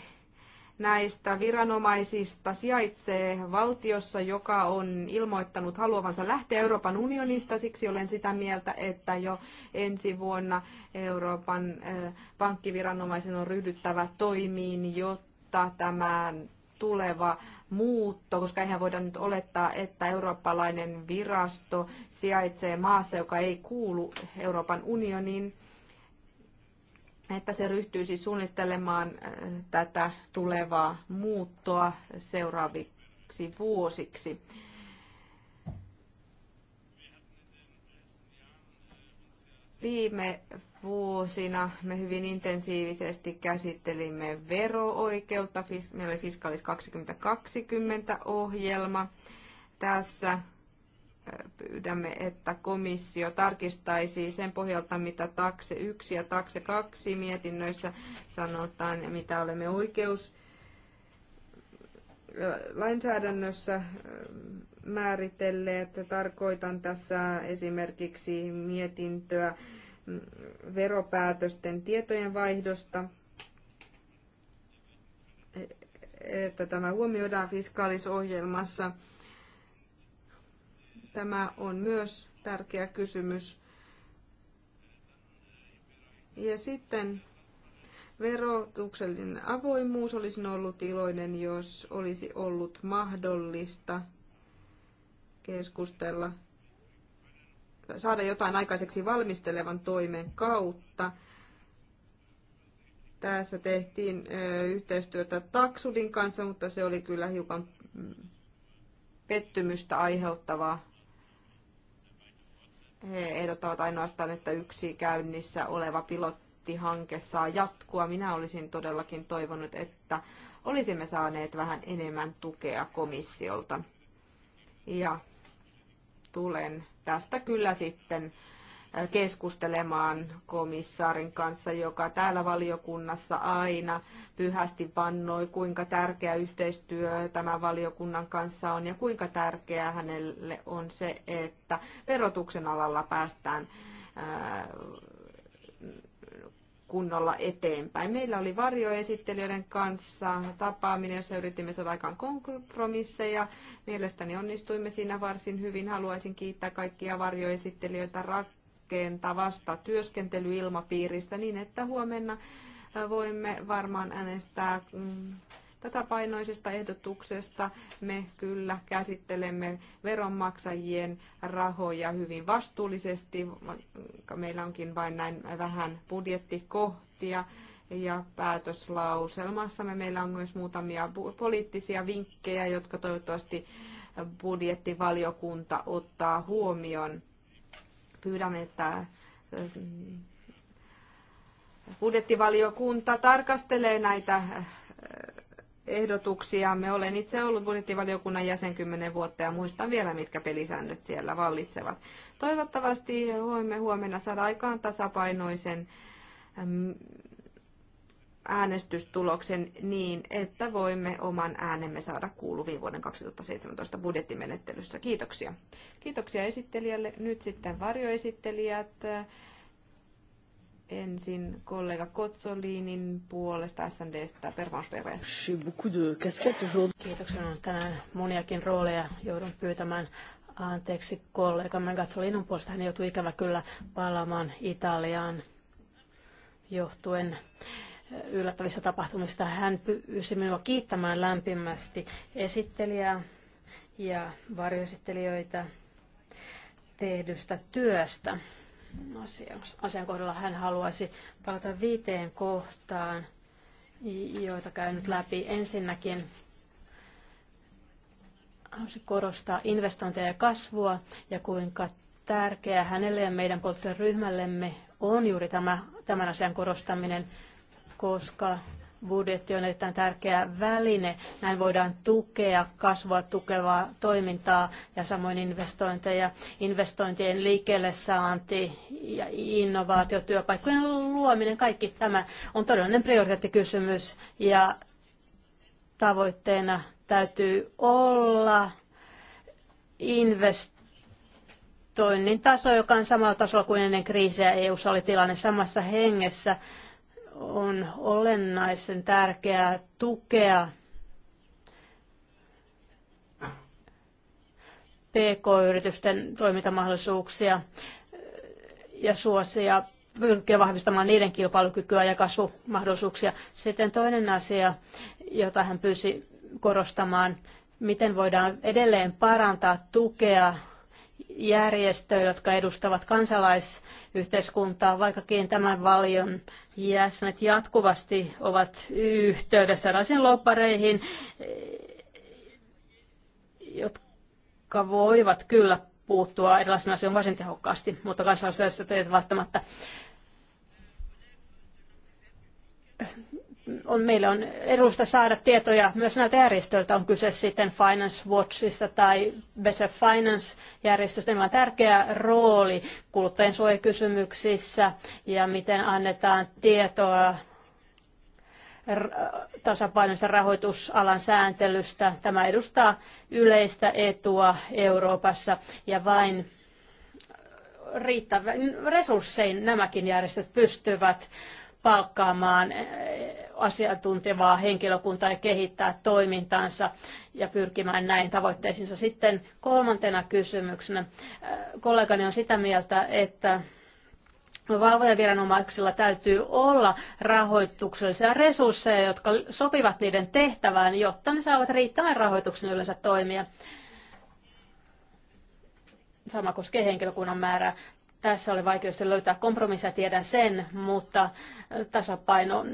näistä viranomaisista sijaitsee valtiossa, joka on ilmoittanut haluavansa lähteä Euroopan unionista. Siksi olen sitä mieltä, että jo ensi vuonna Euroopan eh, pankkiviranomaisen on ryhdyttävä toimiin, jotta tämä tuleva muutto, koska eihän voida nyt olettaa, että eurooppalainen virasto sijaitsee maassa, joka ei kuulu Euroopan unioniin että se siis suunnittelemaan äh, tätä tulevaa muuttoa seuraaviksi vuosiksi. Viime vuosina me hyvin intensiivisesti käsittelimme vero-oikeutta. Meillä oli Fiskalis 2020-ohjelma. Tässä pyydämme, että komissio tarkistaisi sen pohjalta, mitä takse 1 ja takse 2 mietinnöissä sanotaan, mitä olemme oikeus lainsäädännössä määritelleet. Tarkoitan tässä esimerkiksi mietintöä veropäätösten tietojen vaihdosta, e, että tämä huomioidaan fiskaalisohjelmassa. Tämä on myös tärkeä kysymys. Ja sitten verotuksellinen avoimuus. olisi ollut iloinen, jos olisi ollut mahdollista keskustella, saada jotain aikaiseksi valmistelevan toimen kautta. Tässä tehtiin yhteistyötä Taksudin kanssa, mutta se oli kyllä hiukan mm, pettymystä aiheuttavaa. He ehdottavat ainoastaan, että yksi käynnissä oleva pilottihanke saa jatkua. Minä olisin todellakin toivonut, että olisimme saaneet vähän enemmän tukea komissiolta. Ja tulen tästä kyllä sitten keskustelemaan komissaarin kanssa, joka täällä valiokunnassa aina pyhästi vannoi, kuinka tärkeä yhteistyö tämän valiokunnan kanssa on ja kuinka tärkeää hänelle on se, että verotuksen alalla päästään äh, kunnolla eteenpäin. Meillä oli varjoesittelijöiden kanssa tapaaminen, jossa yritimme saada aikaan kompromisseja. Mielestäni onnistuimme siinä varsin hyvin. Haluaisin kiittää kaikkia varjoesittelijöitä rak- rakentavasta työskentelyilmapiiristä niin, että huomenna voimme varmaan äänestää mm, painoisesta ehdotuksesta. Me kyllä käsittelemme veronmaksajien rahoja hyvin vastuullisesti, vaikka meillä onkin vain näin vähän budjettikohtia. Ja päätöslauselmassamme meillä on myös muutamia poliittisia vinkkejä, jotka toivottavasti budjettivaliokunta ottaa huomioon pyydämme, että ähm, budjettivaliokunta tarkastelee näitä äh, ehdotuksia. Me olen itse ollut budjettivaliokunnan jäsen kymmenen vuotta ja muistan vielä, mitkä pelisäännöt siellä vallitsevat. Toivottavasti voimme huomenna saada aikaan tasapainoisen ähm, äänestystuloksen niin, että voimme oman äänemme saada kuuluviin vuoden 2017 budjettimenettelyssä. Kiitoksia. Kiitoksia esittelijälle. Nyt sitten varjoesittelijät. Ensin kollega Kotsoliinin puolesta SNDstä Pervans Kiitoksia. On tänään moniakin rooleja joudun pyytämään anteeksi kollegamme Katsoliinin puolesta. Hän joutui ikävä kyllä palaamaan Italiaan johtuen yllättävistä tapahtumista. Hän pyysi minua kiittämään lämpimästi esittelijää ja varjoesittelijöitä tehdystä työstä. Asian kohdalla hän haluaisi palata viiteen kohtaan, joita käyn nyt läpi. Ensinnäkin haluaisin korostaa investointeja ja kasvua ja kuinka tärkeää hänelle ja meidän poliittiselle ryhmällemme on juuri tämä, tämän asian korostaminen – koska budjetti on erittäin tärkeä väline. Näin voidaan tukea kasvua tukevaa toimintaa ja samoin investointeja, investointien liikkeelle saanti ja innovaatiotyöpaikkojen luominen, kaikki tämä on todellinen prioriteettikysymys ja tavoitteena täytyy olla investointi investoinnin taso, joka on samalla tasolla kuin ennen kriisiä. EU-ssa oli tilanne samassa hengessä on olennaisen tärkeää tukea PK-yritysten toimintamahdollisuuksia ja suosia, pyrkiä vahvistamaan niiden kilpailukykyä ja kasvumahdollisuuksia. Sitten toinen asia, jota hän pyysi korostamaan, miten voidaan edelleen parantaa tukea järjestöillä, jotka edustavat kansalaisyhteiskuntaa, vaikkakin tämän valion jäsenet jatkuvasti ovat yhteydessä tällaisiin loppareihin, jotka voivat kyllä puuttua erilaisiin asioihin varsin tehokkaasti, mutta kansalaisjärjestöt eivät välttämättä on, meillä on edullista saada tietoja myös näiltä järjestöiltä, on kyse sitten Finance Watchista tai Better Finance-järjestöstä. Niillä on tärkeä rooli kuluttajien suojakysymyksissä ja miten annetaan tietoa tasapainoista rahoitusalan sääntelystä. Tämä edustaa yleistä etua Euroopassa ja vain riittävän resurssein nämäkin järjestöt pystyvät palkkaamaan eh, asiantuntevaa henkilökuntaa ja kehittää toimintaansa ja pyrkimään näin tavoitteisiinsa. Sitten kolmantena kysymyksenä eh, kollegani on sitä mieltä, että valvojaviranomaisilla täytyy olla rahoituksellisia resursseja, jotka sopivat niiden tehtävään, jotta ne saavat riittävän rahoituksen yleensä toimia. Sama koskee henkilökunnan määrää. Tässä oli vaikeus löytää kompromissia, tiedän sen, mutta tasapaino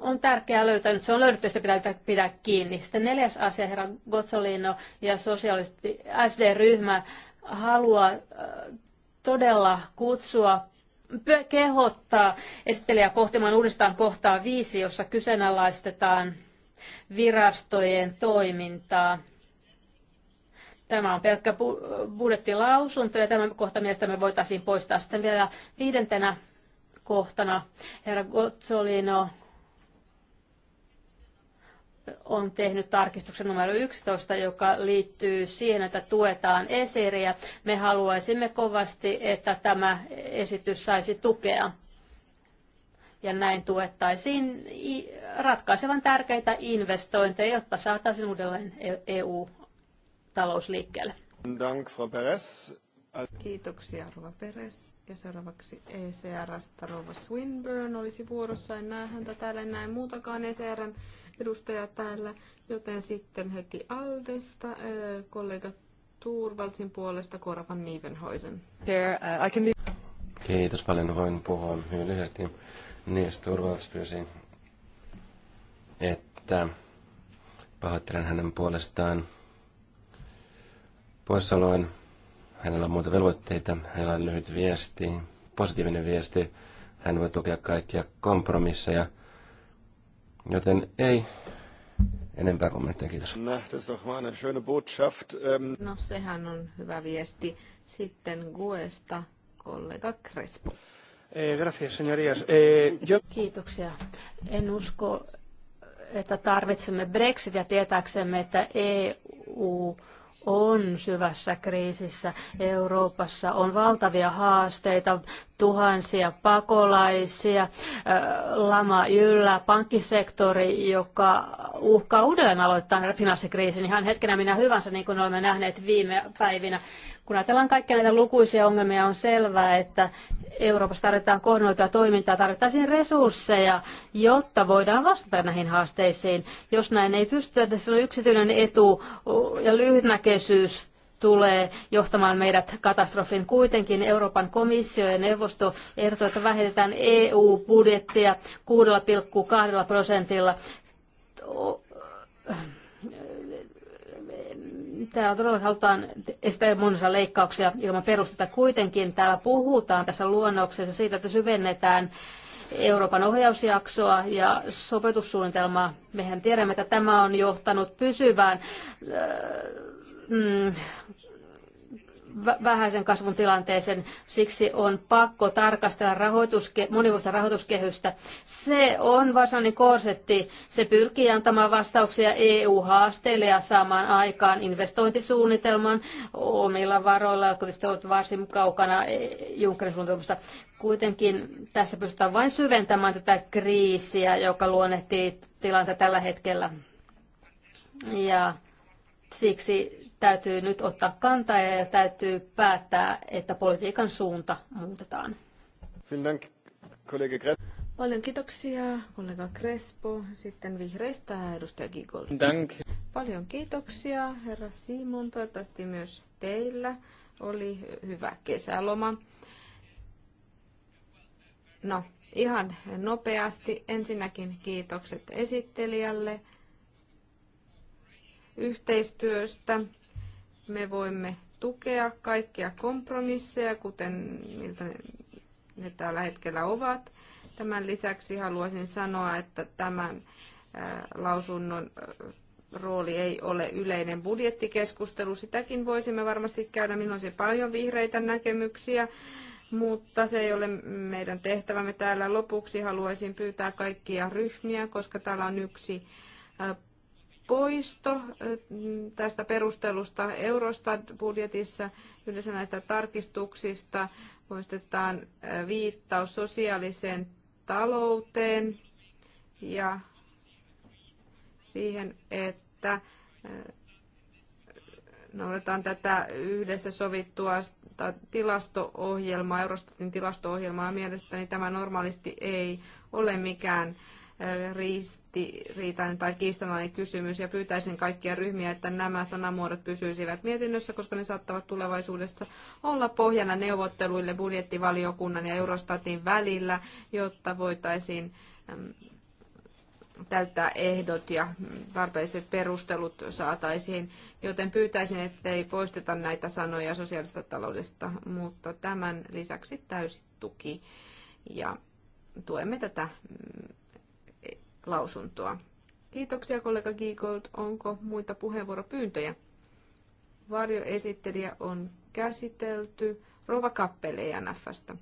on tärkeää löytää. Nyt se on löydetty, sitä pitää pitää kiinni. Sitten neljäs asia, herra Gozzolino ja sosiaalisti SD-ryhmä haluaa todella kutsua kehottaa esittelijä pohtimaan uudestaan kohtaa viisi, jossa kyseenalaistetaan virastojen toimintaa Tämä on pelkkä budjettilausunto ja tämän kohta me voitaisiin poistaa sitten vielä viidentenä kohtana. Herra Gozzolino on tehnyt tarkistuksen numero 11, joka liittyy siihen, että tuetaan esiriä. Me haluaisimme kovasti, että tämä esitys saisi tukea. Ja näin tuettaisiin ratkaisevan tärkeitä investointeja, jotta saataisiin uudelleen e- EU Talousliikkeelle. Dank, Frau Peres. Kiitoksia, Rova Peres. Ja seuraavaksi ECRstä Rova Swinburne olisi vuorossa. En näe häntä täällä, en näe muutakaan ECRn edustajaa täällä. Joten sitten heti Aldesta eh, kollega Turvaltsin puolesta Koravan Nivenhoisen. Uh, Kiitos paljon, voin puhua hyvin lyhyesti. Nies Turvalts pyysi, että pahoittelen hänen puolestaan poissaoloon. Hänellä on muita velvoitteita, hänellä on lyhyt viesti, positiivinen viesti. Hän voi tukea kaikkia kompromisseja. Joten ei enempää kommentteja, kiitos. No sehän on hyvä viesti. Sitten Guesta kollega Crespo. Eh, eh, Kiitoksia. En usko, että tarvitsemme Brexitia tietääksemme, että EU on syvässä kriisissä. Euroopassa on valtavia haasteita, tuhansia pakolaisia, lama yllä, pankkisektori, joka uhkaa uudelleen aloittaa finanssikriisin ihan hetkenä minä hyvänsä, niin kuin olemme nähneet viime päivinä. Kun ajatellaan kaikkia näitä lukuisia ongelmia, on selvää, että Euroopassa tarvitaan koordinoitua toimintaa, tarvittaisiin resursseja, jotta voidaan vastata näihin haasteisiin. Jos näin ei pystytä, että niin silloin yksityinen etu ja lyhytnäköisyys tulee johtamaan meidät katastrofin. Kuitenkin Euroopan komissio ja neuvosto ehdottaa, että vähennetään EU-budjettia 6,2 prosentilla. Täällä todella halutaan estää monissa leikkauksia ilman perustetta. Kuitenkin täällä puhutaan tässä luonnoksessa siitä, että syvennetään Euroopan ohjausjaksoa ja sopeutussuunnitelmaa. Mehän tiedämme, että tämä on johtanut pysyvään äh, mm, vähäisen kasvun tilanteeseen. Siksi on pakko tarkastella rahoituske- monivuotista rahoituskehystä. Se on Vasanin korsetti. Se pyrkii antamaan vastauksia EU-haasteille ja saamaan aikaan investointisuunnitelman omilla varoilla, jotka tietysti ovat varsin kaukana e- Junckerin suunnitelmasta. Kuitenkin tässä pystytään vain syventämään tätä kriisiä, joka luonnehtii tilanteen tällä hetkellä. Ja siksi täytyy nyt ottaa kantaa ja täytyy päättää, että politiikan suunta muutetaan. Paljon kiitoksia, kollega Crespo. Sitten vihreistä edustaja Gigol. Paljon kiitoksia, herra Simon. Toivottavasti myös teillä oli hyvä kesäloma. No, ihan nopeasti. Ensinnäkin kiitokset esittelijälle yhteistyöstä me voimme tukea kaikkia kompromisseja, kuten miltä ne tällä hetkellä ovat. Tämän lisäksi haluaisin sanoa, että tämän lausunnon rooli ei ole yleinen budjettikeskustelu. Sitäkin voisimme varmasti käydä, minulla olisi paljon vihreitä näkemyksiä, mutta se ei ole meidän tehtävämme täällä. Lopuksi haluaisin pyytää kaikkia ryhmiä, koska täällä on yksi poisto tästä perustelusta Eurostat-budjetissa. Yhdessä näistä tarkistuksista poistetaan viittaus sosiaaliseen talouteen ja siihen, että noudetaan tätä yhdessä sovittua tilasto-ohjelmaa, Eurostatin tilasto-ohjelmaa. Mielestäni tämä normaalisti ei ole mikään ristiriitainen tai kiistanainen kysymys ja pyytäisin kaikkia ryhmiä, että nämä sanamuodot pysyisivät mietinnössä, koska ne saattavat tulevaisuudessa olla pohjana neuvotteluille budjettivaliokunnan ja Eurostatin välillä, jotta voitaisiin täyttää ehdot ja tarpeelliset perustelut saataisiin, joten pyytäisin, ettei poisteta näitä sanoja sosiaalista taloudesta, mutta tämän lisäksi täysi tuki ja tuemme tätä mm, lausuntoa. Kiitoksia kollega Giegold. Onko muita puheenvuoropyyntöjä? Varjoesittelijä on käsitelty. Rova Kappele e NFstä.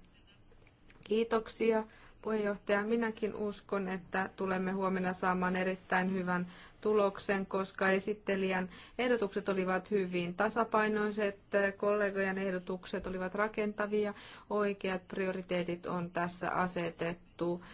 Kiitoksia puheenjohtaja. Minäkin uskon, että tulemme huomenna saamaan erittäin hyvän tuloksen, koska esittelijän ehdotukset olivat hyvin tasapainoiset, kollegojen ehdotukset olivat rakentavia, oikeat prioriteetit on tässä asetettu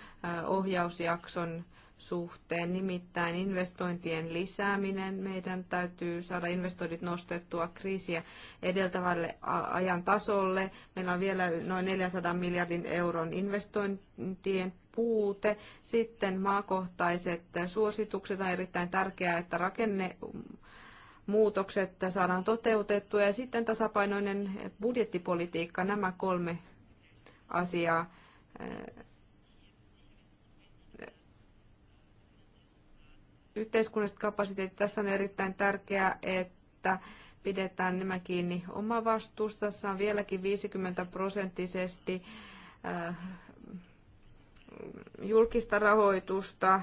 ohjausjakson suhteen, nimittäin investointien lisääminen. Meidän täytyy saada investoinnit nostettua kriisiä edeltävälle ajan tasolle. Meillä on vielä noin 400 miljardin euron investointien puute. Sitten maakohtaiset suositukset on erittäin tärkeää, että rakenne muutokset saadaan toteutettua ja sitten tasapainoinen budjettipolitiikka, nämä kolme asiaa yhteiskunnalliset kapasiteetit. Tässä on erittäin tärkeää, että pidetään nämä kiinni omavastuusta. Tässä on vieläkin 50 prosenttisesti äh, julkista rahoitusta.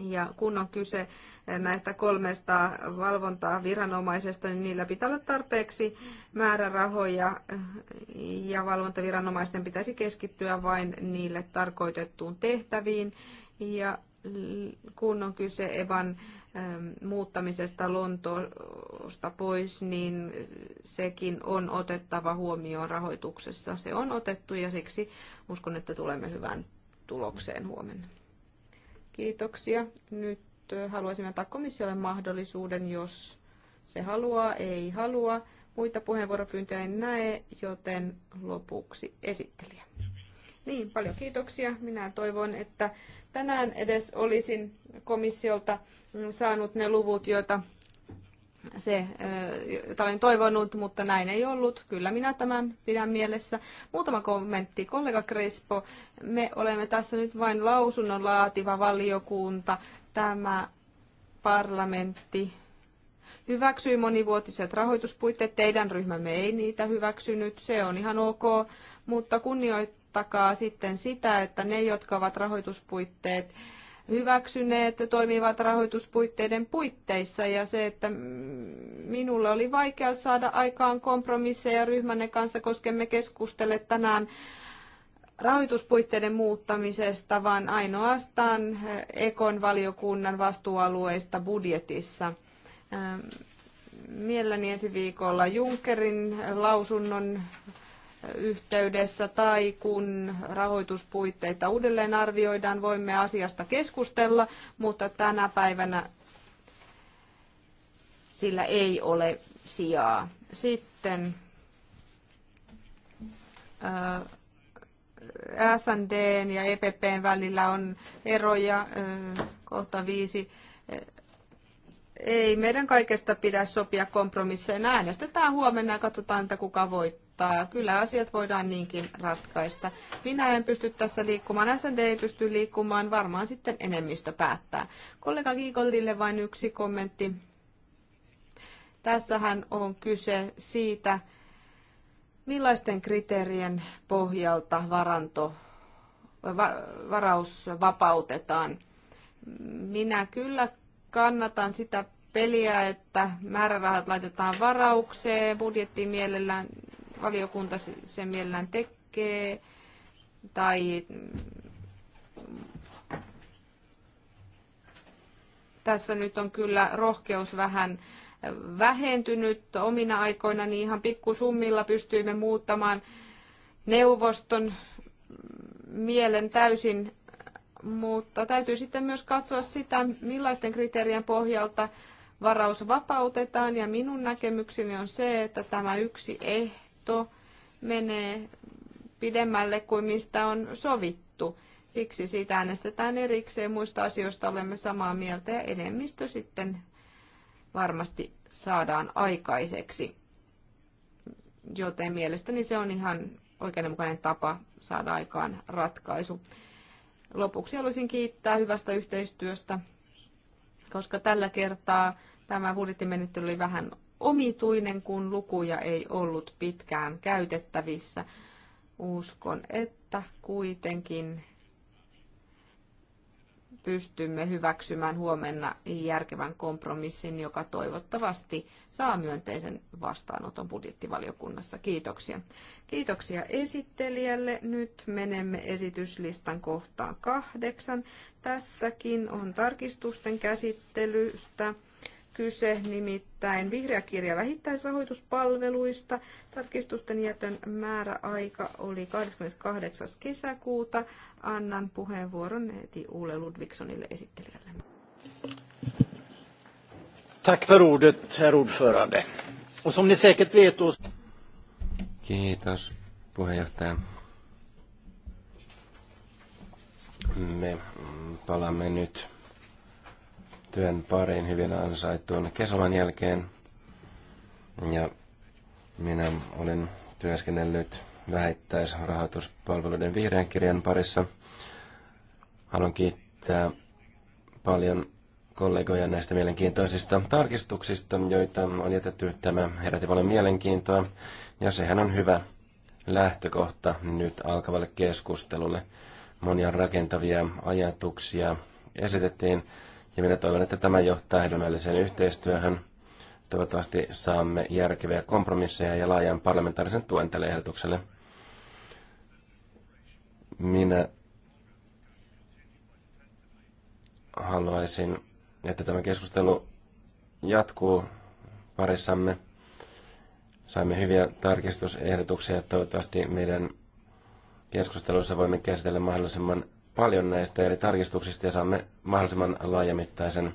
Ja kun on kyse äh, näistä kolmesta valvontaa viranomaisesta, niin niillä pitää olla tarpeeksi määrärahoja äh, ja valvontaviranomaisten pitäisi keskittyä vain niille tarkoitettuun tehtäviin. Ja kun on kyse Evan ähm, muuttamisesta Lontoosta pois, niin sekin on otettava huomioon rahoituksessa. Se on otettu ja siksi uskon, että tulemme hyvään tulokseen huomenna. Kiitoksia. Nyt äh, haluaisimme antaa komissiolle mahdollisuuden, jos se haluaa, ei halua. Muita puheenvuoropyyntöjä en näe, joten lopuksi esittelijä. Niin, paljon kiitoksia. Minä toivon, että tänään edes olisin komissiolta saanut ne luvut, joita se, jota olen toivonut, mutta näin ei ollut. Kyllä minä tämän pidän mielessä. Muutama kommentti. Kollega Crespo, me olemme tässä nyt vain lausunnon laativa valiokunta. Tämä parlamentti hyväksyi monivuotiset rahoituspuitteet. Teidän ryhmämme ei niitä hyväksynyt. Se on ihan ok, mutta kunnioittaa takaa sitten sitä, että ne, jotka ovat rahoituspuitteet hyväksyneet, toimivat rahoituspuitteiden puitteissa ja se, että minulle oli vaikea saada aikaan kompromisseja ryhmänne kanssa, koska me keskustele tänään rahoituspuitteiden muuttamisesta, vaan ainoastaan Ekon valiokunnan vastuualueista budjetissa. Mielelläni ensi viikolla Junckerin lausunnon yhteydessä tai kun rahoituspuitteita uudelleen arvioidaan, voimme asiasta keskustella, mutta tänä päivänä sillä ei ole sijaa. Sitten SNDn ja EPPn välillä on eroja, kohta viisi. Ei meidän kaikesta pidä sopia kompromisseina. Äänestetään huomenna ja katsotaan, että kuka voittaa mutta kyllä asiat voidaan niinkin ratkaista. Minä en pysty tässä liikkumaan, SND ei pysty liikkumaan, varmaan sitten enemmistö päättää. Kollega Kiikoldille vain yksi kommentti. Tässähän on kyse siitä, millaisten kriteerien pohjalta varanto, varaus vapautetaan. Minä kyllä kannatan sitä peliä, että määrärahat laitetaan varaukseen, budjetti mielellään valiokunta sen mielellään tekee, tai tässä nyt on kyllä rohkeus vähän vähentynyt omina aikoina, niin ihan pikkusummilla pystyimme muuttamaan neuvoston mielen täysin, mutta täytyy sitten myös katsoa sitä, millaisten kriteerien pohjalta varaus vapautetaan. Ja minun näkemykseni on se, että tämä yksi ehto, tahto menee pidemmälle kuin mistä on sovittu. Siksi siitä äänestetään erikseen. Muista asioista olemme samaa mieltä ja enemmistö sitten varmasti saadaan aikaiseksi. Joten mielestäni se on ihan oikeudenmukainen tapa saada aikaan ratkaisu. Lopuksi haluaisin kiittää hyvästä yhteistyöstä, koska tällä kertaa tämä budjettimenettely oli vähän omituinen, kun lukuja ei ollut pitkään käytettävissä. Uskon, että kuitenkin pystymme hyväksymään huomenna järkevän kompromissin, joka toivottavasti saa myönteisen vastaanoton budjettivaliokunnassa. Kiitoksia. Kiitoksia esittelijälle. Nyt menemme esityslistan kohtaan kahdeksan. Tässäkin on tarkistusten käsittelystä kyse nimittäin vihreä kirja vähittäisrahoituspalveluista. Tarkistusten jätön määräaika oli 28. kesäkuuta. Annan puheenvuoron heti Ulle Ludvigsonille esittelijälle. Tack för ordet, herr ordförande. Och som ni säkert vet... Kiitos, puheenjohtaja. Me palaamme nyt työn pariin hyvin ansaittuun kesäloman jälkeen. Ja minä olen työskennellyt vähittäisrahoituspalveluiden vihreän kirjan parissa. Haluan kiittää paljon kollegoja näistä mielenkiintoisista tarkistuksista, joita on jätetty. Tämä herätti paljon mielenkiintoa ja sehän on hyvä lähtökohta nyt alkavalle keskustelulle. Monia rakentavia ajatuksia esitettiin ja minä toivon, että tämä johtaa hedelmälliseen yhteistyöhön. Toivottavasti saamme järkeviä kompromisseja ja laajan parlamentaarisen tuen tälle ehdotukselle. Minä haluaisin, että tämä keskustelu jatkuu parissamme. Saimme hyviä tarkistusehdotuksia. Toivottavasti meidän keskustelussa voimme käsitellä mahdollisimman paljon näistä eri tarkistuksista ja saamme mahdollisimman laajamittaisen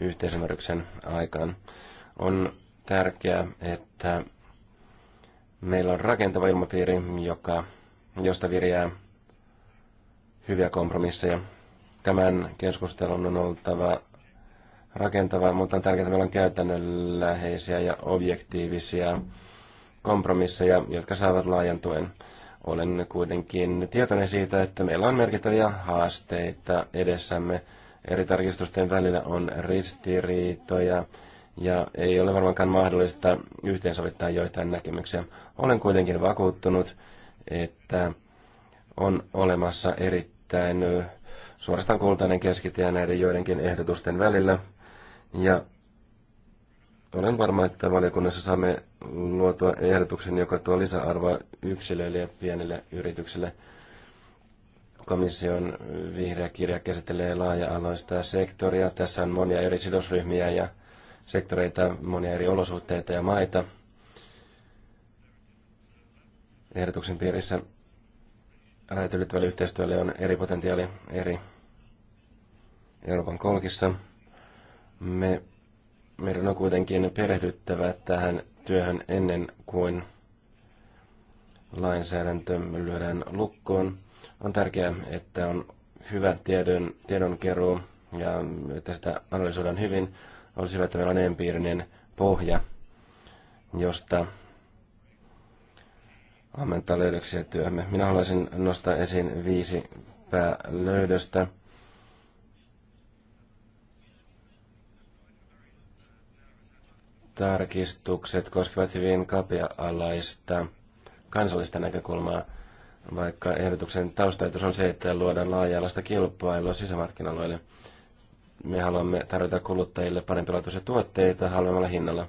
yhteisymmärryksen aikaan. On tärkeää, että meillä on rakentava ilmapiiri, joka, josta virjää hyviä kompromisseja. Tämän keskustelun on oltava rakentava, mutta on tärkeää, että meillä on käytännönläheisiä ja objektiivisia kompromisseja, jotka saavat laajan tuen. Olen kuitenkin tietoinen siitä, että meillä on merkittäviä haasteita edessämme. Eri tarkistusten välillä on ristiriitoja ja ei ole varmaankaan mahdollista yhteensovittaa joitain näkemyksiä. Olen kuitenkin vakuuttunut, että on olemassa erittäin suorastaan kultainen keskitie näiden joidenkin ehdotusten välillä. Ja olen varma, että valiokunnassa saamme luotua ehdotuksen, joka tuo lisäarvoa yksilöille ja pienille yrityksille. Komission vihreä kirja käsittelee laaja-aloista sektoria. Tässä on monia eri sidosryhmiä ja sektoreita, monia eri olosuhteita ja maita. Ehdotuksen piirissä rajat ylittävälle yhteistyölle on eri potentiaali eri Euroopan kolkissa. Me meidän on kuitenkin perehdyttävä tähän työhön ennen kuin lainsäädäntö lyödään lukkoon. On tärkeää, että on hyvä tiedon, tiedonkeruu ja että sitä analysoidaan hyvin. Olisi hyvä, että meillä on empiirinen pohja, josta ammentaa löydöksiä työhömme. Minä haluaisin nostaa esiin viisi päälöydöstä – tarkistukset koskevat hyvin kapea-alaista kansallista näkökulmaa, vaikka ehdotuksen taustajatus on se, että luodaan laaja-alaista kilpailua sisämarkkinaloille. Me haluamme tarjota kuluttajille parempilaatuisia tuotteita halvemmalla hinnalla.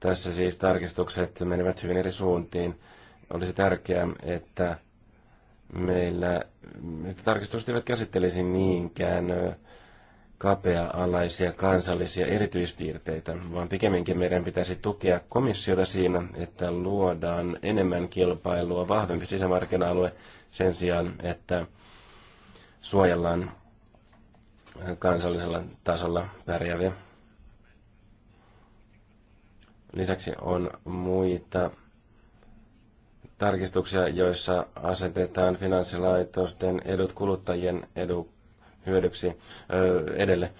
Tässä siis tarkistukset menevät hyvin eri suuntiin. Olisi tärkeää, että meillä että tarkistukset eivät käsittelisi niinkään kapea-alaisia kansallisia erityispiirteitä, vaan pikemminkin meidän pitäisi tukea komissiota siinä, että luodaan enemmän kilpailua, vahvempi sisämarkkina-alue sen sijaan, että suojellaan kansallisella tasolla pärjääviä. Lisäksi on muita tarkistuksia, joissa asetetaan finanssilaitosten edut kuluttajien eduksi hyödyksi edelle.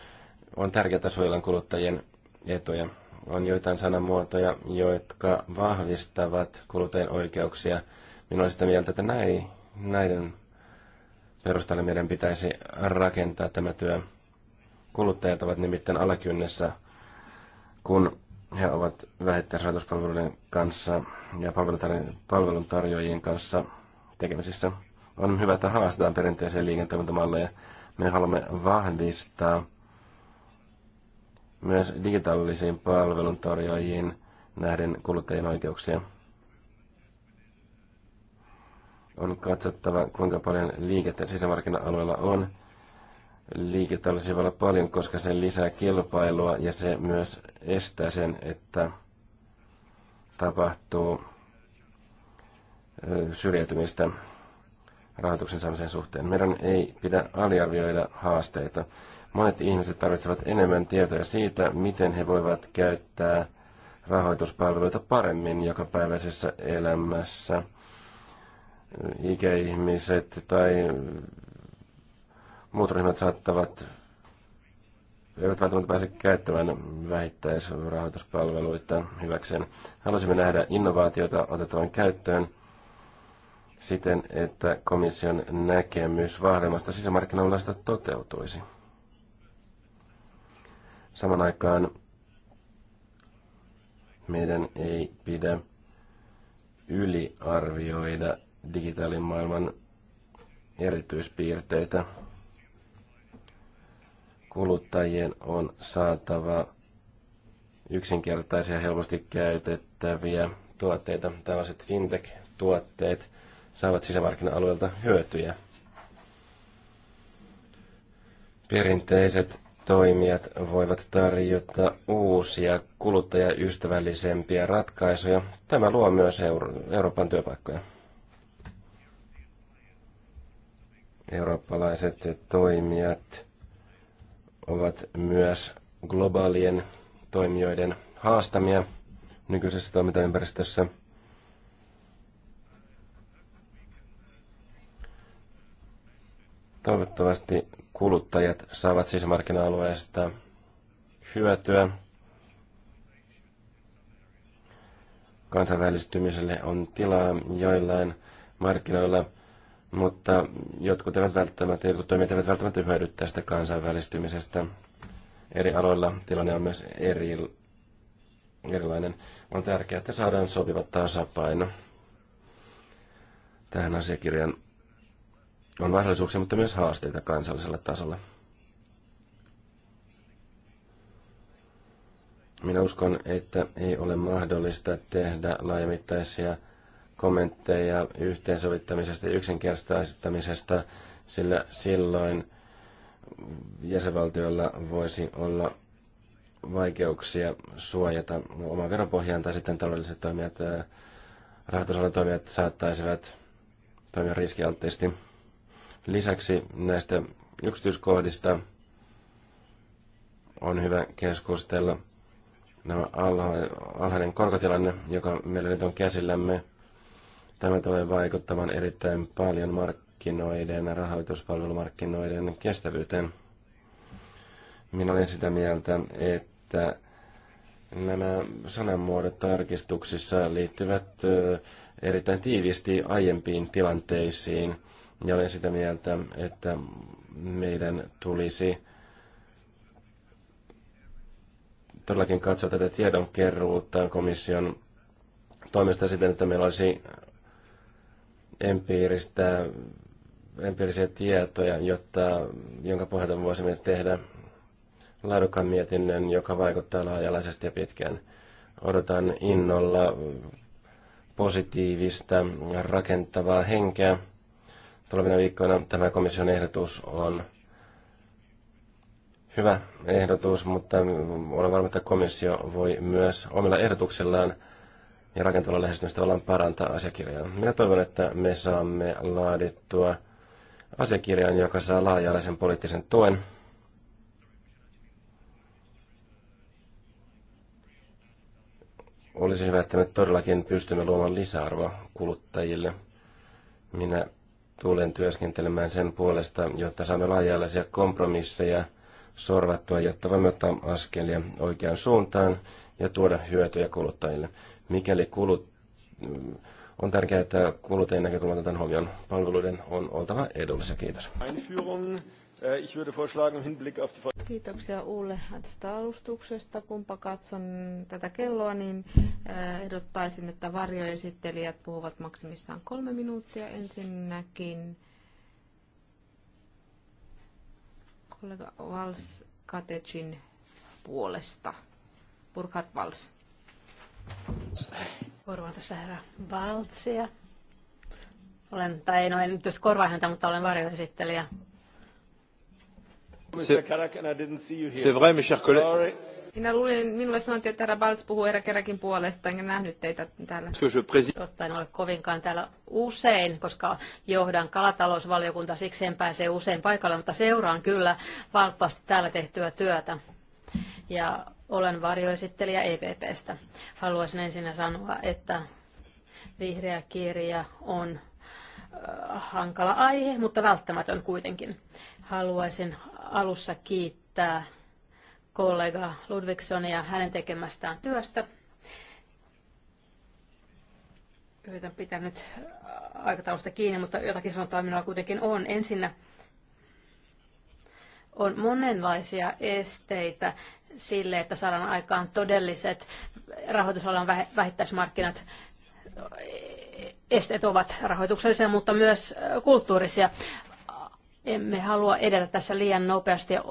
On tärkeää suojella kuluttajien etuja. On joitain sanamuotoja, jotka vahvistavat kuluttajien oikeuksia. Minä olen sitä mieltä, että näin, näiden perusteella meidän pitäisi rakentaa tämä työ. Kuluttajat ovat nimittäin alakynnessä, kun he ovat vähittäisrahoituspalveluiden kanssa ja palveluntarjoajien kanssa tekemisissä. On hyvä, että haastetaan perinteisiä liiketoimintamalleja me haluamme vahvistaa myös digitaalisiin palveluntarjoajiin nähden kuluttajien oikeuksia. On katsottava, kuinka paljon liikettä sisämarkkina-alueella on. Liikettä olisi olla paljon, koska se lisää kilpailua ja se myös estää sen, että tapahtuu syrjäytymistä rahoituksen saamisen suhteen. Meidän ei pidä aliarvioida haasteita. Monet ihmiset tarvitsevat enemmän tietoja siitä, miten he voivat käyttää rahoituspalveluita paremmin jokapäiväisessä elämässä. Ikäihmiset tai muut ryhmät saattavat, eivät välttämättä pääse käyttämään vähittäisrahoituspalveluita hyväkseen. Haluaisimme nähdä innovaatiota otettavan käyttöön siten, että komission näkemys vahvemmasta sisämarkkinoinnista toteutuisi. Saman aikaan meidän ei pidä yliarvioida maailman erityispiirteitä. Kuluttajien on saatava yksinkertaisia, helposti käytettäviä tuotteita. Tällaiset fintech-tuotteet saavat sisämarkkina-alueelta hyötyjä. Perinteiset toimijat voivat tarjota uusia kuluttajaystävällisempiä ratkaisuja. Tämä luo myös Euro- Euroopan työpaikkoja. Eurooppalaiset toimijat ovat myös globaalien toimijoiden haastamia nykyisessä toimintaympäristössä – Toivottavasti kuluttajat saavat sisämarkkina-alueesta hyötyä. Kansainvälistymiselle on tilaa joillain markkinoilla, mutta jotkut, eivät välttämättä, jotkut toimijat eivät välttämättä hyödy tästä kansainvälistymisestä. Eri aloilla tilanne on myös eri, erilainen. On tärkeää, että saadaan sopiva tasapaino tähän asiakirjan on mahdollisuuksia, mutta myös haasteita kansallisella tasolla. Minä uskon, että ei ole mahdollista tehdä laajamittaisia kommentteja yhteensovittamisesta ja yksinkertaistamisesta, sillä silloin jäsenvaltioilla voisi olla vaikeuksia suojata omaa veropohjaan tai sitten taloudelliset toimijat, rahoitusalan toimijat saattaisivat toimia riskialttiisti. Lisäksi näistä yksityiskohdista on hyvä keskustella. Nämä alhainen korkotilanne, joka meillä nyt on käsillämme, tämä tulee vaikuttamaan erittäin paljon markkinoiden, rahoituspalvelumarkkinoiden kestävyyteen. Minä olen sitä mieltä, että nämä sananmuodot tarkistuksissa liittyvät erittäin tiiviisti aiempiin tilanteisiin – ja olen sitä mieltä, että meidän tulisi todellakin katsoa tätä tiedonkeruutta komission toimesta siten, että meillä olisi empiiristä, empiirisiä tietoja, jotta, jonka pohjalta voisimme tehdä laadukkaan mietinnön, joka vaikuttaa laajalaisesti ja pitkään. Odotan innolla positiivista, rakentavaa henkeä tulevina viikkoina. Tämä komission ehdotus on hyvä ehdotus, mutta olen varma, että komissio voi myös omilla ehdotuksellaan ja rakentavalla lähestymistavalla parantaa asiakirjaa. Minä toivon, että me saamme laadittua asiakirjan, joka saa laajalaisen poliittisen tuen. Olisi hyvä, että me todellakin pystymme luomaan lisäarvoa kuluttajille. Minä tulen työskentelemään sen puolesta, jotta saamme laaja kompromisseja sorvattua, jotta voimme ottaa askelia oikeaan suuntaan ja tuoda hyötyjä kuluttajille. Mikäli kulut, mm, on tärkeää, että kuluttajien näkökulmasta otetaan huomioon. Palveluiden on oltava edullisia. Kiitos. Äh, ich würde vorschlagen, Hinblick auf die... Kiitoksia Ulle tästä alustuksesta. Kumpa katson tätä kelloa, niin äh, ehdottaisin, että varjoesittelijät puhuvat maksimissaan kolme minuuttia ensinnäkin. Kollega Vals Katecin puolesta. Burkhard Vals. Korvaan tässä herra Valtsia. Olen, tai en ole nyt korvaa häntä, mutta olen varjoesittelijä se vrai, mes chers collègues. Minä luulin, minulle sanottiin, että herra Baltz puhuu herra kerrankin puolesta, enkä nähnyt teitä täällä. Totta, en ole kovinkaan täällä usein, koska johdan kalatalousvaliokunta, siksi en pääse usein paikalle, mutta seuraan kyllä valppaasti täällä tehtyä työtä. Ja olen varjoesittelijä EPPstä. Haluaisin ensinnä sanoa, että vihreä kirja on äh, hankala aihe, mutta välttämätön kuitenkin. Haluaisin alussa kiittää kollega ja hänen tekemästään työstä. Yritän pitää nyt aikataulusta kiinni, mutta jotakin sanotaan minulla kuitenkin on. Ensinnä on monenlaisia esteitä sille, että saadaan aikaan todelliset rahoitusalan vähittäismarkkinat. Esteet ovat rahoituksellisia, mutta myös kulttuurisia. Emme halua edetä tässä liian nopeasti ja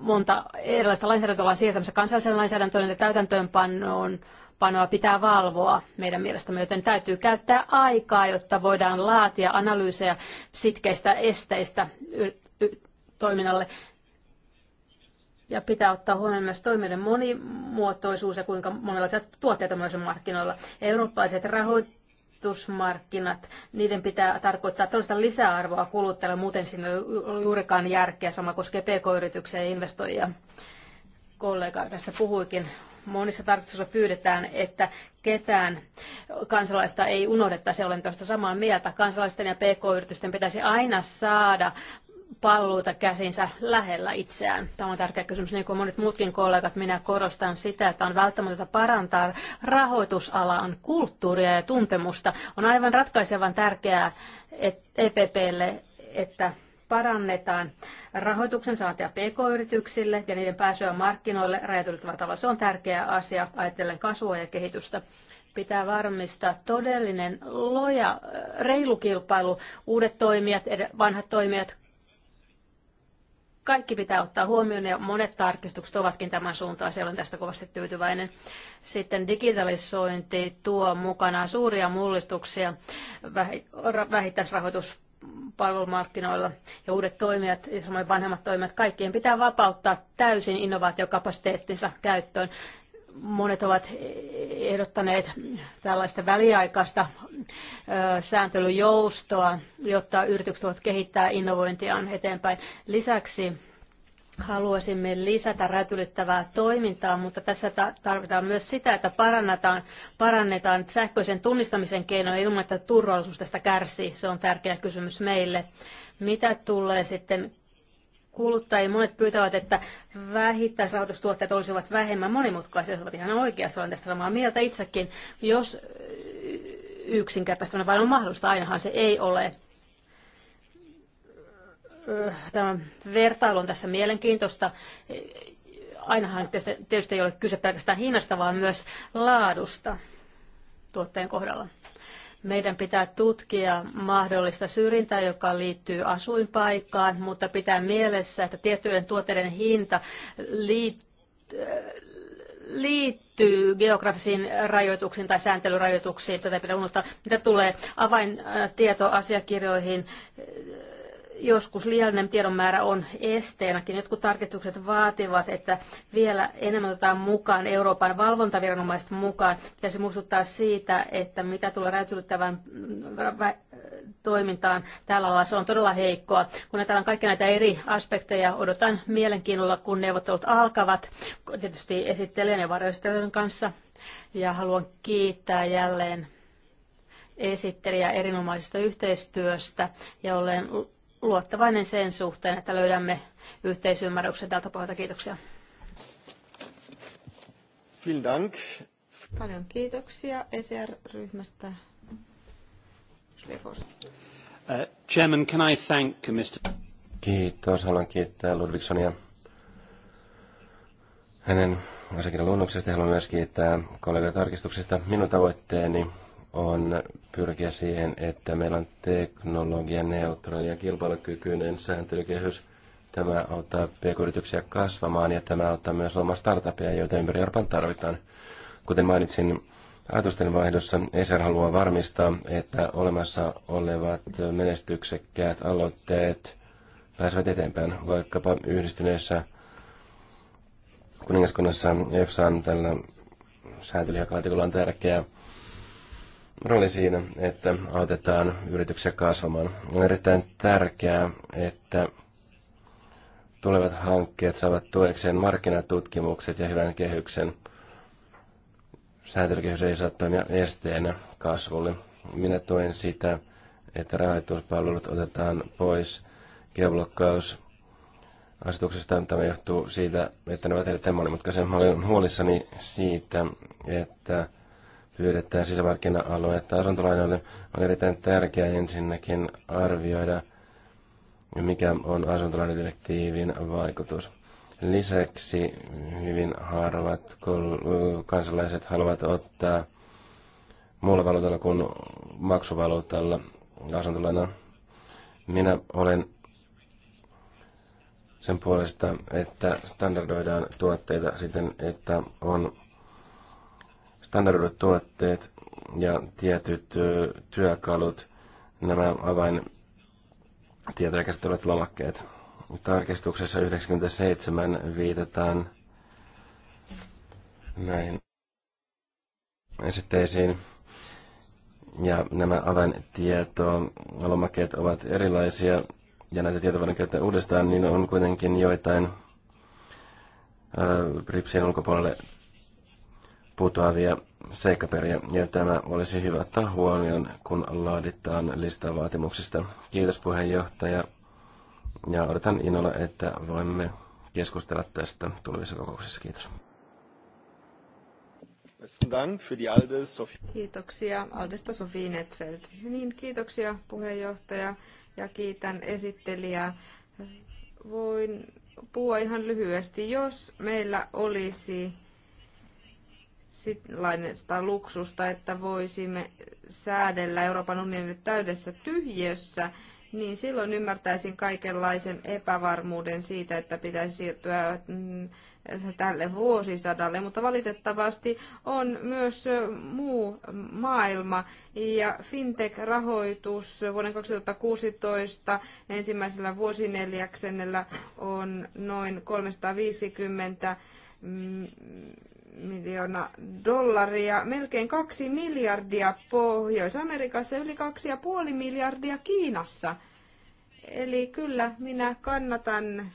monta erilaista lainsäädäntöä ollaan siirtämässä kansalliseen lainsäädäntöön ja täytäntöönpanoon panoa pitää valvoa meidän mielestämme, joten täytyy käyttää aikaa, jotta voidaan laatia analyysejä sitkeistä esteistä toiminnalle. Ja pitää ottaa huomioon myös toimijoiden monimuotoisuus ja kuinka monenlaisia tuotteita myös on markkinoilla. Eurooppalaiset rahoit rahoitusmarkkinat, niiden pitää tarkoittaa toista lisäarvoa kuluttajalle, muuten siinä ei ole juurikaan järkeä. Sama koskee pk-yrityksiä ja investoijia. Kollega tästä puhuikin. Monissa tarkistuksissa pyydetään, että ketään kansalaista ei unohdettaisi. Olen tästä samaa mieltä. Kansalaisten ja pk-yritysten pitäisi aina saada palveluita käsinsä lähellä itseään? Tämä on tärkeä kysymys, niin kuin monet muutkin kollegat. Minä korostan sitä, että on välttämätöntä parantaa rahoitusalan kulttuuria ja tuntemusta. On aivan ratkaisevan tärkeää EPPlle, e että parannetaan rahoituksen saantia pk-yrityksille ja niiden pääsyä markkinoille rajatylittävällä tavalla. Se on tärkeä asia ajatellen kasvua ja kehitystä pitää varmistaa todellinen loja, reilu kilpailu. Uudet toimijat, vanhat toimijat, kaikki pitää ottaa huomioon ja monet tarkistukset ovatkin tämän Siellä on tästä kovasti tyytyväinen. Sitten digitalisointi tuo mukanaan suuria mullistuksia vähittäisrahoitus palvelumarkkinoilla ja uudet toimijat ja samoin vanhemmat toimijat, kaikkien pitää vapauttaa täysin innovaatiokapasiteettinsa käyttöön monet ovat ehdottaneet tällaista väliaikaista sääntelyjoustoa, jotta yritykset voivat kehittää innovointiaan eteenpäin. Lisäksi haluaisimme lisätä räätylittävää toimintaa, mutta tässä tarvitaan myös sitä, että parannetaan, parannetaan sähköisen tunnistamisen keinoja ilman, että turvallisuus tästä kärsii. Se on tärkeä kysymys meille. Mitä tulee sitten kuluttajia. Monet pyytävät, että vähittäisrahoitustuotteet olisivat vähemmän monimutkaisia. Se on ihan oikeassa, olen tästä samaa mieltä itsekin. Jos yksinkertaistaminen vain on mahdollista, ainahan se ei ole. Öh, tämä vertailu on tässä mielenkiintoista. Ainahan tietysti ei ole kyse pelkästään hinnasta, vaan myös laadusta tuotteen kohdalla. Meidän pitää tutkia mahdollista syrjintää, joka liittyy asuinpaikkaan, mutta pitää mielessä, että tiettyjen tuotteiden hinta liittyy geografisiin rajoituksiin tai sääntelyrajoituksiin. Tätä pitää unohtaa. Mitä tulee avaintietoasiakirjoihin, joskus liiallinen tiedonmäärä on esteenäkin. Jotkut tarkistukset vaativat, että vielä enemmän otetaan mukaan Euroopan valvontaviranomaiset mukaan. Pitäisi muistuttaa siitä, että mitä tulee räätylyttävän mm, toimintaan tällä alalla, se on todella heikkoa. Kun näitä on kaikki näitä eri aspekteja, odotan mielenkiinnolla, kun neuvottelut alkavat, tietysti esittelijän ja varjoistelijan kanssa. Ja haluan kiittää jälleen esittelijä erinomaisesta yhteistyöstä ja olen luottavainen sen suhteen, että löydämme yhteisymmärryksen tältä pohjalta. Kiitoksia. Vielen Dank. Paljon kiitoksia ECR-ryhmästä. Uh, Chairman, can I thank Mr. Kiitos. Haluan kiittää Ludvigsonia hänen asiakirjan luonnoksesta. Haluan myös kiittää kollegoja tarkistuksesta. Minun tavoitteeni on pyrkiä siihen, että meillä on teknologianeutraali ja kilpailukykyinen sääntelykehys. Tämä auttaa pk-yrityksiä kasvamaan ja tämä auttaa myös luomaan startupia, joita ympäri Euroopan tarvitaan. Kuten mainitsin ajatusten vaihdossa, ESR haluaa varmistaa, että olemassa olevat menestyksekkäät aloitteet pääsevät eteenpäin, vaikkapa yhdistyneessä kuningaskunnassa EFSAn tällä sääntelyjakalaatikolla on tärkeää rooli siinä, että autetaan yrityksiä kasvamaan. On erittäin tärkeää, että tulevat hankkeet saavat tuekseen markkinatutkimukset ja hyvän kehyksen. Sääntelykehys ei saa toimia esteenä kasvulle. Minä tuen sitä, että rahoituspalvelut otetaan pois geoblokkaus asetuksesta. Tämä johtuu siitä, että ne ovat erittäin monimutkaisia. olen huolissani siitä, että hyödyttää sisämarkkina-aluetta. Asuntolainoille on erittäin tärkeää ensinnäkin arvioida, mikä on asuntolainadirektiivin vaikutus. Lisäksi hyvin harvat kansalaiset haluavat ottaa muulla valuutalla kuin maksuvaluutalla asuntolaina. Minä olen sen puolesta, että standardoidaan tuotteita siten, että on standardoidut tuotteet ja tietyt työkalut, nämä avain tietoja käsittelevät lomakkeet. Tarkistuksessa 97 viitataan näihin esitteisiin. Ja nämä avaintieto lomakkeet ovat erilaisia ja näitä tietoja voidaan käyttää uudestaan, niin on kuitenkin joitain ripsien ulkopuolelle putoavia seikkaperiä, ja tämä olisi hyvä ottaa huomioon, kun laaditaan listaa vaatimuksista. Kiitos puheenjohtaja, ja odotan innolla, että voimme keskustella tästä tulevissa kokouksissa. Kiitos. Kiitoksia Aldesta Sofi Netfeld. Niin, kiitoksia puheenjohtaja ja kiitän esittelijää. Voin puhua ihan lyhyesti. Jos meillä olisi sellaista luksusta, että voisimme säädellä Euroopan unionin täydessä tyhjössä, niin silloin ymmärtäisin kaikenlaisen epävarmuuden siitä, että pitäisi siirtyä mm, tälle vuosisadalle, mutta valitettavasti on myös muu maailma ja fintech-rahoitus vuoden 2016 ensimmäisellä vuosineljäksennellä on noin 350 miljoona dollaria, melkein kaksi miljardia Pohjois-Amerikassa ja yli kaksi ja puoli miljardia Kiinassa. Eli kyllä minä kannatan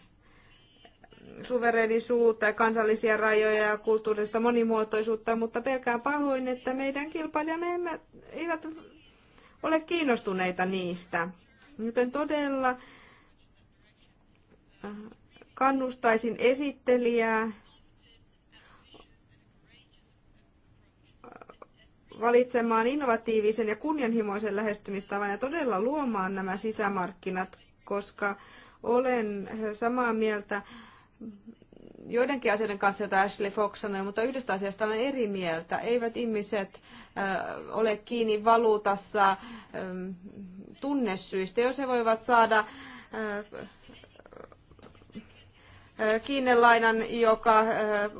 suverenisuutta, ja kansallisia rajoja ja kulttuurista monimuotoisuutta, mutta pelkään pahoin, että meidän kilpailijamme eivät ole kiinnostuneita niistä. Joten todella äh, kannustaisin esittelijää valitsemaan innovatiivisen ja kunnianhimoisen lähestymistavan ja todella luomaan nämä sisämarkkinat, koska olen samaa mieltä joidenkin asioiden kanssa, joita Ashley Fox sanoi, mutta yhdestä asiasta olen eri mieltä. Eivät ihmiset ole kiinni valuutassa tunnesyistä. Jos he voivat saada kiinnelainan, joka äh,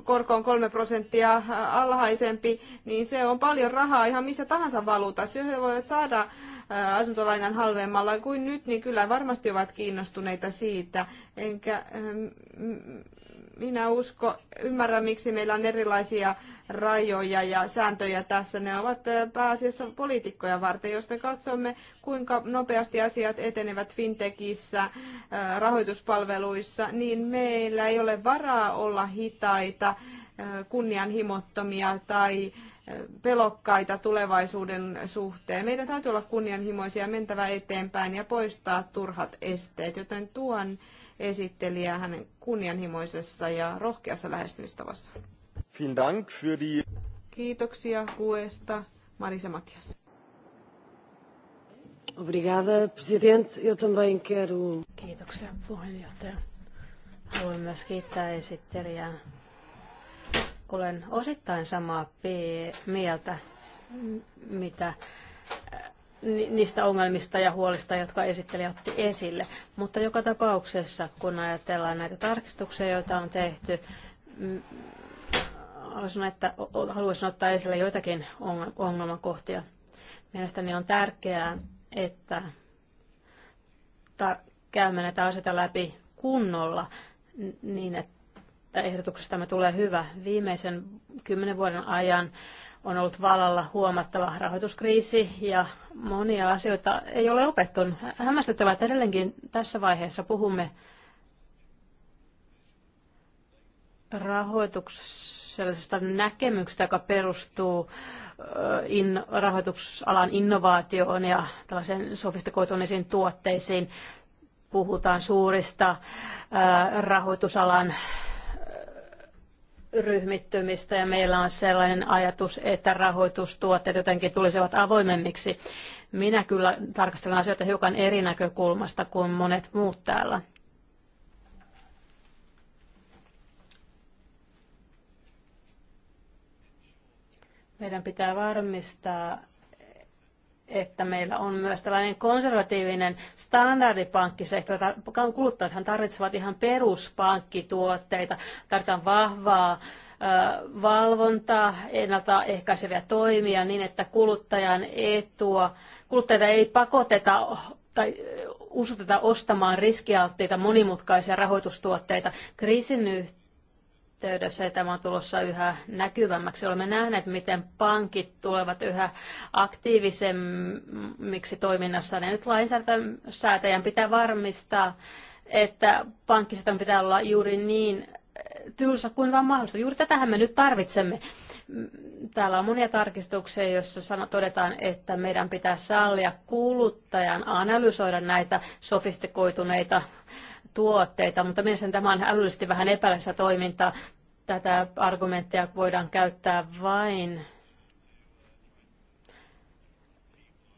korko on kolme prosenttia äh, alhaisempi, niin se on paljon rahaa ihan missä tahansa valuutassa. Jos he voivat saada äh, asuntolainan halvemmalla kuin nyt, niin kyllä varmasti ovat kiinnostuneita siitä. Enkä ähm, minä usko, ymmärrän, miksi meillä on erilaisia rajoja ja sääntöjä tässä. Ne ovat pääasiassa poliitikkoja varten. Jos me katsomme, kuinka nopeasti asiat etenevät fintechissä, rahoituspalveluissa, niin meillä ei ole varaa olla hitaita, kunnianhimottomia tai pelokkaita tulevaisuuden suhteen. Meidän täytyy olla kunnianhimoisia, mentävä eteenpäin ja poistaa turhat esteet, joten tuon esittelijää hänen kunnianhimoisessa ja rohkeassa lähestymistavassa. Kiitoksia kuesta, Marisa Matias. Obrigada, presidente. Eu também quero... Kiitoksia, puheenjohtaja. Haluan myös kiittää esittelijää. Olen osittain samaa mieltä, mitä niistä ongelmista ja huolista, jotka esittelijä otti esille. Mutta joka tapauksessa, kun ajatellaan näitä tarkistuksia, joita on tehty, mm, haluaisin, että, haluaisin ottaa esille joitakin ongelmakohtia. Mielestäni on tärkeää, että käymme näitä asioita läpi kunnolla niin, että ehdotuksesta tulee hyvä. Viimeisen kymmenen vuoden ajan on ollut vallalla huomattava rahoituskriisi ja monia asioita ei ole opettu. Hämmästyttävää, että edelleenkin tässä vaiheessa puhumme rahoituksellisesta näkemyksestä, joka perustuu in, rahoitusalan innovaatioon ja tällaisen sofistikoituneisiin tuotteisiin. Puhutaan suurista rahoitusalan ryhmittymistä ja meillä on sellainen ajatus, että rahoitustuotteet jotenkin tulisivat avoimemmiksi. Minä kyllä tarkastelen asioita hiukan eri näkökulmasta kuin monet muut täällä. Meidän pitää varmistaa, että meillä on myös tällainen konservatiivinen standardipankkisektori. Kuluttajathan tarvitsevat ihan peruspankkituotteita. Tarvitaan vahvaa valvontaa, ennaltaehkäiseviä toimia niin, että kuluttajan etua, kuluttajia ei pakoteta tai usuteta ostamaan riskialttiita monimutkaisia rahoitustuotteita. Kriisin yhteydessä yhteydessä ja tämä on tulossa yhä näkyvämmäksi. Olemme nähneet, miten pankit tulevat yhä aktiivisemmiksi toiminnassa. Ja nyt lainsäätäjän pitää varmistaa, että on pitää olla juuri niin tylsä kuin vaan mahdollista. Juuri tätähän me nyt tarvitsemme. Täällä on monia tarkistuksia, joissa todetaan, että meidän pitää sallia kuluttajan analysoida näitä sofistikoituneita tuotteita, mutta mielestäni tämä on älyllisesti vähän epäilyssä toimintaa. Tätä argumenttia voidaan käyttää vain,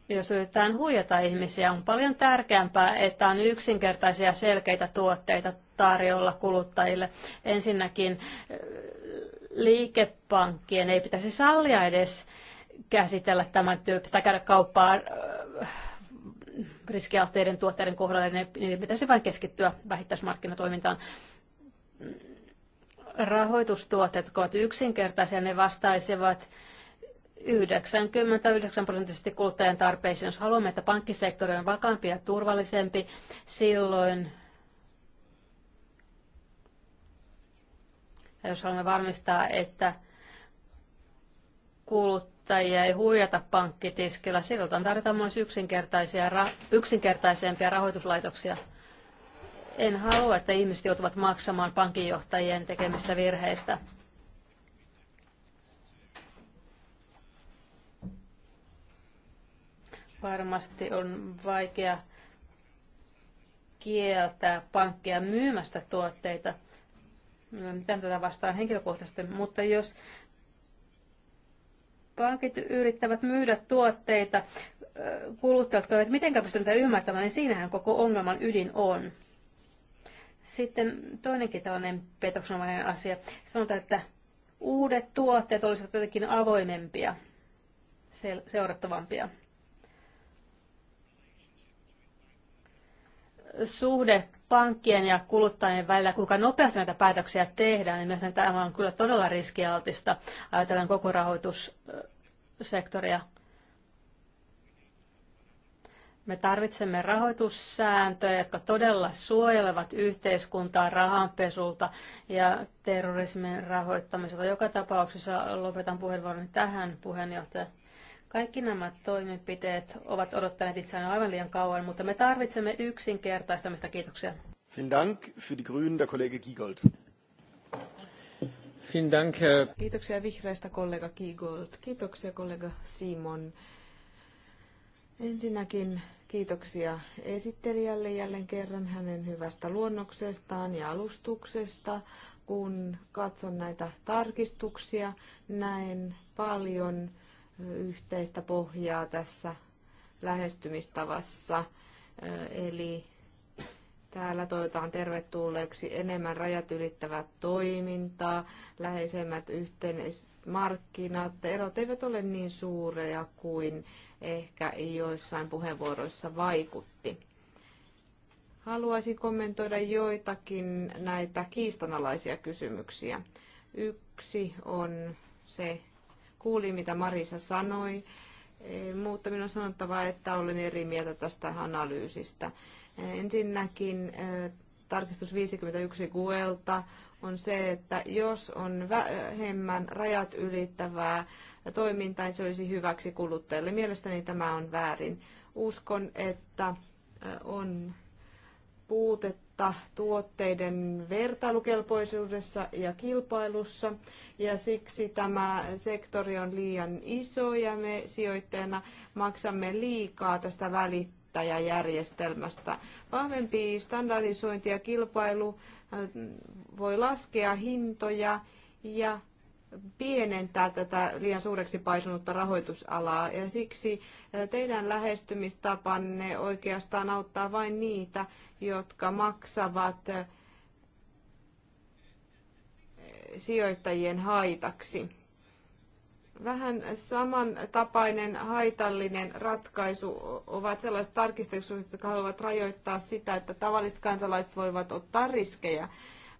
jos yritetään huijata ihmisiä. On paljon tärkeämpää, että on yksinkertaisia selkeitä tuotteita tarjolla kuluttajille. Ensinnäkin eh, liikepankkien ei pitäisi sallia edes käsitellä tämän tyyppistä, käydä kauppaa eh, riskialteiden tuotteiden kohdalla, niin ne pitäisi vain keskittyä vähittäismarkkinatoimintaan. Rahoitustuotteet, ovat yksinkertaisia, ne vastaisivat 99 prosenttisesti kuluttajan tarpeisiin. Jos haluamme, että pankkisektori on vakaampi ja turvallisempi, silloin ja jos haluamme varmistaa, että kulut yrittäjiä ei huijata pankkitiskillä. Silloin tarvitaan myös yksinkertaisia, yksinkertaisempia rahoituslaitoksia. En halua, että ihmiset joutuvat maksamaan pankinjohtajien tekemistä virheistä. Varmasti on vaikea kieltää pankkia myymästä tuotteita. Mitään tätä vastaan henkilökohtaisesti, mutta jos pankit yrittävät myydä tuotteita kuluttajat, jotka eivät mitenkään pysty tätä ymmärtämään, niin siinähän koko ongelman ydin on. Sitten toinenkin tällainen petoksenomainen asia. Sanotaan, että uudet tuotteet olisivat jotenkin avoimempia, seurattavampia. Suhde pankkien ja kuluttajien välillä, kuinka nopeasti näitä päätöksiä tehdään, niin mielestäni tämä on kyllä todella riskialtista. Ajatellaan koko rahoitussektoria. Me tarvitsemme rahoitussääntöjä, jotka todella suojelevat yhteiskuntaa rahanpesulta ja terrorismin rahoittamiselta. Joka tapauksessa lopetan puheenvuoroni tähän, puheenjohtaja. Kaikki nämä toimenpiteet ovat odottaneet itseään aivan liian kauan, mutta me tarvitsemme yksinkertaistamista. Kiitoksia. Vielen Dank für die Grünen, der Kollege Giegold. Vielen Dank. Kiitoksia vihreistä kollega Giegold. Kiitoksia kollega Simon. Ensinnäkin kiitoksia esittelijälle jälleen kerran hänen hyvästä luonnoksestaan ja alustuksesta. Kun katson näitä tarkistuksia, näen paljon yhteistä pohjaa tässä lähestymistavassa. Eli täällä toivotaan tervetulleeksi enemmän rajat ylittävää toimintaa, läheisemmät yhteismarkkinat. markkinat. Erot eivät ole niin suureja kuin ehkä joissain puheenvuoroissa vaikutti. Haluaisin kommentoida joitakin näitä kiistanalaisia kysymyksiä. Yksi on se, kuuli, mitä Marisa sanoi, eh, mutta minun on sanottava, että olen eri mieltä tästä analyysistä. Eh, ensinnäkin eh, tarkistus 51 Guelta on se, että jos on vähemmän rajat ylittävää toimintaa, se olisi hyväksi kuluttajalle. Mielestäni tämä on väärin. Uskon, että on puutetta tuotteiden vertailukelpoisuudessa ja kilpailussa, ja siksi tämä sektori on liian iso, ja me sijoittajana maksamme liikaa tästä välittäjäjärjestelmästä. Vahvempi standardisointi ja kilpailu äh, voi laskea hintoja, ja pienentää tätä liian suureksi paisunutta rahoitusalaa. Ja siksi teidän lähestymistapanne oikeastaan auttaa vain niitä, jotka maksavat sijoittajien haitaksi. Vähän samantapainen haitallinen ratkaisu ovat sellaiset tarkistukset, jotka haluavat rajoittaa sitä, että tavalliset kansalaiset voivat ottaa riskejä.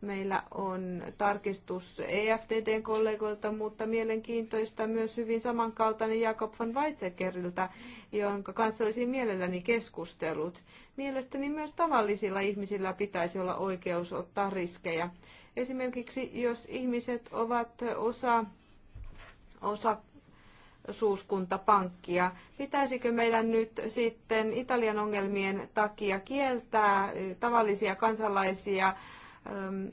Meillä on tarkistus EFDDn kollegoilta, mutta mielenkiintoista myös hyvin samankaltainen Jakob van Weizsäckeriltä, jonka kanssa olisin mielelläni keskustellut. Mielestäni myös tavallisilla ihmisillä pitäisi olla oikeus ottaa riskejä. Esimerkiksi jos ihmiset ovat osa, osa suuskuntapankkia. Pitäisikö meidän nyt sitten Italian ongelmien takia kieltää tavallisia kansalaisia Ähm,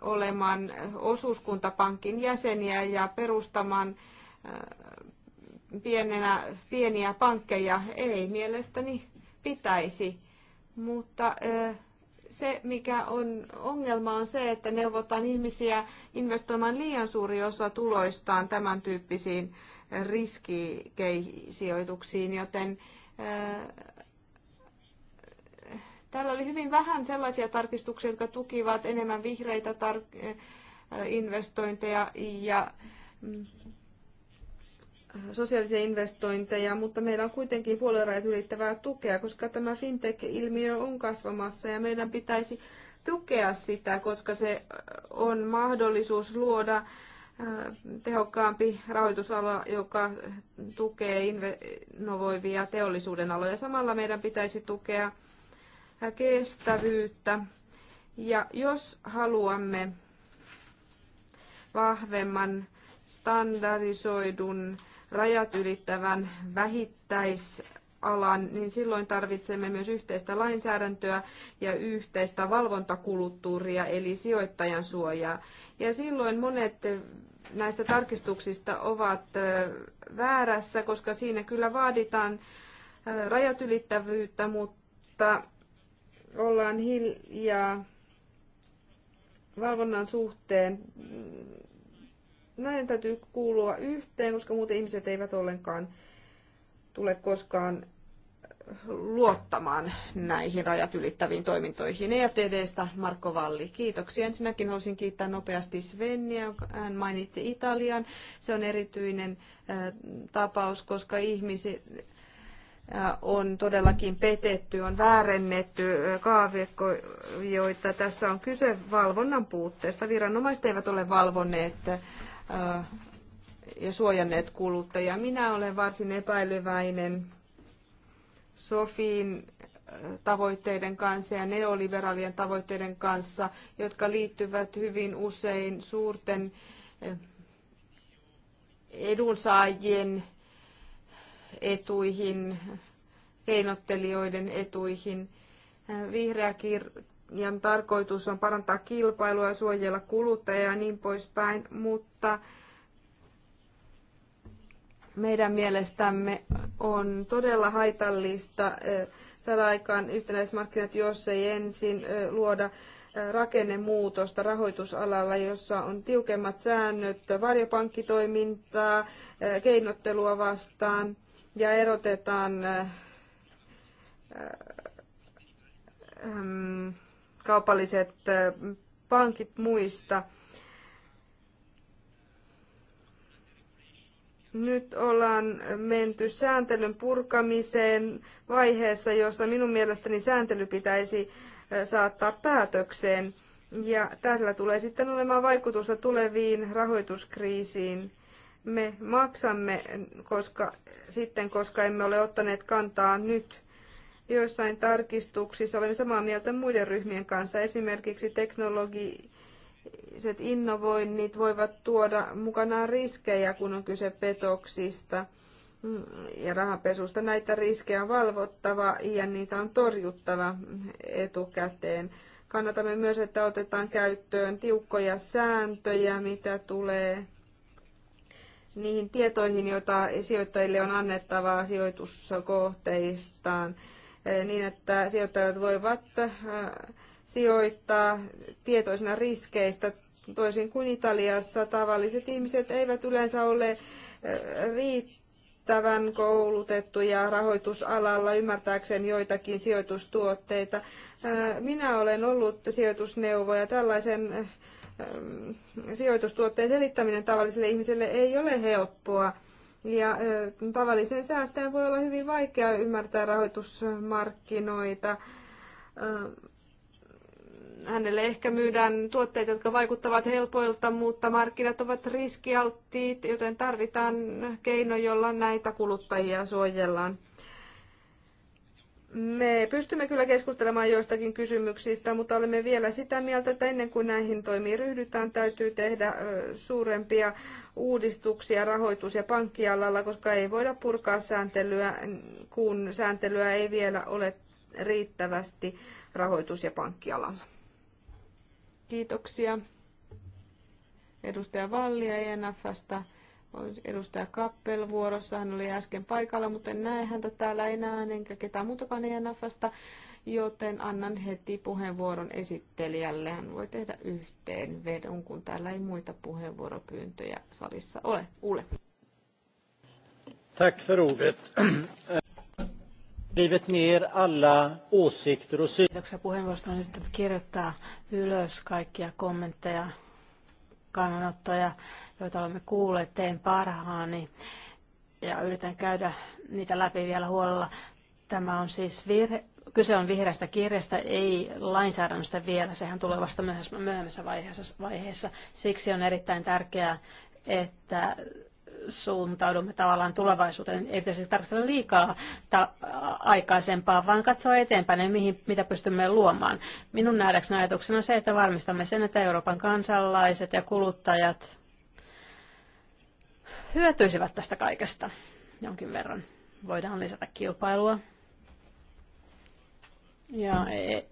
olemaan osuuskuntapankin jäseniä ja perustamaan äh, pienenä, pieniä pankkeja. Ei mielestäni pitäisi, mutta äh, se, mikä on ongelma, on se, että neuvotaan ihmisiä investoimaan liian suuri osa tuloistaan tämän tyyppisiin riskisijoituksiin, joten äh, Täällä oli hyvin vähän sellaisia tarkistuksia, jotka tukivat enemmän vihreitä tar- eh, eh, investointeja ja mm, sosiaalisia investointeja, mutta meillä on kuitenkin puolueen ylittävää tukea, koska tämä fintech-ilmiö on kasvamassa ja meidän pitäisi tukea sitä, koska se eh, on mahdollisuus luoda tehokkaampi rahoitusala, joka tukee innovoivia teollisuuden aloja. Samalla meidän pitäisi tukea kestävyyttä. Ja jos haluamme vahvemman standardisoidun rajat ylittävän vähittäisalan, niin silloin tarvitsemme myös yhteistä lainsäädäntöä ja yhteistä valvontakulttuuria eli sijoittajan suojaa. Ja silloin monet näistä tarkistuksista ovat väärässä, koska siinä kyllä vaaditaan rajat ylittävyyttä, mutta ollaan hiljaa valvonnan suhteen. Näiden täytyy kuulua yhteen, koska muuten ihmiset eivät ollenkaan tule koskaan luottamaan näihin rajat ylittäviin toimintoihin. EFDDstä Marko Valli, kiitoksia. Ensinnäkin haluaisin kiittää nopeasti Svenniä, hän mainitsi Italian. Se on erityinen tapaus, koska ihmiset on todellakin petetty, on väärennetty kaavioita. Tässä on kyse valvonnan puutteesta. Viranomaiset eivät ole valvoneet ja suojanneet kuluttajia. Minä olen varsin epäilyväinen Sofiin tavoitteiden kanssa ja neoliberaalien tavoitteiden kanssa, jotka liittyvät hyvin usein suurten edunsaajien etuihin, keinottelijoiden etuihin. Vihreä kirjan tarkoitus on parantaa kilpailua ja suojella kuluttajia ja niin poispäin, mutta meidän mielestämme on todella haitallista saada aikaan yhtenäismarkkinat, jos ei ensin luoda rakennemuutosta rahoitusalalla, jossa on tiukemmat säännöt varjopankkitoimintaa, keinottelua vastaan ja erotetaan äh, ähm, kaupalliset äh, pankit muista. Nyt ollaan menty sääntelyn purkamiseen vaiheessa, jossa minun mielestäni sääntely pitäisi äh, saattaa päätökseen. Ja tällä tulee sitten olemaan vaikutusta tuleviin rahoituskriisiin me maksamme, koska, sitten koska emme ole ottaneet kantaa nyt. Joissain tarkistuksissa olen samaa mieltä muiden ryhmien kanssa. Esimerkiksi teknologiset innovoinnit voivat tuoda mukanaan riskejä, kun on kyse petoksista ja rahanpesusta. Näitä riskejä on valvottava ja niitä on torjuttava etukäteen. Kannatamme myös, että otetaan käyttöön tiukkoja sääntöjä, mitä tulee niihin tietoihin, joita sijoittajille on annettava sijoituskohteistaan, eh, niin että sijoittajat voivat eh, sijoittaa tietoisina riskeistä. Toisin kuin Italiassa, tavalliset ihmiset eivät yleensä ole eh, riittävän koulutettuja rahoitusalalla ymmärtääkseen joitakin sijoitustuotteita. Minä olen ollut sijoitusneuvoja tällaisen sijoitustuotteen selittäminen tavalliselle ihmiselle ei ole helppoa. Ja tavallisen säästäjän voi olla hyvin vaikea ymmärtää rahoitusmarkkinoita. Hänelle ehkä myydään tuotteita, jotka vaikuttavat helpoilta, mutta markkinat ovat riskialttiit, joten tarvitaan keino, jolla näitä kuluttajia suojellaan. Me pystymme kyllä keskustelemaan joistakin kysymyksistä, mutta olemme vielä sitä mieltä, että ennen kuin näihin toimiin ryhdytään, täytyy tehdä suurempia uudistuksia rahoitus- ja pankkialalla, koska ei voida purkaa sääntelyä, kun sääntelyä ei vielä ole riittävästi rahoitus- ja pankkialalla. Kiitoksia. Edustaja Vallia edustaja Kappel vuorossa. Hän oli äsken paikalla, mutta en näe häntä täällä enää, enkä ketään muutakaan ENFstä, joten annan heti puheenvuoron esittelijälle. Hän voi tehdä yhteenvedon, kun täällä ei muita puheenvuoropyyntöjä salissa ole. Ule. Tack för ordet. Skrivit ner alla åsikter och synpunkter. Kiitoksia puheenvuorosta. Nyt kirjoittaa ylös kaikkia kommentteja kannanottoja, joita olemme kuulleet, teen parhaani ja yritän käydä niitä läpi vielä huolella. Tämä on siis virhe, kyse on vihreästä kirjasta, ei lainsäädännöstä vielä, sehän tulee vasta myöhemmässä vaiheessa. Siksi on erittäin tärkeää, että suuntaudumme tavallaan tulevaisuuteen. Ei pitäisi tarkastella liikaa ta- aikaisempaa, vaan katsoa eteenpäin niin mihin, mitä pystymme luomaan. Minun nähdäkseni ajatuksena on se, että varmistamme sen, että Euroopan kansalaiset ja kuluttajat hyötyisivät tästä kaikesta jonkin verran. Voidaan lisätä kilpailua ja e- e-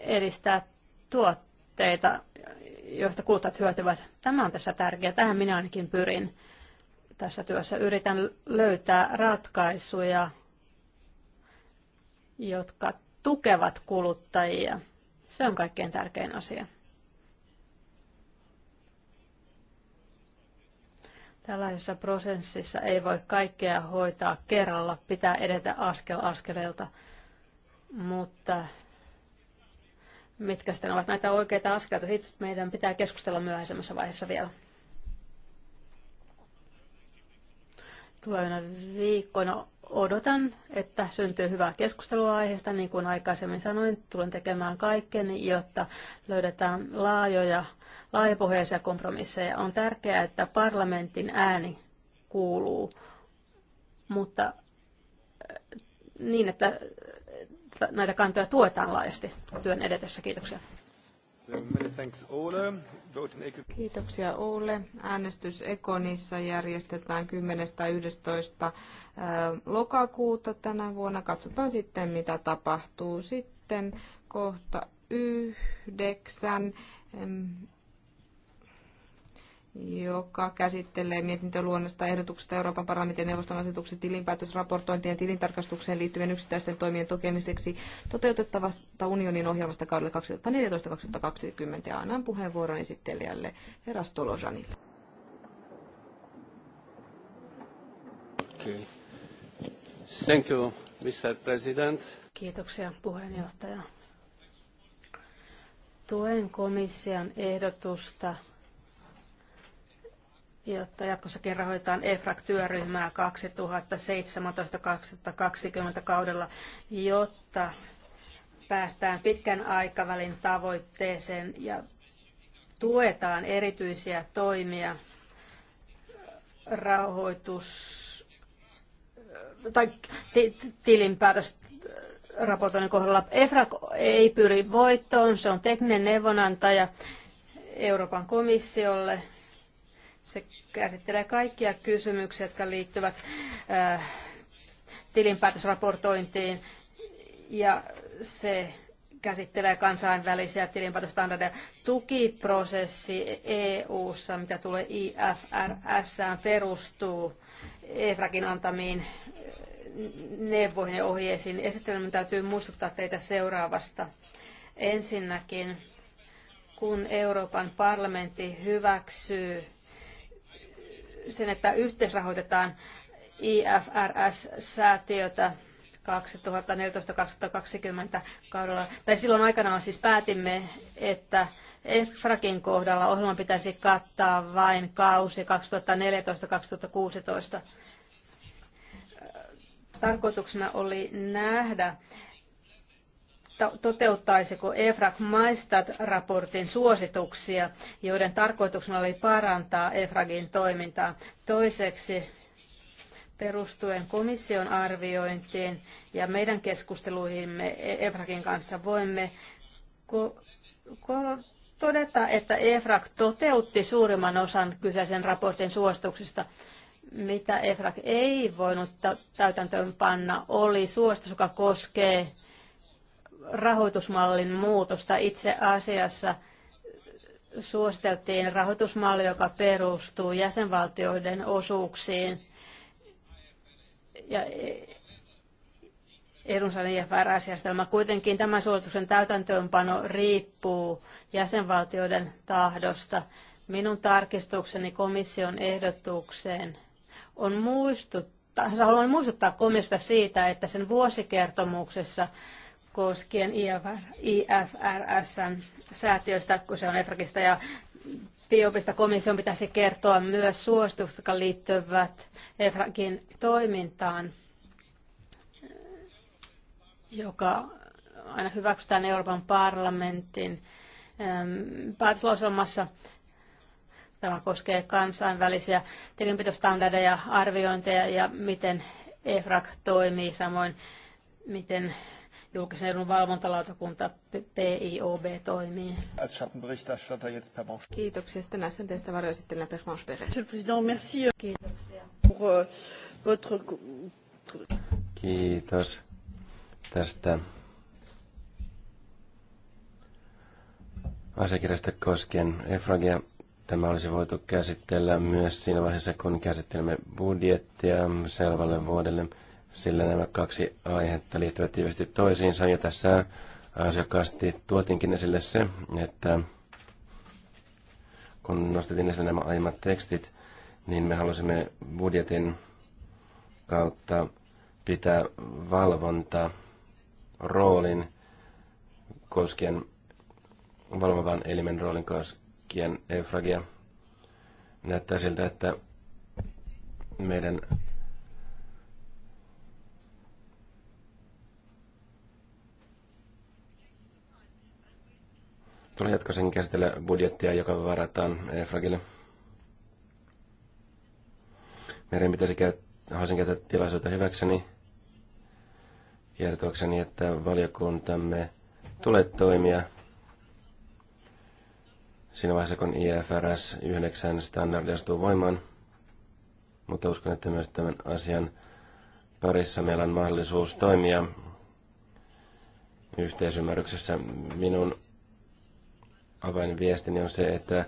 edistää tuotteita, joista kuluttajat hyötyvät. Tämä on tässä tärkeää. Tähän minä ainakin pyrin tässä työssä. Yritän löytää ratkaisuja, jotka tukevat kuluttajia. Se on kaikkein tärkein asia. Tällaisessa prosessissa ei voi kaikkea hoitaa kerralla, pitää edetä askel askeleelta, mutta mitkä sitten ovat näitä oikeita askeleita, siitä meidän pitää keskustella myöhäisemmässä vaiheessa vielä. tulevina viikkoina odotan, että syntyy hyvää keskustelua aiheesta. Niin kuin aikaisemmin sanoin, tulen tekemään kaikkeni, jotta löydetään laajoja, laajapohjaisia kompromisseja. On tärkeää, että parlamentin ääni kuuluu, mutta eh, niin, että eh, näitä kantoja tuetaan laajasti työn edetessä. Kiitoksia. So, many thanks, Ole. Kiitoksia Ulle. Äänestys Ekonissa järjestetään 10. tai 11. lokakuuta tänä vuonna. Katsotaan sitten, mitä tapahtuu. Sitten kohta yhdeksän joka käsittelee mietintöluonnosta ehdotuksesta Euroopan parlamentin neuvoston asetuksen tilinpäätösraportointien ja tilintarkastukseen liittyvien yksittäisten toimien tukemiseksi toteutettavasta unionin ohjelmasta kaudelle 2014-2020. Ja annan puheenvuoron esittelijälle herra Stolojanille. Okay. Thank you, Mr. President. Kiitoksia puheenjohtaja. Tuen komission ehdotusta jotta jatkossakin rahoitetaan EFRAC-työryhmää 2017-2020 kaudella, jotta päästään pitkän aikavälin tavoitteeseen ja tuetaan erityisiä toimia rahoitus tai tilinpäätös äh, raportoinnin kohdalla. EFRAC ei pyri voittoon, se on tekninen neuvonantaja Euroopan komissiolle – se käsittelee kaikkia kysymyksiä, jotka liittyvät äh, tilinpäätösraportointiin ja se käsittelee kansainvälisiä tilinpäätöstandardeja. Tukiprosessi EU-ssa, mitä tulee IFRS, perustuu EFRAKin antamiin äh, neuvoihin ja ohjeisiin. Esittelemme täytyy muistuttaa teitä seuraavasta. Ensinnäkin, kun Euroopan parlamentti hyväksyy sen, että yhteisrahoitetaan IFRS-säätiötä 2014-2020 kaudella. Tai silloin aikanaan siis päätimme, että EFRAKin kohdalla ohjelma pitäisi kattaa vain kausi 2014-2016. Tarkoituksena oli nähdä toteuttaisiko EFRAG Maistat-raportin suosituksia, joiden tarkoituksena oli parantaa EFRAGin toimintaa. Toiseksi perustuen komission arviointiin ja meidän keskusteluihimme e-, EFRAGin kanssa voimme todeta, että EFRAG toteutti suurimman osan kyseisen raportin suosituksista mitä EFRAG ei voinut täytäntöön panna, oli suositus, joka koskee rahoitusmallin muutosta. Itse asiassa suositeltiin rahoitusmalli, joka perustuu jäsenvaltioiden osuuksiin ja edunsaajan IFR-järjestelmä. Kuitenkin tämän suosituksen täytäntöönpano riippuu jäsenvaltioiden tahdosta. Minun tarkistukseni komission ehdotukseen on muistuttaa, haluan muistuttaa komista siitä, että sen vuosikertomuksessa – koskien IFRSn säätiöstä, kun se on Efrakista ja Tiopista komission pitäisi kertoa myös suositukset, jotka liittyvät EFRAGin toimintaan, joka aina hyväksytään Euroopan parlamentin ähm, päätöslauselmassa. Tämä koskee kansainvälisiä tilinpitostandardeja, arviointeja ja miten EFRAG toimii, samoin miten julkisen edun valvontalautakunta PIOB toimii. Kiitoksia. Sitten SNTstä varjoesittelijä Permanche Perez. Monsieur le Président, merci. Euh, Kiitoksia. Pour, euh, votre... Kiitos tästä asiakirjasta koskien Efragia. Tämä olisi voitu käsitellä myös siinä vaiheessa, kun käsittelemme budjettia selvälle vuodelle – sillä nämä kaksi aihetta liittyvät tiivisti toisiinsa. Ja tässä asiakkaasti tuotinkin esille se, että kun nostettiin esille nämä aiemmat tekstit, niin me halusimme budjetin kautta pitää valvonta roolin koskien valvovan elimen roolin koskien Eufragia. Näyttää siltä, että meidän Tulee jatkossakin käsitellä budjettia, joka varataan EFRAGille. Eh, Meidän pitäisi käyttää, haluaisin käyttää tilaisuutta hyväkseni kertoakseni, että valiokuntamme tulee toimia siinä vaiheessa, kun IFRS 9 standardi astuu voimaan. Mutta uskon, että myös tämän asian parissa meillä on mahdollisuus toimia yhteisymmärryksessä. Minun avainviestini on se, että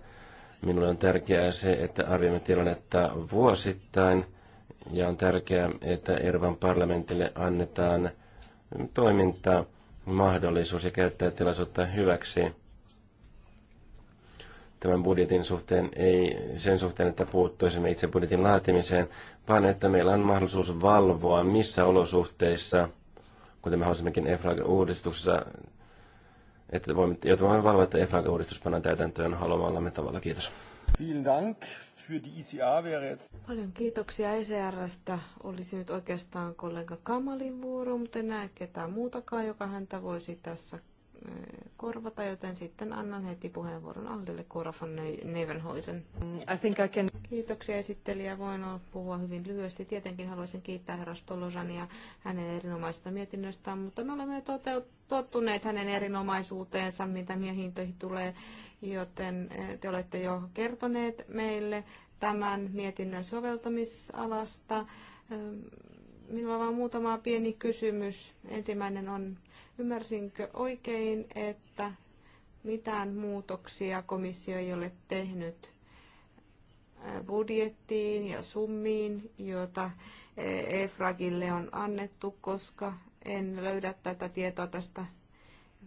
minulle on tärkeää se, että arvioimme tilannetta vuosittain ja on tärkeää, että Ervan parlamentille annetaan toiminta mahdollisuus ja käyttää tilaisuutta hyväksi tämän budjetin suhteen, ei sen suhteen, että puuttuisimme itse budjetin laatimiseen, vaan että meillä on mahdollisuus valvoa, missä olosuhteissa, kuten me halusimmekin EFRAG-uudistuksessa että voimme, jotta voimme valvoa, että efrag uudistus pannaan täytäntöön haluamallamme tavalla. Kiitos. Vielen Dank. Für die ICA e wäre jetzt... Paljon kiitoksia ECRstä. Olisi nyt oikeastaan kollega Kamalin vuoro, mutta en näe ketään muutakaan, joka häntä voisi tässä eh, korvata, joten sitten annan heti puheenvuoron Aldelle Korafan Nevenhoisen. I think I can... Kiitoksia esittelijä. Voin puhua hyvin lyhyesti. Tietenkin haluaisin kiittää herra Stolosania hänen erinomaista mietinnöstään, mutta me olemme toteut- tottuneet hänen erinomaisuuteensa, mitä miehintöihin tulee, joten eh, te olette jo kertoneet meille tämän mietinnön soveltamisalasta. Ehm, minulla on vain muutama pieni kysymys. Ensimmäinen on, ymmärsinkö oikein, että mitään muutoksia komissio ei ole tehnyt eh, budjettiin ja summiin, joita eh, EFRAGille on annettu, koska en löydä tätä tietoa tästä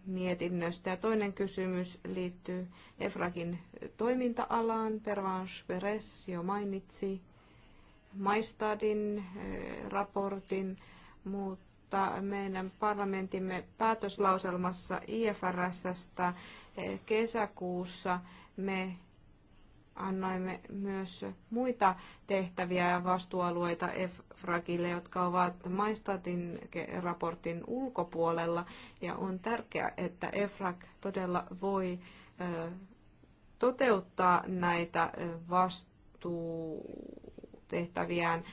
mietinnöstä. Ja toinen kysymys liittyy Efrakin toiminta-alaan. Pervanche Peres jo mainitsi Maistadin eh, raportin, mutta meidän parlamentimme päätöslauselmassa IFRSstä eh, kesäkuussa me annoimme myös muita tehtäviä ja vastuualueita EFRAGille, jotka ovat Maistatin raportin ulkopuolella. Ja on tärkeää, että EFRAG todella voi toteuttaa näitä vastuutehtäviään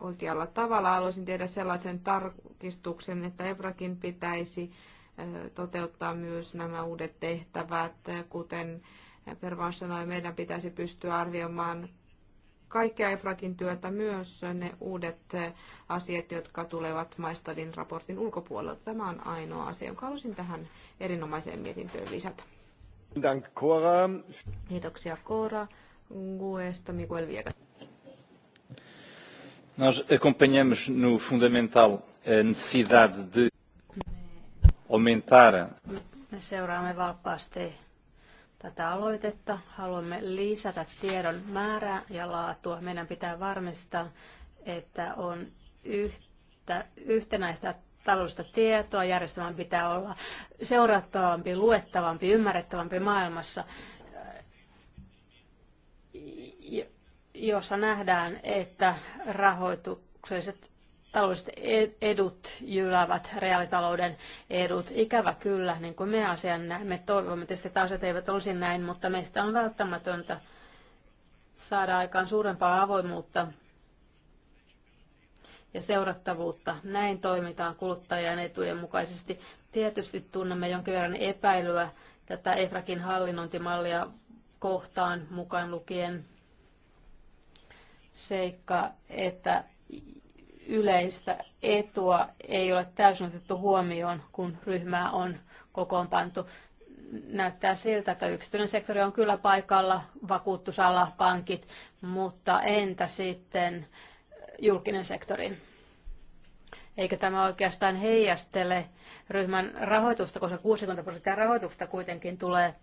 oikealla tavalla. Haluaisin tehdä sellaisen tarkistuksen, että EFRAGin pitäisi toteuttaa myös nämä uudet tehtävät. Kuten Pervan sanoi, meidän pitäisi pystyä arvioimaan kaikkea EFRAKin työtä, myös ne uudet asiat, jotka tulevat Maistadin raportin ulkopuolelta. Tämä on ainoa asia, jonka halusin tähän erinomaiseen mietintöön lisätä. Kiitoksia Kora. Guesta Miguel Viegas. Nós acompanhamos no fundamental a necessidade de aumentar. Me seuraamme valppaasti tätä aloitetta. Haluamme lisätä tiedon määrää ja laatua. Meidän pitää varmistaa, että on yhtä, yhtenäistä taloudellista tietoa. Järjestelmän pitää olla seurattavampi, luettavampi, ymmärrettävämpi maailmassa, jossa nähdään, että rahoitukselliset taloudelliset edut jyläävät reaalitalouden edut. Ikävä kyllä, niin kuin me asian näemme, toivomme tietysti, että asiat eivät olisi näin, mutta meistä on välttämätöntä saada aikaan suurempaa avoimuutta ja seurattavuutta. Näin toimitaan kuluttajan etujen mukaisesti. Tietysti tunnemme jonkin verran epäilyä tätä EFRAKin hallinnointimallia kohtaan mukaan lukien seikka, että yleistä etua ei ole täysin otettu huomioon, kun ryhmää on kokoonpantu. Näyttää siltä, että yksityinen sektori on kyllä paikalla, vakuutusala, pankit, mutta entä sitten julkinen sektori? Eikä tämä oikeastaan heijastele ryhmän rahoitusta, koska 60 prosenttia rahoituksesta kuitenkin tulee äh,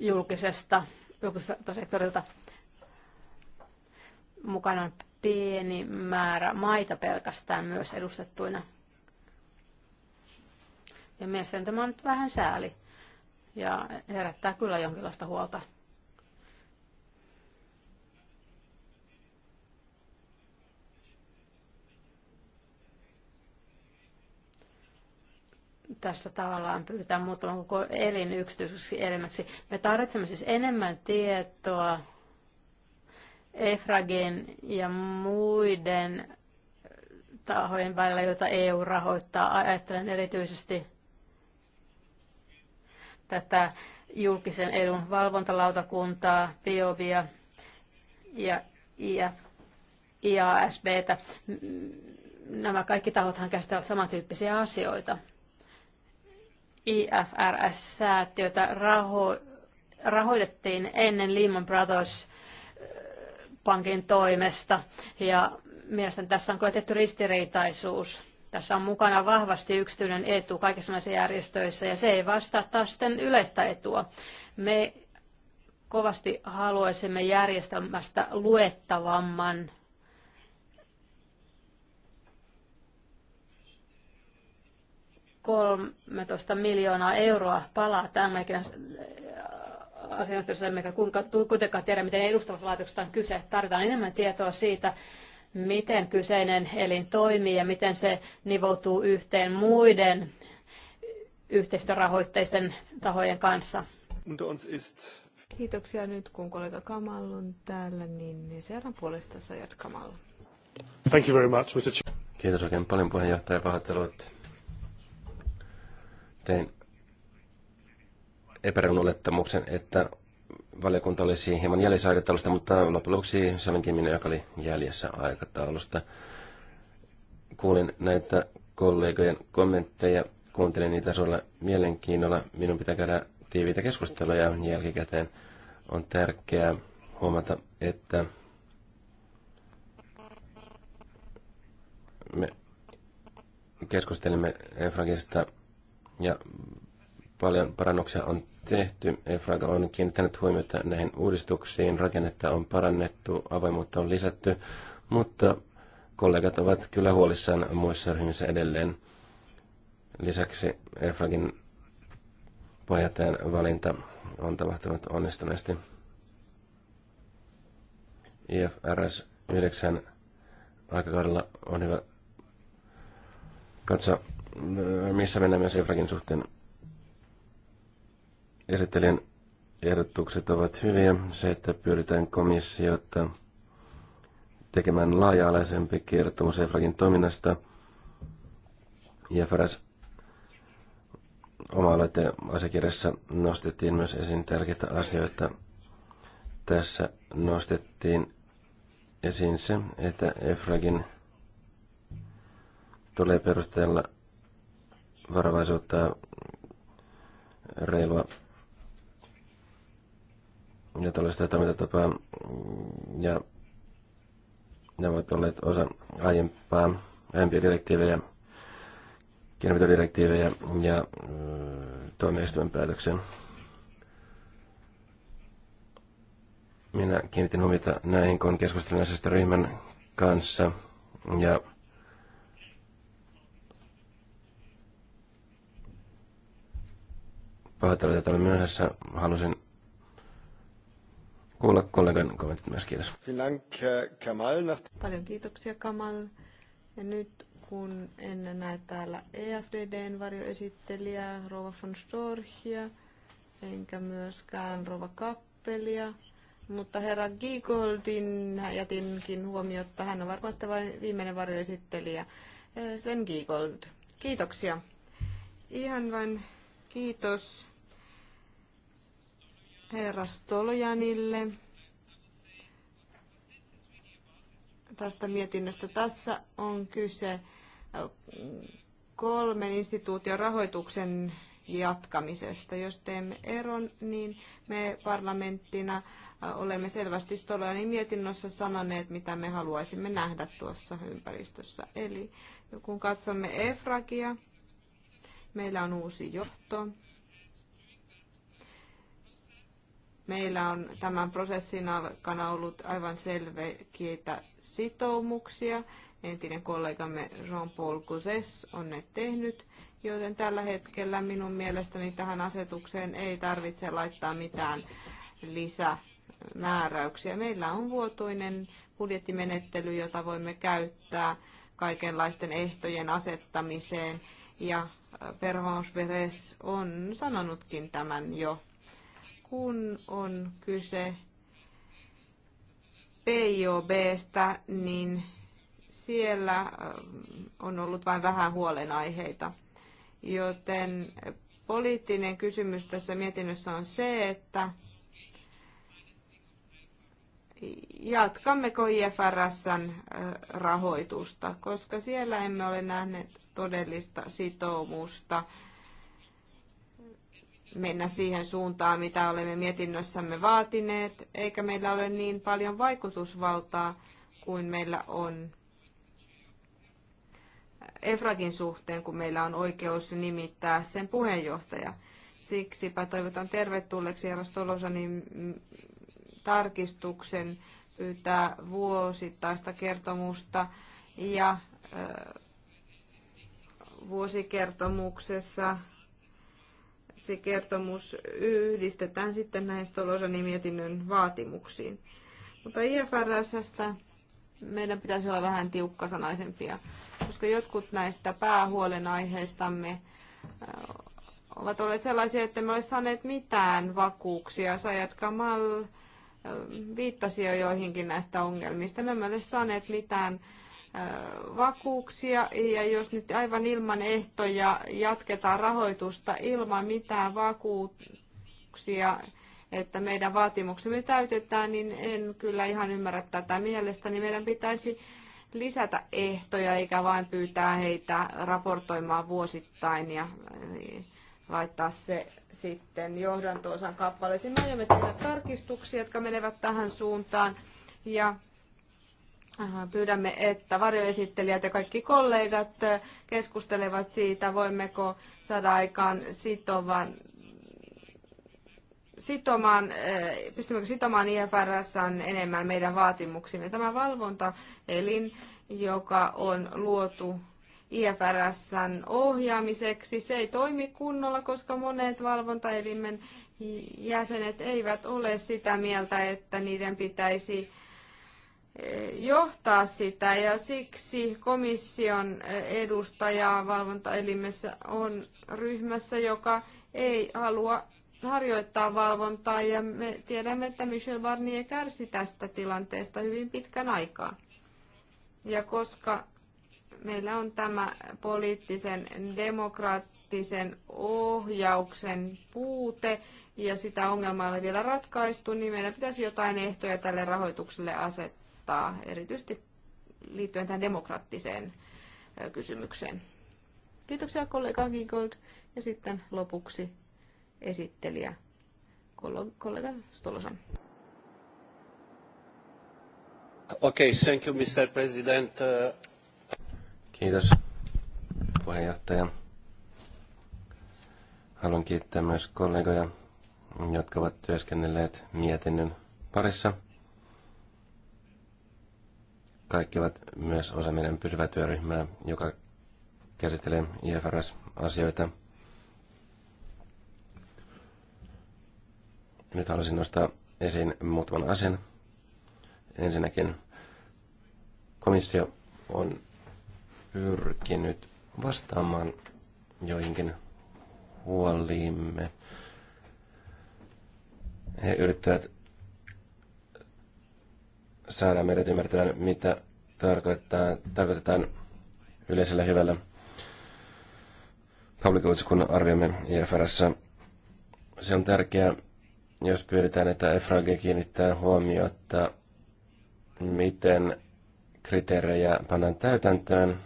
julkisesta, julkisesta sektorilta mukana pieni määrä maita pelkästään myös edustettuina. Ja mielestäni tämä on nyt vähän sääli ja herättää kyllä jonkinlaista huolta. tässä tavallaan pyritään muuttamaan koko elin yksityiseksi elimeksi. Me tarvitsemme siis enemmän tietoa Efragen ja muiden tahojen välillä, joita EU rahoittaa. Ajattelen erityisesti tätä julkisen edun valvontalautakuntaa, BIOBia ja IF, IASBtä. Nämä kaikki tahothan käsittävät samantyyppisiä asioita. IFRS-säätiötä raho- rahoitettiin ennen Lehman Brothers pankin toimesta. Ja mielestäni tässä on kyllä ristiriitaisuus. Tässä on mukana vahvasti yksityinen etu kaikissa näissä järjestöissä ja se ei vastaa taas sitten yleistä etua. Me kovasti haluaisimme järjestelmästä luettavamman kolmetoista miljoonaa euroa palaa tämänkin asian yhteydessä, emmekä kuitenkaan tiedä, miten edustavassa laitoksesta on kyse. Tarvitaan enemmän tietoa siitä, miten kyseinen elin toimii ja miten se nivoutuu yhteen muiden yhteistyörahoitteisten tahojen kanssa. Kiitoksia nyt, kun kollega Kamal on täällä, niin Seeran puolesta sä jatkamalla. Thank you very much, Mr. Kiitos oikein paljon puheenjohtaja, pahoittelut. Tein epäreilun olettamuksen, että valiokunta olisi hieman jäljessä aikataulusta, mutta loppujen lopuksi se minä, joka oli jäljessä aikataulusta. Kuulin näitä kollegojen kommentteja, kuuntelin niitä suurella mielenkiinnolla. Minun pitää käydä tiiviitä keskusteluja jälkikäteen. On tärkeää huomata, että me keskustelimme efragista ja Paljon parannuksia on tehty. EFRAG on kiinnittänyt huomiota näihin uudistuksiin. Rakennetta on parannettu, avoimuutta on lisätty, mutta kollegat ovat kyllä huolissaan muissa ryhmissä edelleen. Lisäksi EFRAGin puheenjohtajan valinta on tapahtunut onnistuneesti. IFRS 9 aikakaudella on hyvä katsoa, missä mennään myös EFRAGin suhteen esittelijän ehdotukset ovat hyviä. Se, että pyydetään komissiota tekemään laaja-alaisempi kertomus EFRAGin toiminnasta. IFRS oma asiakirjassa nostettiin myös esiin tärkeitä asioita. Tässä nostettiin esiin se, että EFRAGin tulee perustella varovaisuutta reilua ja tällaista toimintatapaa. Mm, ja ne ovat olleet osa aiempaa, aiempia direktiivejä, kirjanpitodirektiivejä ja mm, tuomioistuimen päätöksen. Minä kiinnitin huomiota näihin, kun keskustelin asiasta ryhmän kanssa ja pahoittelen, että olen myöhässä. Halusin kuulla kollegan kommentit myös. Kiitos. Paljon kiitoksia Kamal. Ja nyt kun en näe täällä EFDDn varjoesittelijää, Rova von Storchia, enkä myöskään Rova Kappelia, mutta herra Giegoldin jätinkin huomiota, hän on varmasti viimeinen varjoesittelijä. Eh, Sven Giegold, kiitoksia. Ihan vain kiitos herra Stolojanille tästä mietinnöstä. Tässä on kyse kolmen instituution rahoituksen jatkamisesta. Jos teemme eron, niin me parlamenttina olemme selvästi Stolojanin mietinnössä sanoneet, mitä me haluaisimme nähdä tuossa ympäristössä. Eli kun katsomme EFRAGia, meillä on uusi johto Meillä on tämän prosessin aikana ollut aivan selkeitä sitoumuksia. Entinen kollegamme Jean-Paul Cousses on ne tehnyt, joten tällä hetkellä minun mielestäni tähän asetukseen ei tarvitse laittaa mitään lisämääräyksiä. Meillä on vuotuinen budjettimenettely, jota voimme käyttää kaikenlaisten ehtojen asettamiseen ja Perhons Veres on sanonutkin tämän jo kun on kyse PIOBstä, niin siellä äh, on ollut vain vähän huolenaiheita. Joten poliittinen kysymys tässä mietinnössä on se, että jatkammeko IFRSn äh, rahoitusta, koska siellä emme ole nähneet todellista sitoumusta mennä siihen suuntaan, mitä olemme mietinnössämme vaatineet, eikä meillä ole niin paljon vaikutusvaltaa kuin meillä on Efrakin suhteen, kun meillä on oikeus nimittää sen puheenjohtaja. Siksipä toivotan tervetulleeksi Eros Tolosanin tarkistuksen pyytää vuosittaista kertomusta ja vuosikertomuksessa se kertomus yhdistetään sitten näihin Stolosanin mietinnön vaatimuksiin. Mutta IFRSstä meidän pitäisi olla vähän tiukkasanaisempia, koska jotkut näistä päähuolenaiheistamme äh, ovat olleet sellaisia, että me ole saaneet mitään vakuuksia. Sajat Kamal äh, viittasi jo joihinkin näistä ongelmista. Me emme ole saaneet mitään vakuuksia ja jos nyt aivan ilman ehtoja jatketaan rahoitusta ilman mitään vakuuksia, että meidän vaatimuksemme täytetään, niin en kyllä ihan ymmärrä tätä. Mielestäni meidän pitäisi lisätä ehtoja eikä vain pyytää heitä raportoimaan vuosittain ja niin, laittaa se sitten johdanto-osan kappaleisiin. Me aiomme tehdä tarkistuksia, jotka menevät tähän suuntaan ja Pyydämme, että varjoesittelijät ja kaikki kollegat keskustelevat siitä, voimmeko saada aikaan sitovan, sitomaan, eh, pystymmekö sitomaan IFRS enemmän meidän vaatimuksimme. Tämä valvontaelin, joka on luotu IFRS ohjaamiseksi. Se ei toimi kunnolla, koska monet valvontaelimen jäsenet eivät ole sitä mieltä, että niiden pitäisi johtaa sitä ja siksi komission edustaja valvontaelimessä on ryhmässä, joka ei halua harjoittaa valvontaa ja me tiedämme, että Michel Barnier kärsi tästä tilanteesta hyvin pitkän aikaa. Ja koska meillä on tämä poliittisen demokraattisen ohjauksen puute ja sitä ongelmaa ei ole vielä ratkaistu, niin meidän pitäisi jotain ehtoja tälle rahoitukselle asettaa kohtaa, erityisesti liittyen tähän demokraattiseen kysymykseen. Kiitoksia kollega Giegold ja sitten lopuksi esittelijä kollega Stolosan. Okay, thank you, Mr. President. Uh, Kiitos, puheenjohtaja. Haluan kiittää myös kollegoja, jotka ovat työskennelleet mietinnön parissa – kaikki ovat myös osa meidän pysyvää työryhmää, joka käsittelee IFRS-asioita. Nyt haluaisin nostaa esiin muutaman asian. Ensinnäkin komissio on pyrkinyt vastaamaan joihinkin huoliimme. He yrittävät saadaan meidät ymmärtämään, mitä tarkoittaa, tarkoitetaan yleisellä hyvällä public kun arvioimme IFRS. Se on tärkeää, jos pyydetään, että EFRAG kiinnittää huomiota, miten kriteerejä pannaan täytäntöön,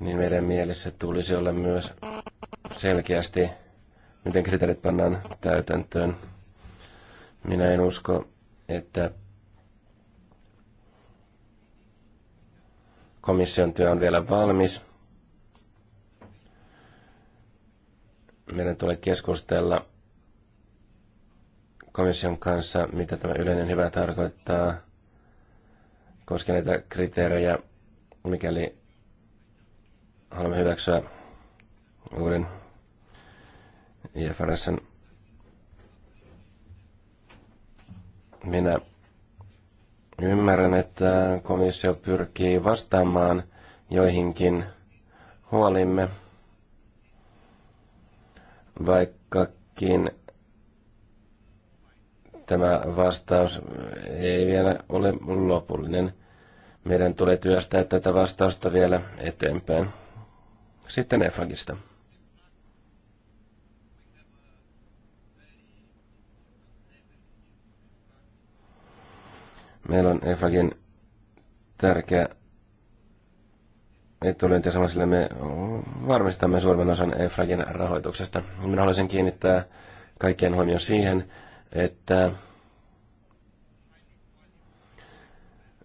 niin meidän mielessä tulisi olla myös selkeästi, miten kriteerit pannaan täytäntöön. Minä en usko, että Komission työ on vielä valmis. Meidän tulee keskustella komission kanssa, mitä tämä yleinen hyvä tarkoittaa, koskee näitä kriteerejä, mikäli haluamme hyväksyä uuden IFRSn. Minä Ymmärrän, että komissio pyrkii vastaamaan joihinkin huolimme, vaikkakin tämä vastaus ei vielä ole lopullinen. Meidän tulee työstää tätä vastausta vielä eteenpäin. Sitten Efragista. Meillä on EFRAGin tärkeä samalla, sillä me varmistamme suurimman osan EFRAGin rahoituksesta. Minä haluaisin kiinnittää kaikkien huomioon siihen, että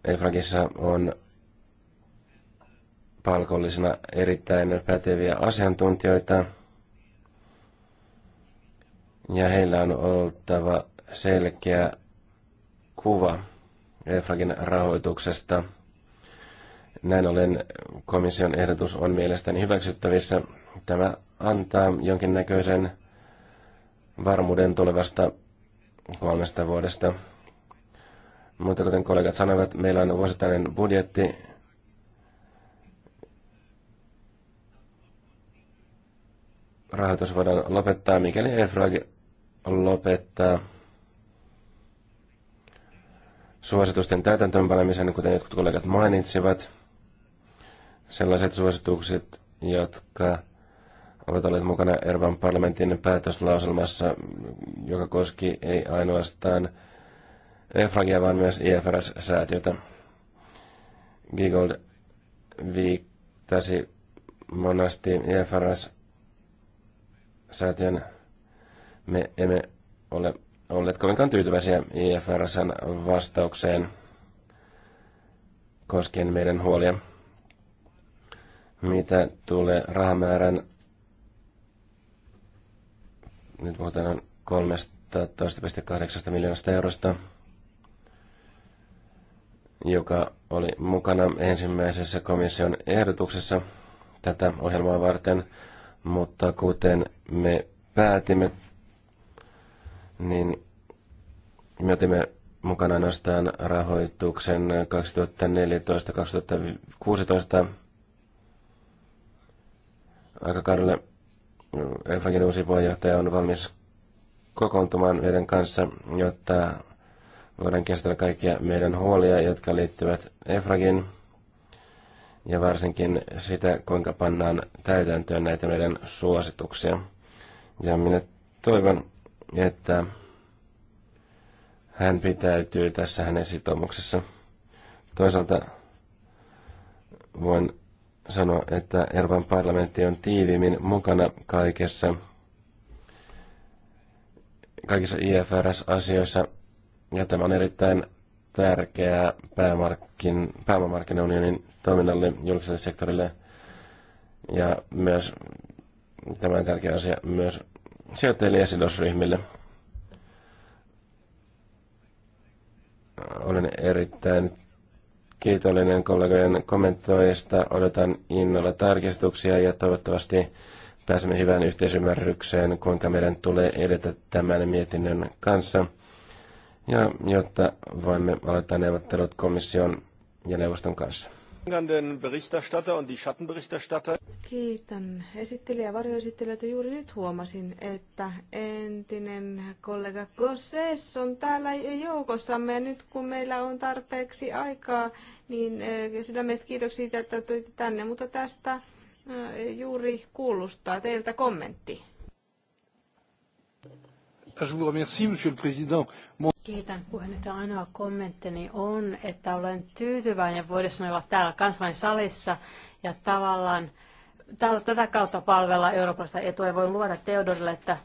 EFRAGissa on palkollisena erittäin päteviä asiantuntijoita, ja heillä on oltava selkeä kuva EFRAGin rahoituksesta. Näin ollen komission ehdotus on mielestäni hyväksyttävissä. Tämä antaa jonkinnäköisen varmuuden tulevasta kolmesta vuodesta. Mutta kuten kollegat sanoivat, meillä on vuosittainen budjetti, rahoitus voidaan lopettaa, mikäli EFRAG lopettaa suositusten täytäntöönpanemisen, niin kuten jotkut kollegat mainitsivat. Sellaiset suositukset, jotka ovat olleet mukana Ervan parlamentin päätöslauselmassa, joka koski ei ainoastaan EFRAGia, vaan myös IFRS-säätiötä. Gigold viittasi monasti IFRS-säätiön me emme ole olleet kovinkaan tyytyväisiä IFRSn vastaukseen koskien meidän huolia. Mitä tulee rahamäärän, nyt puhutaan 13,8 miljoonasta eurosta, joka oli mukana ensimmäisessä komission ehdotuksessa tätä ohjelmaa varten, mutta kuten me päätimme niin me otimme mukana ainoastaan rahoituksen 2014-2016 aikakaudelle. Efrakin uusi puheenjohtaja on valmis kokoontumaan meidän kanssa, jotta voidaan kestää kaikkia meidän huolia, jotka liittyvät Efragin ja varsinkin sitä, kuinka pannaan täytäntöön näitä meidän suosituksia. Ja minä toivon, että hän pitäytyy tässä hänen sitoumuksessa. Toisaalta voin sanoa, että Euroopan parlamentti on tiiviimmin mukana kaikessa, kaikissa IFRS-asioissa, ja tämä on erittäin tärkeää päämarkkin, pääomamarkkinaunionin toiminnalle, julkiselle sektorille, ja myös tämä on tärkeä asia myös sijoittajille ja sidosryhmille. Olen erittäin kiitollinen kollegojen kommentoista. Odotan innolla tarkistuksia ja toivottavasti pääsemme hyvään yhteisymmärrykseen, kuinka meidän tulee edetä tämän mietinnön kanssa. Ja jotta voimme aloittaa neuvottelut komission ja neuvoston kanssa. Kiitän esittelijä varjoesittelijöitä. Juuri nyt huomasin, että entinen kollega Gosses on täällä joukossamme. Ja nyt kun meillä on tarpeeksi aikaa, niin eh, sydämestä kiitoksia siitä, että tulitte tänne. Mutta tästä eh, juuri kuulustaa teiltä kommentti. Ah, je vous remercie, monsieur le président. Mon... Kiitän puheenjohtaja. Ainoa kommenttini on, että olen tyytyväinen voidessani olla täällä kansalaisalissa ja tavallaan täällä, tätä kautta palvella Euroopasta etua. Voin luoda Teodorille, että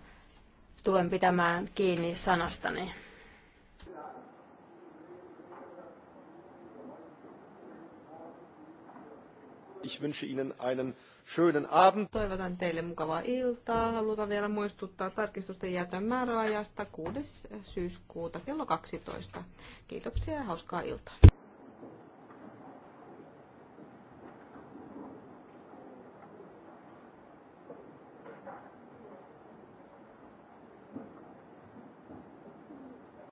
tulen pitämään kiinni sanastani. Ich wünsche Ihnen einen Schönen Abend. Toivotan teille mukavaa iltaa. Halutaan vielä muistuttaa tarkistusten jätön määräajasta 6. syyskuuta kello 12. Kiitoksia ja hauskaa iltaa.